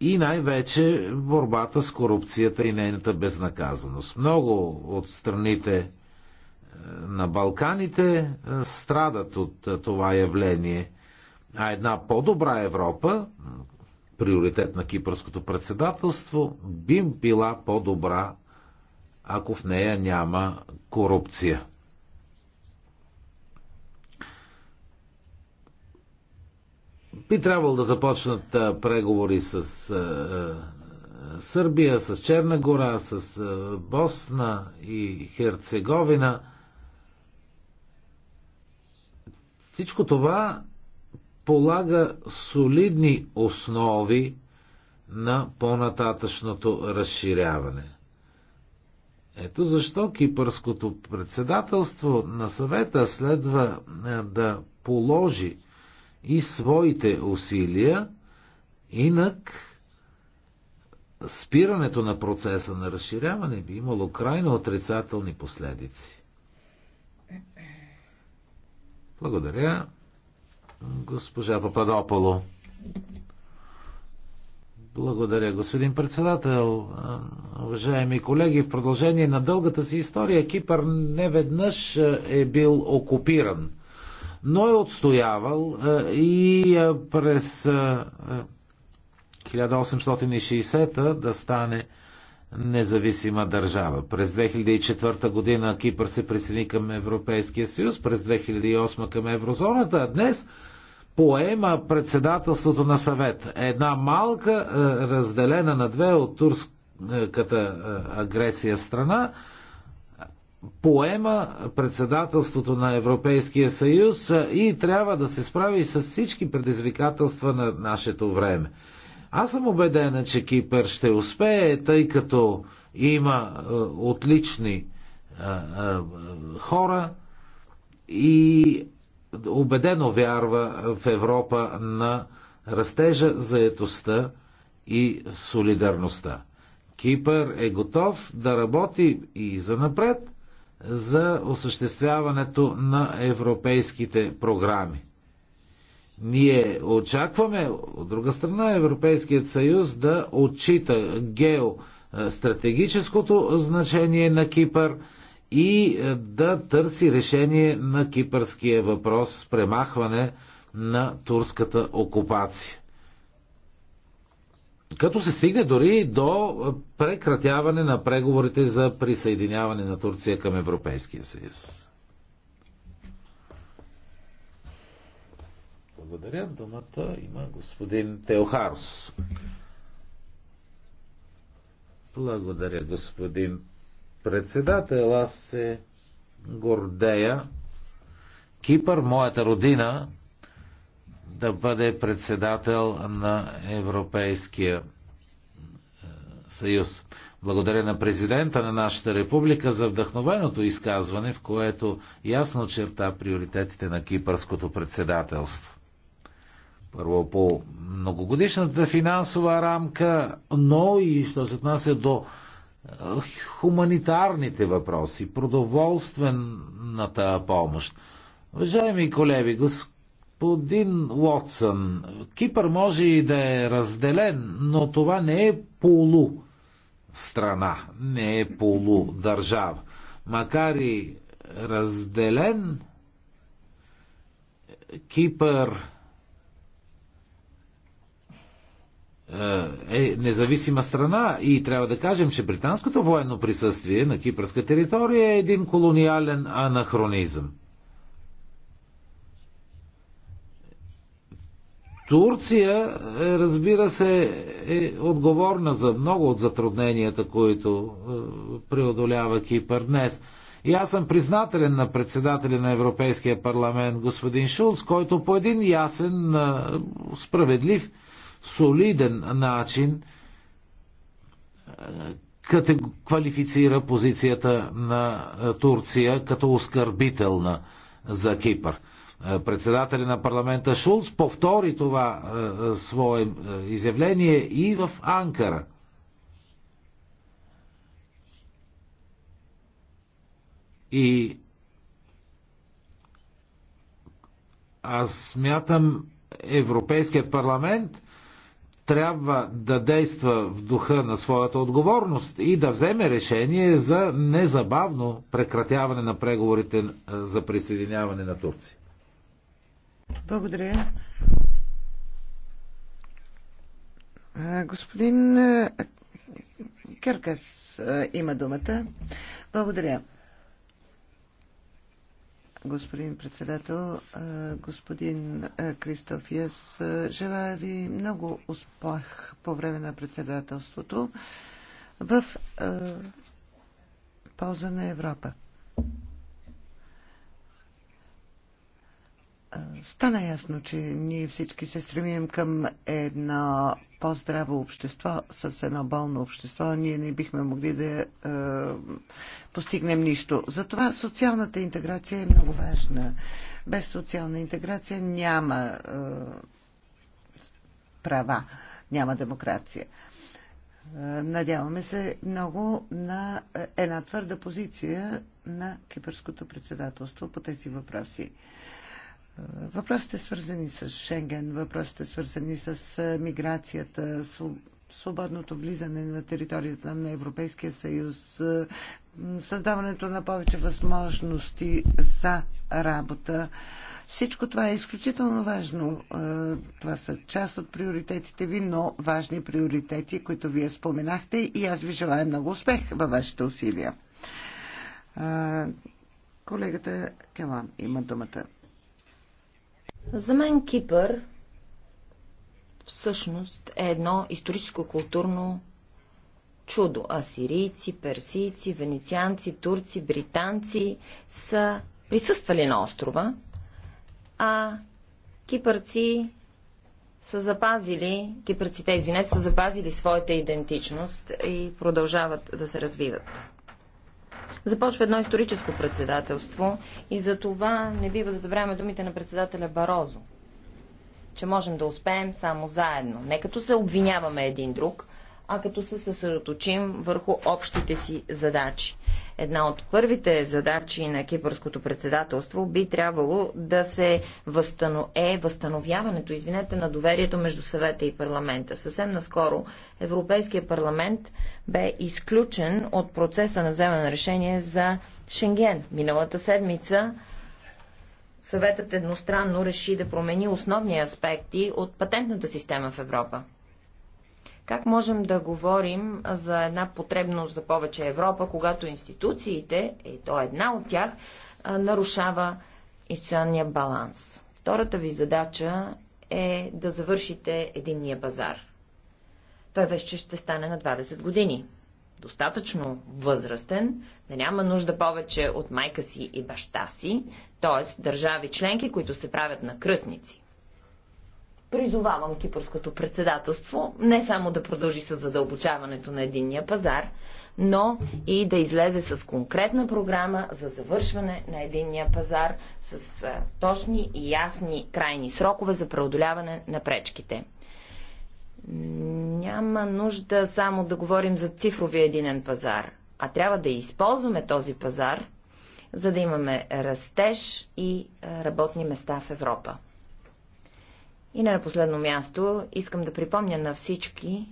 и най-вече борбата с корупцията и нейната безнаказаност. Много от страните на Балканите е, страдат от е, това явление. А една по-добра Европа, приоритет на кипърското председателство, би била по-добра, ако в нея няма корупция. Би трябвало да започнат е, преговори с Сърбия, с Черна гора, с Босна и Херцеговина – Всичко това полага солидни основи на по-нататъчното разширяване. Ето защо кипърското председателство на съвета следва е, да положи и своите усилия, инак спирането на процеса на разширяване би имало крайно отрицателни последици. Благодаря. Госпожа Пападополо. Благодаря, господин председател. Уважаеми колеги, в продължение на дългата си история Кипър не веднъж е бил окупиран, но е отстоявал и през 1860 да стане независима държава. През 2004 година Кипър се присъедини към Европейския съюз, през 2008 към еврозоната, а днес поема председателството на съвет. Една малка, е, разделена на две от турската е, агресия страна, поема председателството на Европейския съюз е, и трябва да се справи с всички предизвикателства на нашето време. Аз съм убедена, че Кипър ще успее, тъй като има е, отлични е, е, хора и убедено вярва в Европа на растежа, заетостта и солидарността. Кипър е готов да работи и за напред за осъществяването на европейските програми. Ние очакваме, от друга страна, Европейският съюз да отчита геостратегическото значение на Кипър и е, да търси решение на кипърския въпрос с премахване на турската окупация. Като се стигне дори до прекратяване на преговорите за присъединяване на Турция към Европейския съюз. Благодаря. Думата има господин Теохарус. Благодаря, господин председател. Аз се гордея Кипър, моята родина, да бъде председател на Европейския е, съюз. Благодаря на президента на нашата република за вдъхновеното изказване, в което ясно черта приоритетите на кипърското председателство първо по многогодишната финансова рамка, но и що се отнася до е, хуманитарните въпроси, продоволствената помощ. Уважаеми колеги, господин Уотсън, Кипър може и да е разделен, но това не е полу страна, не е полудържава. Макар и разделен, Кипър е независима страна и трябва да кажем, че британското военно присъствие на кипърска територия е един колониален анахронизъм. Турция, е, разбира се, е отговорна за много от затрудненията, които е, преодолява Кипър днес. И аз съм признателен на председателя на Европейския парламент, господин Шулц, който по един ясен, е, справедлив солиден начин е, квалифицира позицията на е, Турция като оскърбителна за Кипър. Е, председателя на парламента Шулц повтори това свое изявление и в Анкара. И аз смятам Европейският парламент трябва да действа в духа на своята отговорност и да вземе решение за незабавно прекратяване на преговорите е, за присъединяване на Турция. Благодаря. Господин е, Керкес, е, има думата. Благодаря господин председател. Господин Кристоф Яс, желая ви много успех по време на председателството в полза на Европа. Стана ясно, че ние всички се стремим към едно по-здраво общество с едно болно общество. Ние не бихме могли да е, постигнем нищо. Затова социалната интеграция е много важна. Без социална интеграция няма е, права, няма демокрация. Е, надяваме се много на е, една твърда позиция на кипърското председателство по тези въпроси. Въпросите свързани с Шенген, въпросите свързани с миграцията, свободното влизане на територията на Европейския съюз, създаването на повече възможности за работа. Всичко това е изключително важно. Това са част от приоритетите ви, но важни приоритети, които вие споменахте и аз ви желая много успех във вашите усилия. Колегата Келан има думата. За мен Кипър всъщност е едно историческо-културно чудо. Асирийци, персийци, венецианци, турци, британци са присъствали на острова, а кипърци са запазили, кипърците, извинете, са запазили своята идентичност и продължават да се развиват. Започва едно историческо председателство и за това не бива да забравяме думите на председателя Барозо, че можем да успеем само заедно. Не като се обвиняваме един друг, а като се съсредоточим върху общите си задачи. Една от първите задачи на кипърското председателство би трябвало да се възстано... е възстановяването, извинете, на доверието между съвета и парламента. Съвсем наскоро Европейския парламент бе изключен от процеса на вземане на решение за Шенген. Миналата седмица съветът едностранно реши да промени основни аспекти от патентната система в Европа. Как можем да говорим за една потребност за повече Европа, когато институциите, и то една от тях, нарушава институционния баланс? Втората ви задача е да завършите единния базар. Той вече ще стане на 20 години. Достатъчно възрастен, да няма нужда повече от майка си и баща си, т.е. държави членки, които се правят на кръсници. Призовавам кипърското председателство не само да продължи с задълбочаването на единния пазар, но и да излезе с конкретна програма за завършване на единния пазар с точни и ясни крайни срокове за преодоляване на пречките. Няма нужда само да говорим за цифровия единен пазар, а трябва да използваме този пазар, за да имаме растеж и работни места в Европа. И не на последно място, искам да припомня на всички,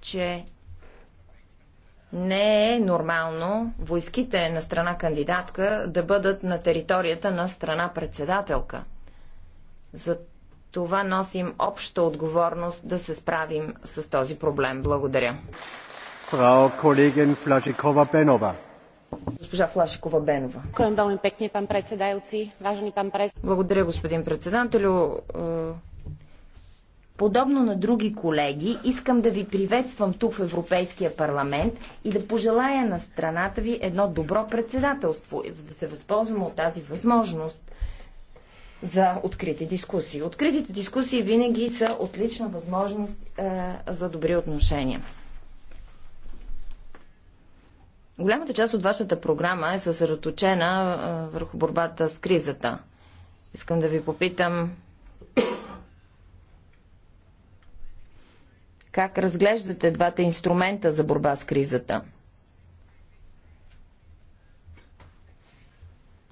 че не е нормално войските на страна кандидатка да бъдат на територията на страна председателка. За това носим обща отговорност да се справим с този проблем. Благодаря. Фрау колегин Флашикова Бенова. Госпожа Флашикова Бенова. Благодаря, господин председател. председателю. Е, Подобно на други колеги, искам да ви приветствам тук в Европейския парламент и да пожелая на страната ви едно добро председателство, за да се възползваме от тази възможност за открити дискусии. Откритите дискусии винаги са отлична възможност е, за добри отношения. Голямата част от вашата програма е съсредоточена е, върху борбата с кризата. Искам да ви попитам Как разглеждате двата инструмента за борба с кризата?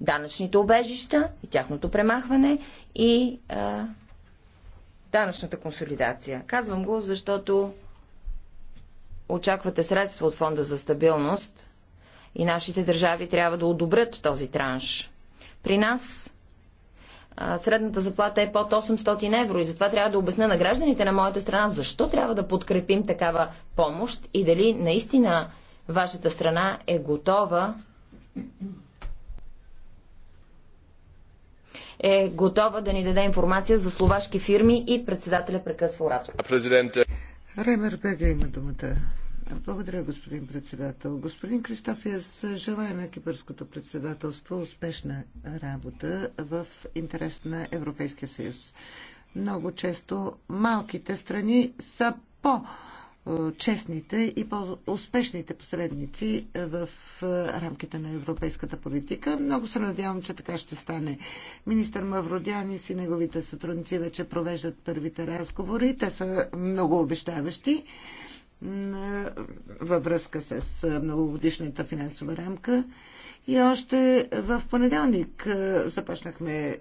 Данъчните обежища и тяхното премахване и а, данъчната консолидация. Казвам го, защото очаквате средства от Фонда за стабилност и нашите държави трябва да одобрят този транш. При нас средната заплата е под 800 евро и затова трябва да обясня на гражданите на моята страна защо трябва да подкрепим такава помощ и дали наистина вашата страна е готова е готова да ни даде информация за словашки фирми и председателя прекъсва оратор. Ремер Бега има думата. Благодаря, господин председател. Господин Кристоф, аз желая на кипърското председателство успешна работа в интерес на Европейския съюз. Много често малките страни са по- честните и по-успешните посредници в рамките на европейската политика. Много се надявам, че така ще стане. Министър Мавродянис и неговите сътрудници вече провеждат първите разговори. Те са много обещаващи във връзка с многогодишната финансова рамка. И още в понеделник започнахме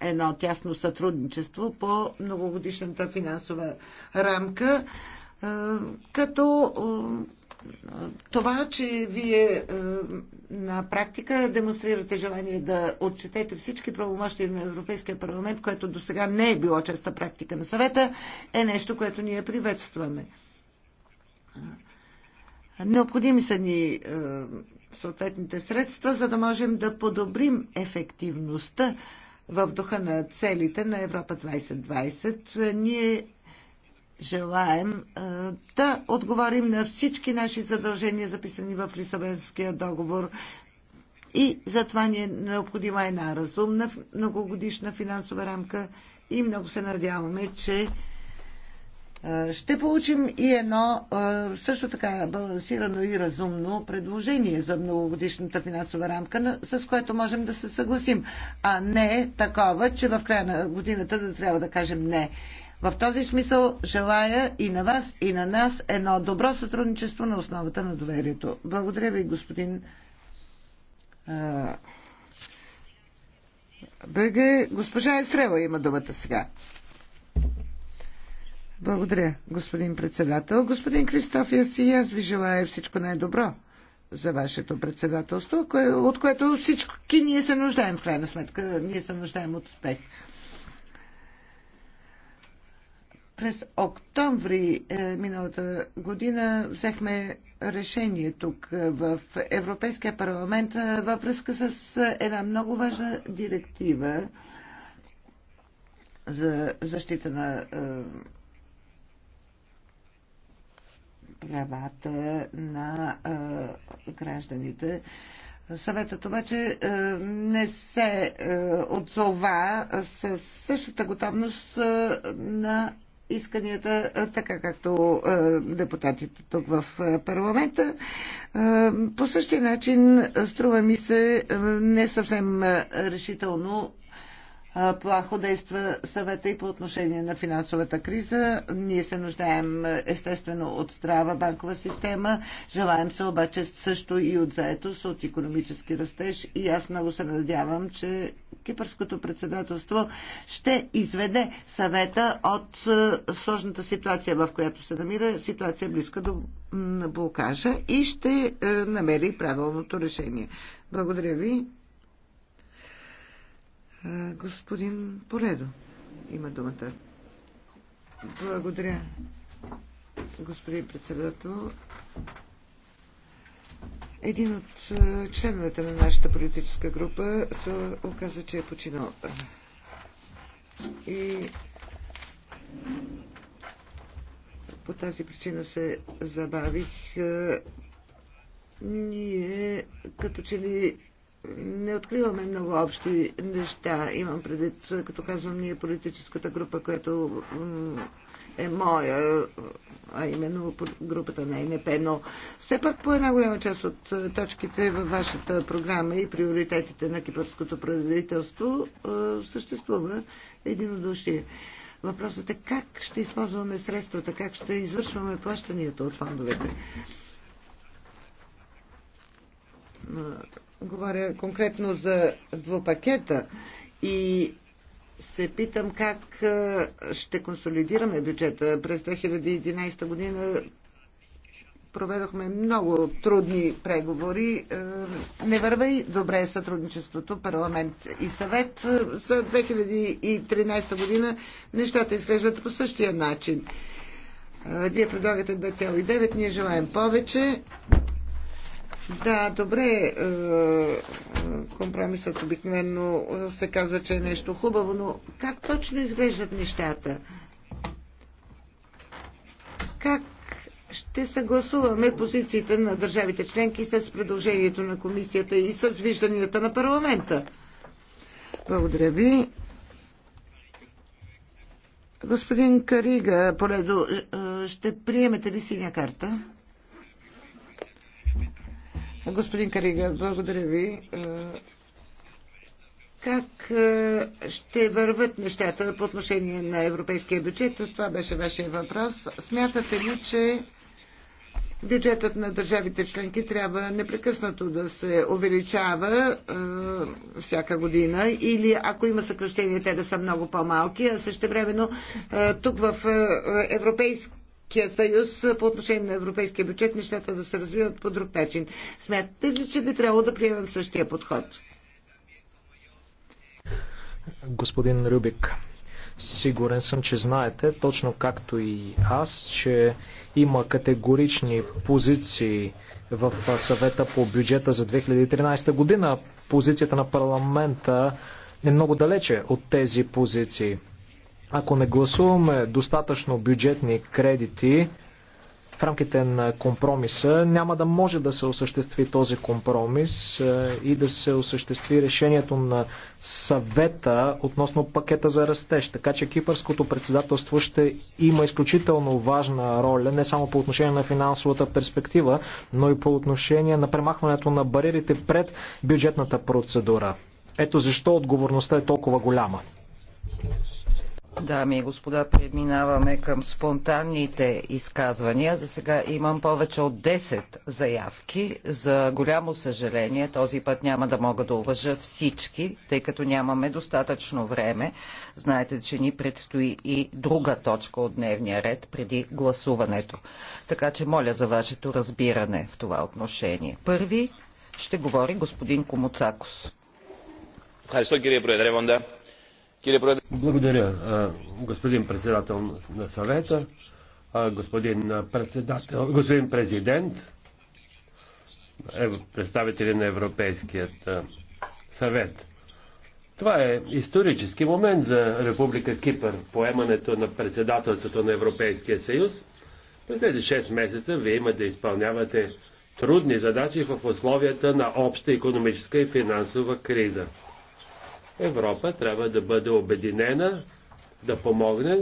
едно тясно сътрудничество по многогодишната финансова рамка, като това, че вие е, на практика демонстрирате желание да отчетете всички правомощи на Европейския парламент, което до сега не е било честа практика на съвета, е нещо, което ние приветстваме. Необходими са ни е, съответните средства, за да можем да подобрим ефективността в духа на целите на Европа 2020. Ние желаем да отговорим на всички наши задължения, записани в Лисабонския договор. И затова ни е необходима една разумна многогодишна финансова рамка и много се надяваме, че ще получим и едно също така балансирано и разумно предложение за многогодишната финансова рамка, с което можем да се съгласим, а не такова, че в края на годината да трябва да кажем не. В този смисъл желая и на вас, и на нас едно добро сътрудничество на основата на доверието. Благодаря ви, господин Беге. Госпожа Естрела има думата сега. Благодаря, господин председател. Господин Кристоф, и аз ви желая всичко най-добро за вашето председателство, от което всички ние се нуждаем в крайна сметка. Ние се нуждаем от успех. През октомври е, миналата година взехме решение тук е, в Европейския парламент е, във връзка с една много важна директива за защита на правата на гражданите. Съветът обаче не се отзова със същата готовност на исканията, така както депутатите тук в парламента. По същия начин, струва ми се, не съвсем решително плахо действа съвета и по отношение на финансовата криза. Ние се нуждаем естествено от здрава банкова система. Желаем се обаче също и от заетост, от економически растеж и аз много се надявам, че кипърското председателство ще изведе съвета от е, сложната ситуация, в която се намира, ситуация близка до блокажа и ще е, намери правилното решение. Благодаря ви. Е, господин Поредо има думата. Благодаря, господин председател един от е, членовете на нашата политическа група се оказа, че е починал. И по тази причина се забавих. Е, ние като че ли не откриваме много общи неща. Имам предвид, е, като казвам ние политическата група, която е моя, а именно по групата на МП, но все пак по една голяма част от е, точките във вашата програма и приоритетите на кипърското правителство е, съществува единодушие. Въпросът е как ще използваме средствата, как ще извършваме плащанията от фондовете. Е, говоря конкретно за двупакета и се питам как ще консолидираме бюджета. През 2011 година проведохме много трудни преговори. Не вървай добре сътрудничеството, парламент и съвет. За 2013 година нещата изглеждат по същия начин. Вие предлагате 2,9, ние желаем повече. Да, добре. Е, е, компромисът обикновено се казва, че е нещо хубаво, но как точно изглеждат нещата? Как ще съгласуваме позициите на държавите членки с предложението на комисията и с вижданията на парламента? Благодаря ви. Господин Карига, поредо, е, ще приемете ли синя карта? Господин Карига, благодаря ви. Е, как е, ще върват нещата по отношение на европейския бюджет? Това беше вашия въпрос. Смятате ли, че бюджетът на държавите членки трябва непрекъснато да се увеличава е, всяка година или ако има съкръщения, те да са много по-малки, а също времено е, тук в е, европейски Европейския съюз по отношение на европейския бюджет нещата да се развиват по друг начин. Смятате ли, че би трябвало да приемем същия подход? Господин Рюбик, сигурен съм, че знаете, точно както и аз, че има категорични позиции в съвета по бюджета за 2013 година. Позицията на парламента е много далече от тези позиции. Ако не гласуваме достатъчно бюджетни кредити в рамките на компромиса, няма да може да се осъществи този компромис е, и да се осъществи решението на съвета относно пакета за растеж. Така че кипърското председателство ще има изключително важна роля, не само по отношение на финансовата перспектива, но и по отношение на премахването на бариерите пред бюджетната процедура. Ето защо отговорността е толкова голяма. Дами и господа, преминаваме към спонтанните изказвания. За сега имам повече от 10 заявки. За голямо съжаление, този път няма да мога да уважа всички, тъй като нямаме достатъчно време. Знаете, че ни предстои и друга точка от дневния ред преди гласуването. Така че моля за вашето разбиране в това отношение. Първи ще говори господин Комуцакос. Благодаря, господин Προεδρεύοντα. Благодаря, господин председател на съвета, господин, председател, господин президент, представители на Европейският съвет. Това е исторически момент за Република Кипър, поемането на председателството на Европейския съюз. През тези 6 месеца вие имате да изпълнявате трудни задачи в условията на обща економическа и финансова криза. Европа трябва да бъде обединена, да помогне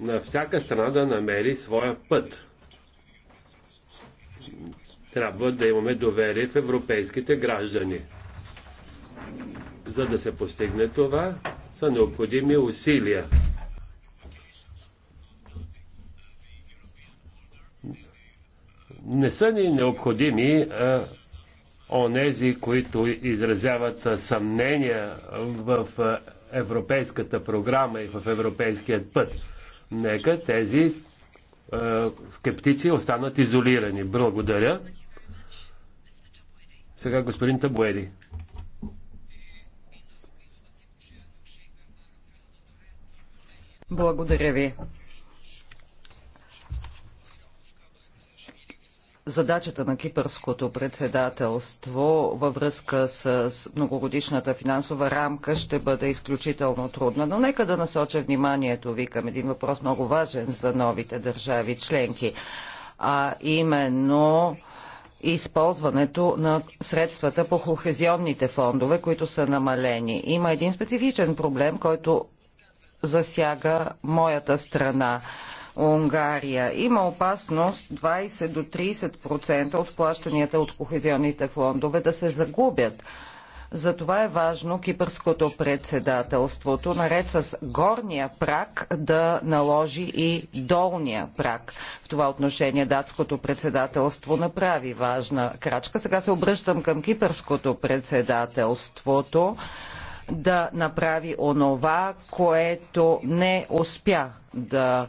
на всяка страна да намери своя път. Трябва да имаме доверие в европейските граждани. За да се постигне това, са необходими усилия. Не са ни необходими а, онези, които изразяват съмнения в европейската програма и в европейският път. Нека тези е, скептици останат изолирани. Благодаря. Сега господин Табуери. Благодаря ви. задачата на кипърското председателство във връзка с многогодишната финансова рамка ще бъде изключително трудна. Но нека да насоча вниманието ви към един въпрос много важен за новите държави членки, а именно използването на средствата по кохезионните фондове, които са намалени. Има един специфичен проблем, който засяга моята страна. Унгария. Има опасност 20 до 30% от плащанията от кохезионните фондове да се загубят. Затова е важно кипърското председателството, наред с горния прак, да наложи и долния прак. В това отношение датското председателство направи важна крачка. Сега се обръщам към кипърското председателството да направи онова, което не успя да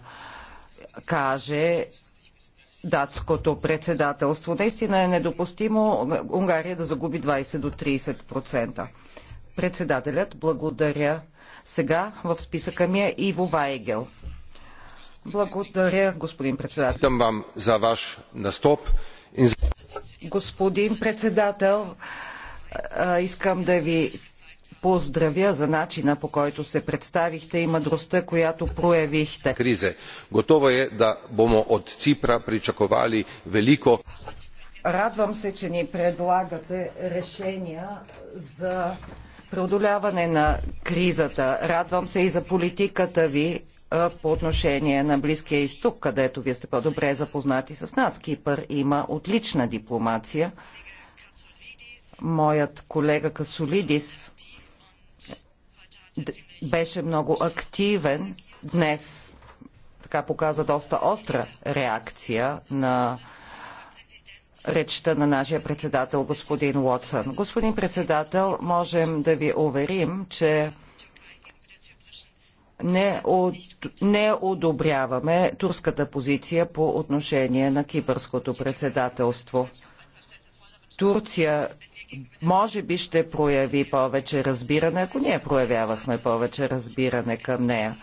каже датското председателство. Наистина е недопустимо Унгария да загуби 20 до 30%. Председателят, благодаря. Сега в списъка ми е Иво Вайгел. Благодаря, господин председател. вам за ваш настоп. Господин председател, искам да ви поздравя за начина по който се представихте и мъдростта, която проявихте. Кризе. е да бомо от Ципра причаковали велико. Радвам се, че ни предлагате решения за преодоляване на кризата. Радвам се и за политиката ви по отношение на Близкия изток, където вие сте по-добре запознати с нас. Кипър има отлична дипломация. Моят колега Касолидис беше много активен. Днес така показа доста остра реакция на речта на нашия председател господин Уотсън. Господин председател, можем да ви уверим, че не, от, не одобряваме турската позиция по отношение на кипърското председателство. Турция може би ще прояви повече разбиране, ако ние проявявахме повече разбиране към нея.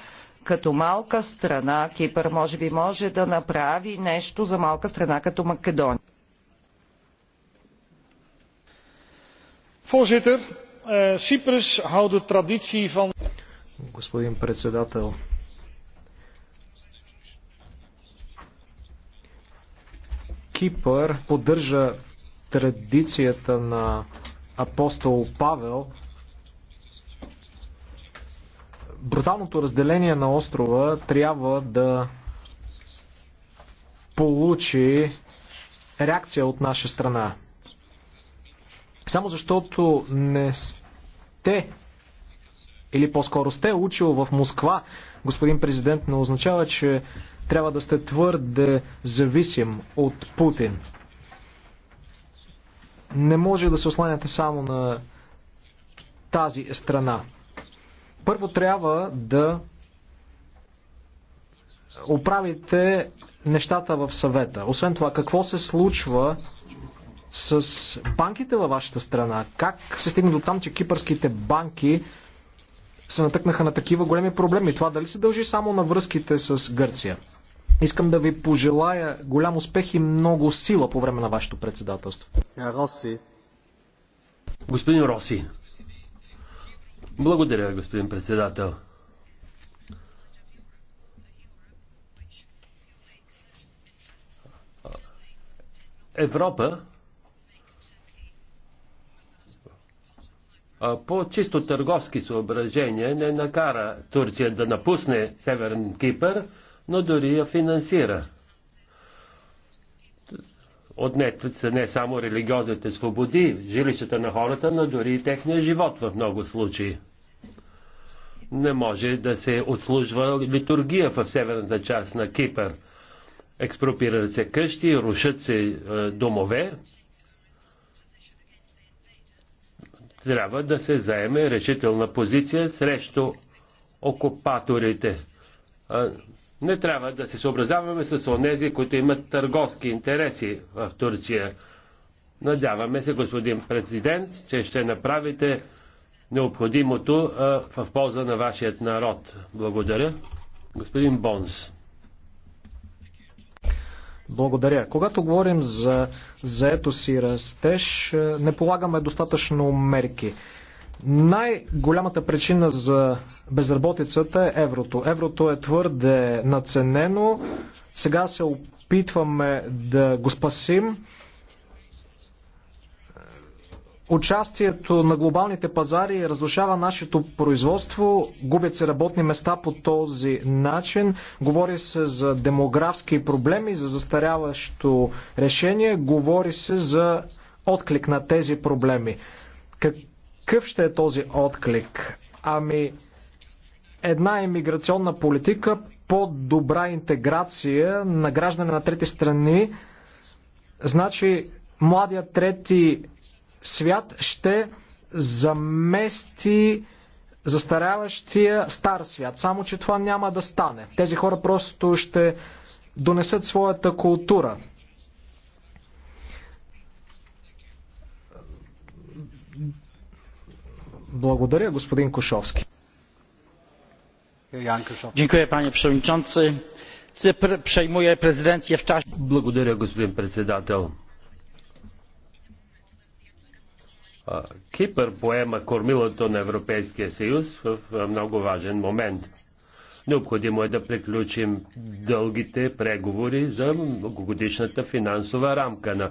Като малка страна, Кипър може би може да направи нещо за малка страна като Македония. Voorzitter, eh, Cyprus houdt de traditie van. Господин председател, Кипър поддържа традицията на апостол Павел, бруталното разделение на острова трябва да получи реакция от наша страна. Само защото не сте или по-скоро сте учил в Москва, господин президент, не означава, че трябва да сте твърде зависим от Путин. Не може да се осланяте само на тази страна. Първо трябва да оправите нещата в съвета. Освен това, какво се случва с банките във вашата страна? Как се стигна до там, че кипърските банки се натъкнаха на такива големи проблеми? Това дали се дължи само на връзките с Гърция? Искам да ви пожелая голям успех и много сила по време на вашето председателство. Роси. Господин Роси. Благодаря, господин председател. Европа по чисто търговски съображения не накара Турция да напусне Северен Кипър, но дори я финансира. Отнетват се не само религиозните свободи, жилищата на хората, но дори и техния живот в много случаи. Не може да се отслужва литургия в северната част на Кипър. Експропират се къщи, рушат се е, домове. Трябва да се заеме решителна позиция срещу окупаторите не трябва да се съобразяваме с онези, които имат търговски интереси в Турция. Надяваме се, господин президент, че ще направите необходимото в полза на вашият народ. Благодаря. Господин Бонс. Благодаря. Когато говорим за заето си растеж, не полагаме достатъчно мерки. Най-голямата причина за безработицата е еврото. Еврото е твърде наценено. Сега се опитваме да го спасим. Участието на глобалните пазари разрушава нашето производство, губят се работни места по този начин, говори се за демографски проблеми, за застаряващо решение, говори се за отклик на тези проблеми. Как какъв ще е този отклик? Ами, една иммиграционна политика, по-добра интеграция на граждане на трети страни, значи младия трети свят ще замести застаряващия стар свят. Само, че това няма да стане. Тези хора просто ще донесат своята култура Благодаря, господин Кошовски. Благодаря, господин председател. Кипър поема кормилото на Европейския съюз в много важен момент. Необходимо е да приключим дългите преговори за многогодишната финансова рамка на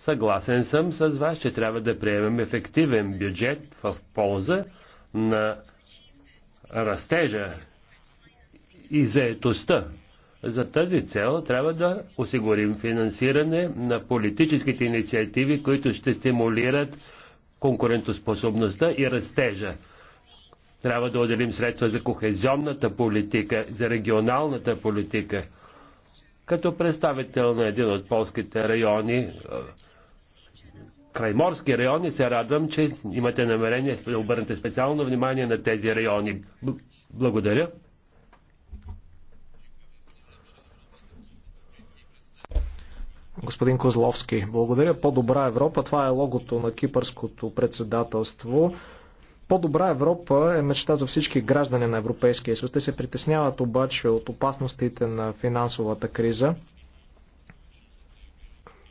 Съгласен съм с вас, че трябва да приемем ефективен бюджет в полза на растежа и заетостта. За тази цел трябва да осигурим финансиране на политическите инициативи, които ще стимулират конкурентоспособността и растежа. Трябва да отделим средства за кохезионната политика, за регионалната политика. Като представител на един от полските райони, крайморски райони, се радвам, че имате намерение да обърнете специално внимание на тези райони. Благодаря. господин Козловски. Благодаря. По-добра Европа. Това е логото на кипърското председателство. По-добра Европа е мечта за всички граждани на Европейския съюз. Те се притесняват обаче от опасностите на финансовата криза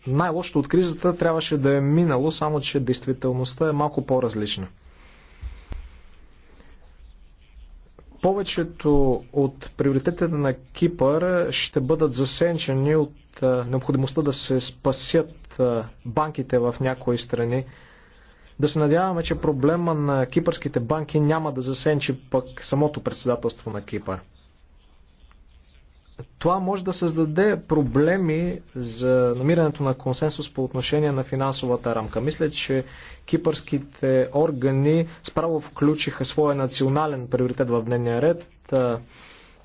най-лошото от кризата трябваше да е минало, само че действителността е малко по-различна. Повечето от приоритетите на Кипър ще бъдат засенчени от необходимостта да се спасят банките в някои страни. Да се надяваме, че проблема на кипърските банки няма да засенчи пък самото председателство на Кипър това може да създаде проблеми за намирането на консенсус по отношение на финансовата рамка. Мисля, че кипърските органи справо включиха своя национален приоритет в дневния ред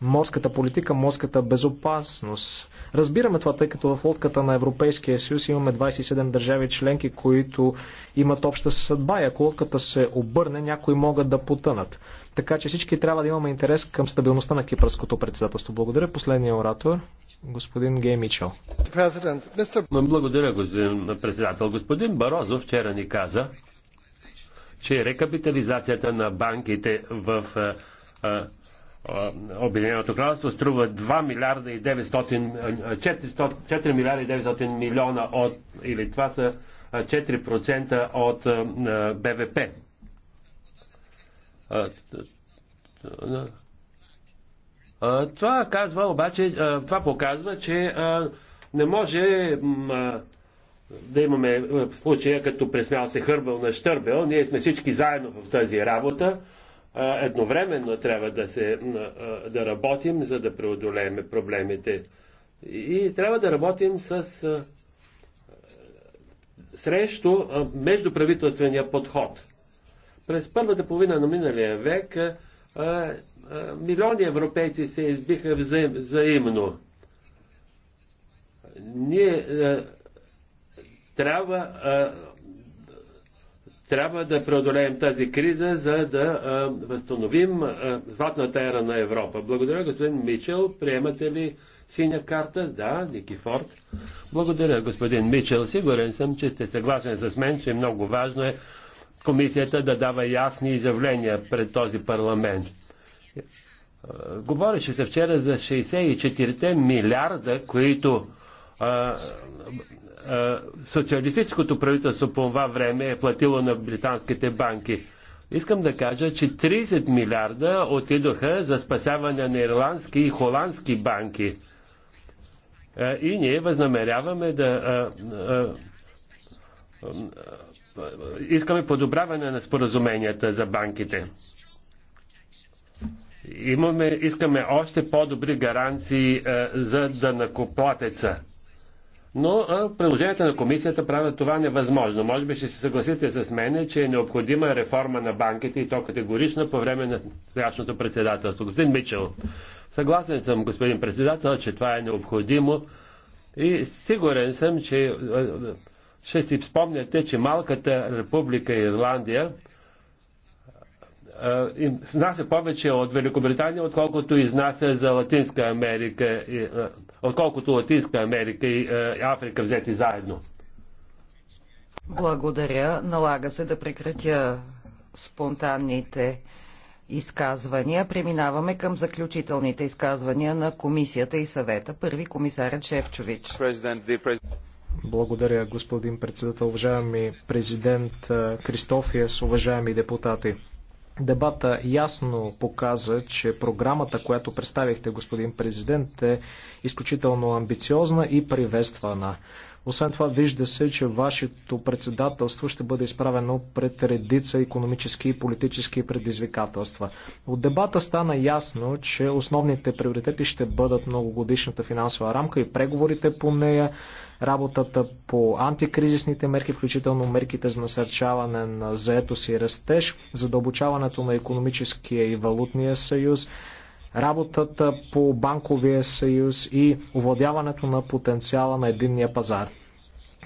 морската политика, морската безопасност. Разбираме това, тъй като в лодката на Европейския съюз имаме 27 държави членки, които имат обща съдба и ако лодката се обърне, някои могат да потънат. Така че всички трябва да имаме интерес към стабилността на кипърското председателство. Благодаря. Последния оратор, господин Гей Мичел. Благодаря, господин председател. Господин Барозов вчера ни каза, че рекапитализацията на банките в е, е, е, Обединеното кралство струва 2 милиарда и 900, 4 милиарда и 900 милиона от, или това са 4% от БВП. Това казва обаче, това показва, че не може да имаме случая, като пресмял се хърбел на щърбел. Ние сме всички заедно в тази работа. Едновременно трябва да, се, да работим, за да преодолеем проблемите. И трябва да работим с срещу междуправителствения подход. През първата половина на миналия век а, а, милиони европейци се избиха взаим, взаимно. Ние а, трябва, а, трябва да преодолеем тази криза, за да а, възстановим а, златната ера на Европа. Благодаря, господин Мичел. Приемате ли синя карта? Да, Ники Форд. Благодаря, господин Мичел. Сигурен съм, че сте съгласен с мен, че много важно е комисията да дава ясни изявления пред този парламент. Говореше се вчера за 64 милиарда, които а, а, социалистическото правителство по това време е платило на британските банки. Искам да кажа, че 30 милиарда отидоха за спасяване на ирландски и холандски банки. А, и ние възнамеряваме да. А, а, искаме подобряване на споразуменията за банките. Имаме, искаме още по-добри гаранции а, е, за данакоплатеца. Но а, е, приложенията на комисията правят това невъзможно. Може би ще се съгласите с мене, че е необходима реформа на банките и то категорично по време на сегашното председателство. Господин Мичел, съгласен съм, господин председател, че това е необходимо и сигурен съм, че е, ще си спомняте, че малката република Ирландия изнася повече от Великобритания, отколкото изнася за Латинска Америка, отколкото Латинска Америка и Африка взети заедно. Благодаря. Налага се да прекратя спонтанните изказвания. Преминаваме към заключителните изказвания на комисията и съвета. Първи комисарят Шефчович. Благодаря, господин председател, уважаеми президент Кристофиес, уважаеми депутати. Дебата ясно показа, че програмата, която представихте, господин президент, е изключително амбициозна и приветствана. Освен това, вижда се, че вашето председателство ще бъде изправено пред редица економически и политически предизвикателства. От дебата стана ясно, че основните приоритети ще бъдат многогодишната финансова рамка и преговорите по нея, работата по антикризисните мерки, включително мерките за насърчаване на заето си растеж, задълбочаването на економическия и валутния съюз, работата по банковия съюз и овладяването на потенциала на единния пазар.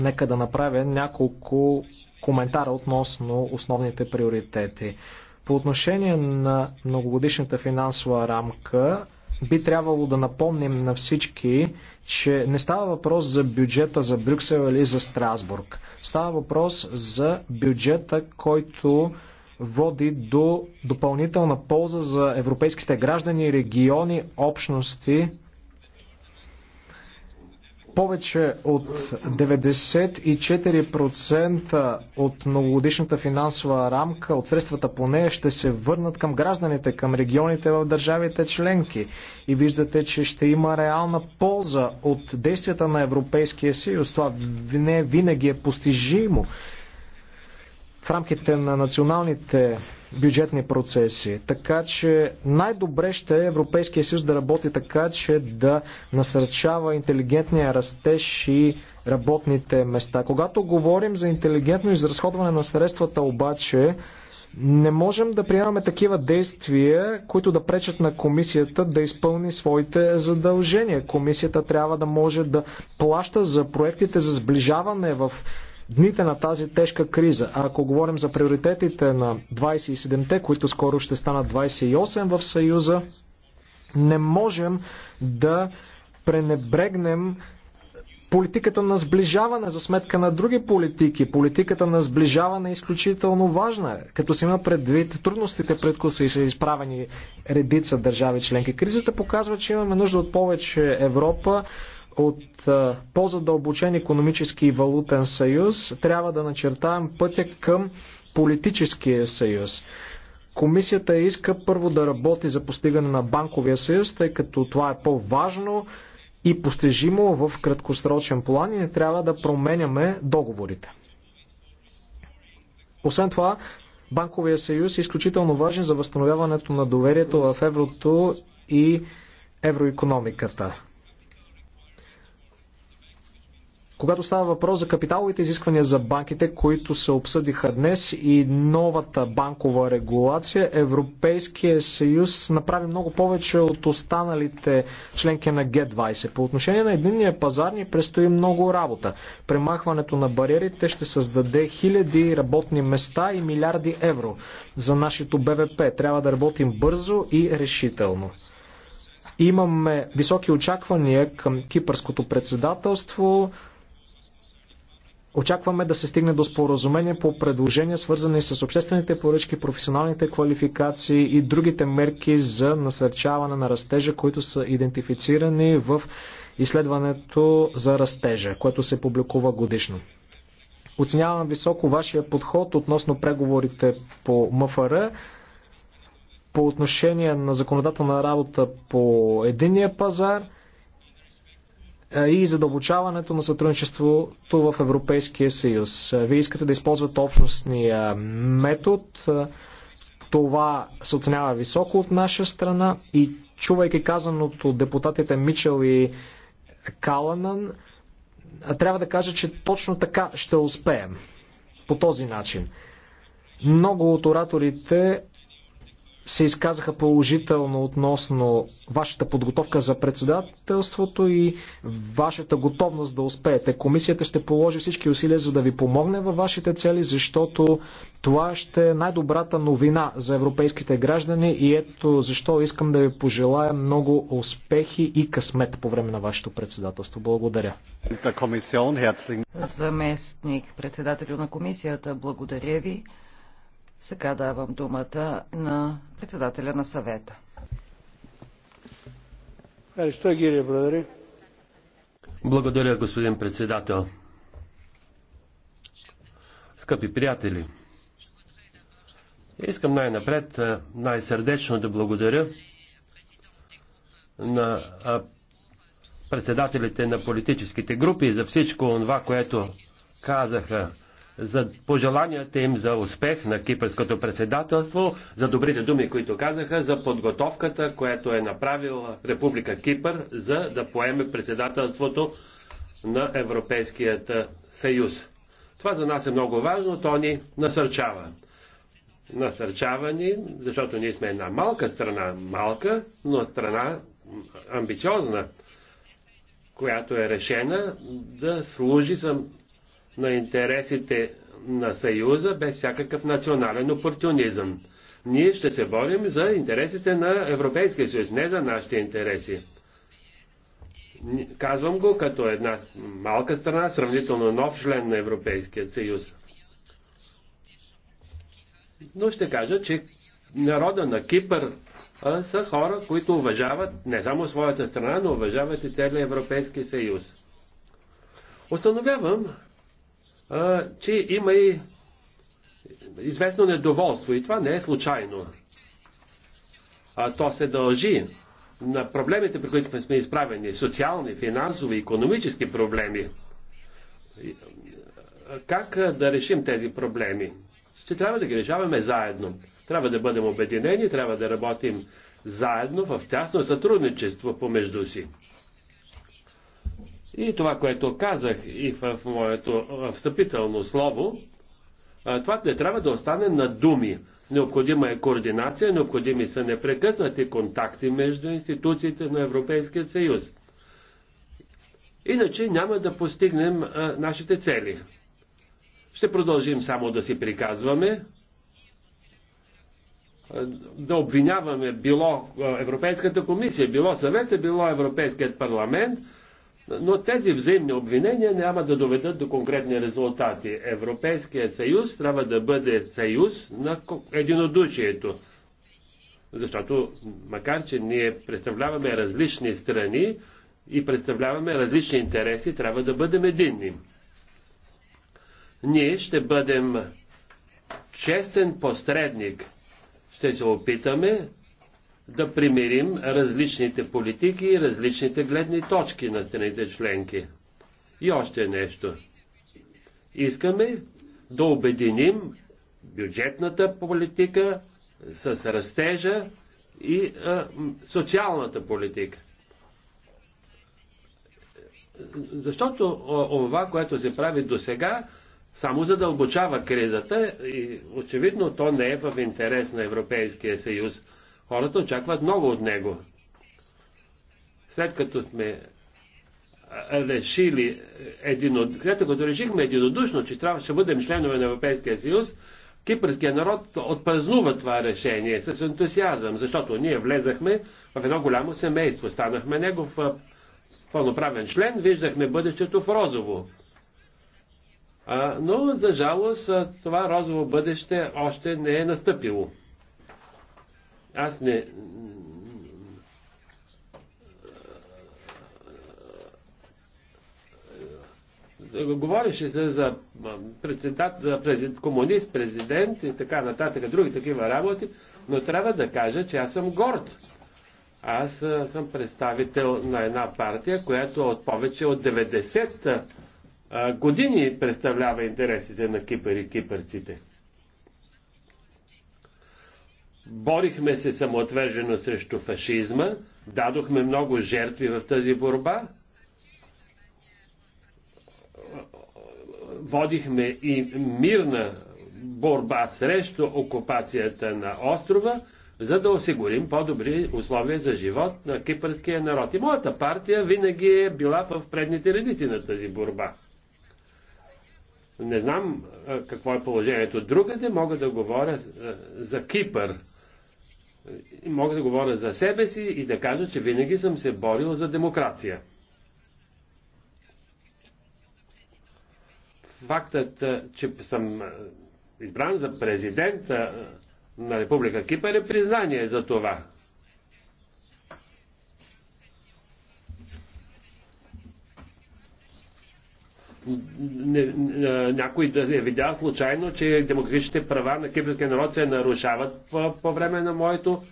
Нека да направя няколко коментара относно основните приоритети. По отношение на многогодишната финансова рамка, би трябвало да напомним на всички че не става въпрос за бюджета за Брюксел или за Страсбург. Става въпрос за бюджета, който води до допълнителна полза за европейските граждани, региони, общности, повече от 94% от многогодишната финансова рамка, от средствата по нея ще се върнат към гражданите, към регионите в държавите членки. И виждате, че ще има реална полза от действията на Европейския съюз. Това не винаги е постижимо в рамките на националните бюджетни процеси. Така че най-добре ще е Европейския съюз да работи така, че да насърчава интелигентния растеж и работните места. Когато говорим за интелигентно изразходване на средствата обаче, не можем да приемаме такива действия, които да пречат на комисията да изпълни своите задължения. Комисията трябва да може да плаща за проектите за сближаване в дните на тази тежка криза, а ако говорим за приоритетите на 27-те, които скоро ще станат 28 в Съюза, не можем да пренебрегнем политиката на сближаване за сметка на други политики. Политиката на сближаване е изключително важна, като се има предвид трудностите, пред които са изправени редица държави членки. Кризата показва, че имаме нужда от повече Европа, от по-задълбочен економически и валутен съюз, трябва да начертаем пътя към политическия съюз. Комисията иска първо да работи за постигане на банковия съюз, тъй като това е по-важно и постижимо в краткосрочен план и не трябва да променяме договорите. Освен това, банковия съюз е изключително важен за възстановяването на доверието в еврото и евроекономиката. Когато става въпрос за капиталовите изисквания за банките, които се обсъдиха днес и новата банкова регулация, Европейския съюз направи много повече от останалите членки на Г20. По отношение на единния пазар ни предстои много работа. Премахването на бариерите ще създаде хиляди работни места и милиарди евро за нашето БВП. Трябва да работим бързо и решително имаме високи очаквания към кипърското председателство. Очакваме да се стигне до споразумение по предложения, свързани с обществените поръчки, професионалните квалификации и другите мерки за насърчаване на растежа, които са идентифицирани в изследването за растежа, което се публикува годишно. Оценявам високо вашия подход относно преговорите по МФР по отношение на законодателна работа по единия пазар – е, и задълбочаването на сътрудничеството в Европейския съюз. Е, вие искате да използвате общностния метод. Е, това се оценява високо от наша страна и чувайки казаното депутатите Мичел и Каланан, трябва да кажа, че точно така ще успеем. По този начин. Много от ораторите се изказаха положително относно вашата подготовка за председателството и вашата готовност да успеете. Комисията ще положи всички усилия, за да ви помогне във вашите цели, защото това ще е най-добрата новина за европейските граждани и ето защо искам да ви пожелая много успехи и късмет по време на вашето председателство. Благодаря. Заместник председателю на комисията, благодаря ви. Сега давам думата на председателя на съвета. Благодаря, господин председател. Скъпи приятели, искам най-напред най-сърдечно да благодаря на председателите на политическите групи за всичко това, което казаха за пожеланията им за успех на кипърското председателство, за добрите думи, които казаха, за подготовката, която е направила Република Кипър, за да поеме председателството на Европейският съюз. Това за нас е много важно, то ни насърчава. Насърчава ни, защото ние сме една малка страна, малка, но страна амбициозна, която е решена да служи за на интересите на Съюза без всякакъв национален опортунизъм. Ние ще се борим за интересите на Европейския съюз, не за нашите интереси. Казвам го като една малка страна, сравнително нов член на Европейския съюз. Но ще кажа, че народа на Кипър а, са хора, които уважават не само своята страна, но уважават и целия Европейски съюз. Остановявам че има и известно недоволство и това не е случайно. А то се дължи на проблемите, при които сме изправени, социални, финансови, економически проблеми. Как да решим тези проблеми? Ще трябва да ги решаваме заедно. Трябва да бъдем обединени, трябва да работим заедно в тясно сътрудничество помежду си. И това, което казах и в моето встъпително слово, това не трябва да остане на думи. Необходима е координация, необходими са непрекъснати контакти между институциите на Европейския съюз. Иначе няма да постигнем а, нашите цели. Ще продължим само да си приказваме, а, да обвиняваме било Европейската комисия, било съвета, било Европейският парламент – но тези взаимни обвинения няма да доведат до конкретни резултати. Европейският съюз трябва да бъде съюз на единодушието. Защото, макар че ние представляваме различни страни и представляваме различни интереси, трябва да бъдем единни. Ние ще бъдем честен посредник. Ще се опитаме да примирим различните политики и различните гледни точки на страните членки. И още нещо. Искаме да обединим бюджетната политика с растежа и а, социалната политика. Защото това, което се прави до сега, само задълбочава кризата и очевидно то не е в интерес на Европейския съюз. Хората очакват много от него. След като сме решили е, единод... след като решихме единодушно, че трябва да бъдем членове на Европейския съюз, кипърския народ отпразнува това решение с ентусиазъм, защото ние влезахме в едно голямо семейство, станахме негов пълноправен член, виждахме бъдещето в розово. А, но, за жалост, това розово бъдеще още не е настъпило. Аз не. Говореше се за, председат, за президент, комунист, президент и така нататък, други такива работи, но трябва да кажа, че аз съм горд. Аз съм представител на една партия, която от повече от 90 години представлява интересите на Кипър и кипърците. Борихме се самоотвержено срещу фашизма, дадохме много жертви в тази борба, водихме и мирна борба срещу окупацията на острова, за да осигурим по-добри условия за живот на кипърския народ. И моята партия винаги е била в предните редици на тази борба. Не знам какво е положението другаде, мога да говоря за Кипър мога да говоря за себе си и да кажа, че винаги съм се борил за демокрация. Фактът, че съм избран за президент на Република Кипър е признание за това. някой да е видял случайно, че демократичните права на кипърския народ се нарушават по, по време на моето,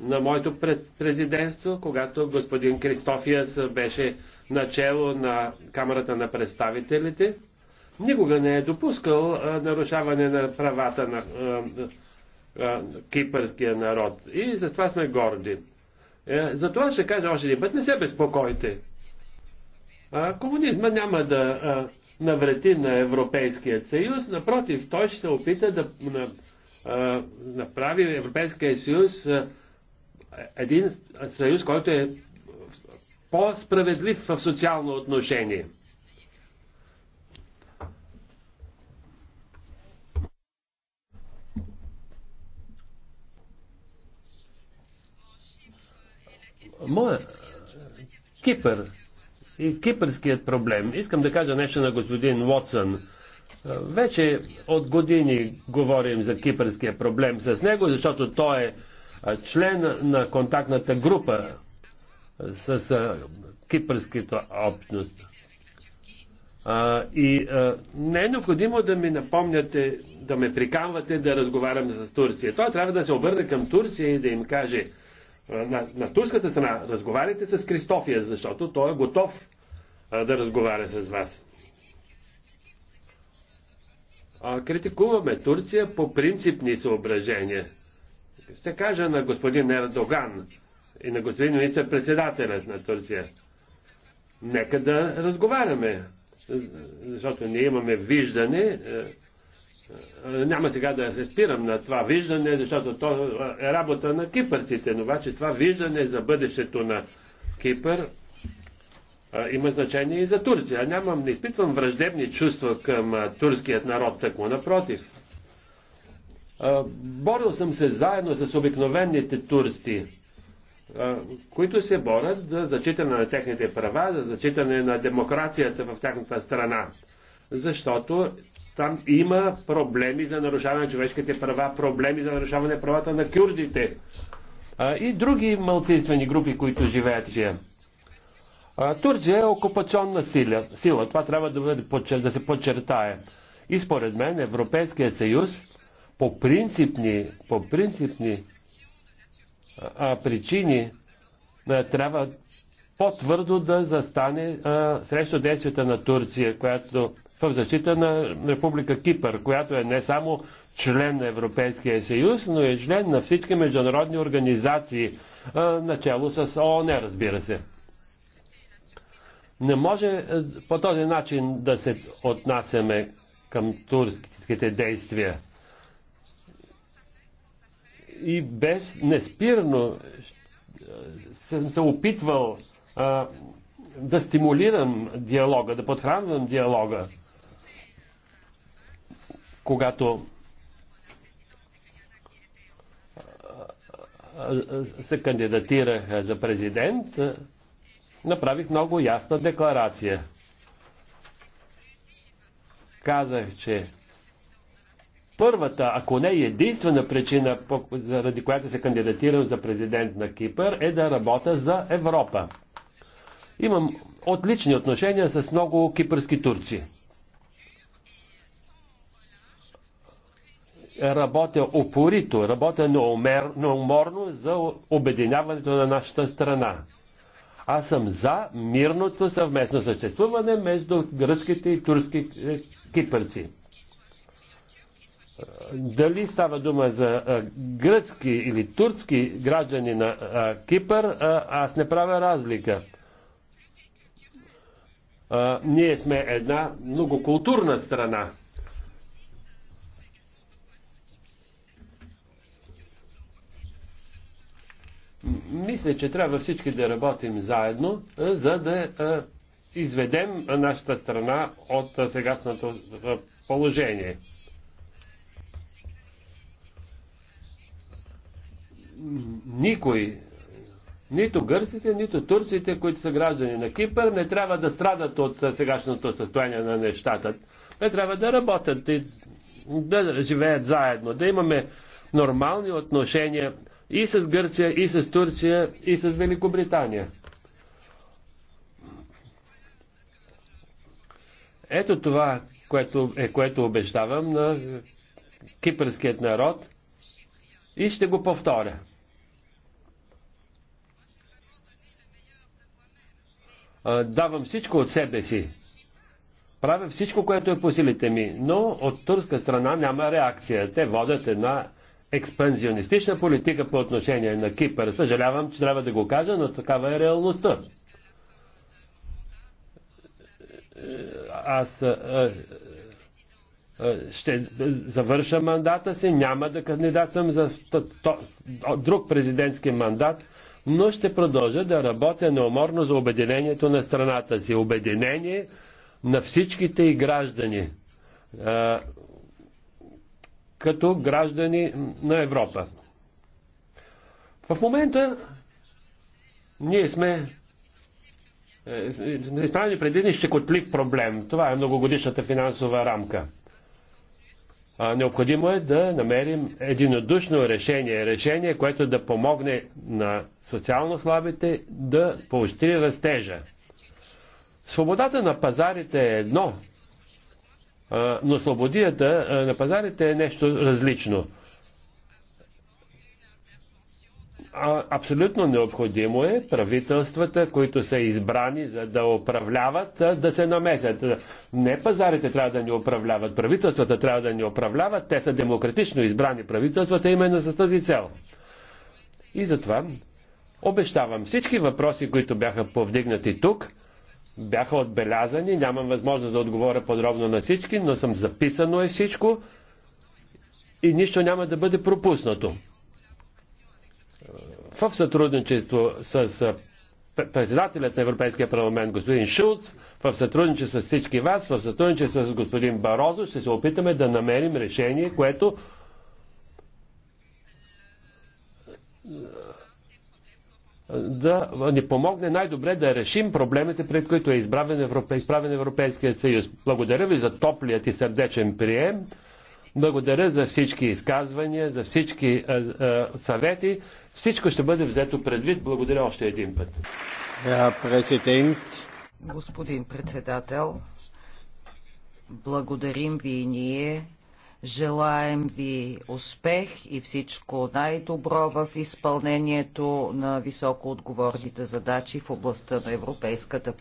на моето президентство, когато господин Кристофиас беше начало на Камерата на представителите. Никога не е допускал а, нарушаване на правата на а, а, кипърския народ. И за това сме горди. Е, за това ще кажа още един път, не се безпокойте. Комунизма няма да навреди на Европейския съюз, напротив, той ще опита да направи Европейския съюз един съюз, който е по-справедлив в социално отношение. Моя Кипър и кипърският проблем. Искам да кажа нещо на господин Уотсън. Вече от години говорим за кипърския проблем с него, защото той е член на контактната група с кипърската общност. А, и а, не е необходимо да ми напомняте, да ме приканвате да разговарям с Турция. Той трябва да се обърне към Турция и да им каже – на, на турската страна, разговаряйте с Кристофия, защото той е готов а, да разговаря с вас. А, критикуваме Турция по принципни съображения. Ще кажа на господин Ердоган и на господин министър-председателят на Турция. Нека да разговаряме, защото ние имаме виждане, е, няма сега да се спирам на това виждане, защото то е, е работа на кипърците, но обаче това виждане за бъдещето на Кипър е, има значение и за Турция. Нямам, не изпитвам враждебни чувства към турският народ, такво напротив. Борил съм се заедно с обикновените турци, които се борят за зачитане на техните права, за зачитане на демокрацията в тяхната страна защото там има проблеми за нарушаване на човешките права, проблеми за нарушаване на правата на кюрдите а, и други малцинствени групи, които живеят жия. Турция е окупационна сила, сила. Това трябва да, бъде, да се подчертае. И според мен Европейския съюз по принципни, по принципни а, причини а, трябва по-твърдо да застане а, срещу действията на Турция, която в защита на Република Кипър, която е не само член на Европейския съюз, но е член на всички международни организации, начало с ООН, разбира се. Не може е, по този начин да се отнасяме към турските действия. И без неспирно е, съм се опитвал а, да стимулирам диалога, да подхранвам диалога когато се кандидатирах за президент, направих много ясна декларация. Казах, че първата, ако не единствена причина, заради която се кандидатирам за президент на Кипър, е да работя за Европа. Имам отлични отношения с много кипърски турци. работя опорито, работя неумер, неуморно за обединяването на нашата страна. Аз съм за мирното съвместно съществуване между гръцките и турски е, кипърци. Дали става дума за е, гръцки или турски граждани на е, Кипър, аз не правя разлика. Ние сме една многокултурна страна. Мисля, че трябва всички да работим заедно, за да изведем нашата страна от сегашното положение. Никой, нито гърците, нито турците, които са граждани на Кипър, не трябва да страдат от сегашното състояние на нещата. Те трябва да работят и да живеят заедно, да имаме нормални отношения и с Гърция, и с Турция, и с Великобритания. Ето това, което, е, което обещавам на кипърският народ и ще го повторя. Давам всичко от себе си. Правя всичко, което е по силите ми, но от турска страна няма реакция. Те водят една експанзионистична политика по отношение на Кипър. Съжалявам, че трябва да го кажа, но такава е реалността. Аз а, а, ще завърша мандата си, няма да кандидатствам за то, то, друг президентски мандат, но ще продължа да работя неуморно за обединението на страната си. Обединение на всичките и граждани като граждани на Европа. В момента ние сме е, сме изправени пред един щекотлив проблем. Това е многогодишната финансова рамка. А, необходимо е да намерим единодушно решение. Решение, което да помогне на социално слабите да поощри растежа. Свободата на пазарите е едно, но свободията на пазарите е нещо различно. Абсолютно необходимо е правителствата, които са избрани за да управляват, да се намесят. Не пазарите трябва да ни управляват, правителствата трябва да ни управляват, те са демократично избрани правителствата именно с тази цел. И затова обещавам всички въпроси, които бяха повдигнати тук, бяха отбелязани. Нямам възможност да отговоря подробно на всички, но съм записано е всичко и нищо няма да бъде пропуснато. В сътрудничество с председателят на Европейския парламент господин Шулц, в сътрудничество с всички вас, в сътрудничество с господин Барозо, ще се опитаме да намерим решение, което да ни помогне най-добре да решим проблемите, пред които е изправен, Европе, изправен Европейския съюз. Благодаря ви за топлият и сърдечен прием. Благодаря за всички изказвания, за всички а, а, съвети. Всичко ще бъде взето предвид. Благодаря още един път. Президент. Господин председател, благодарим ви и ние Желаем ви успех и всичко най-добро в изпълнението на високо отговорните задачи в областта на европейската политика.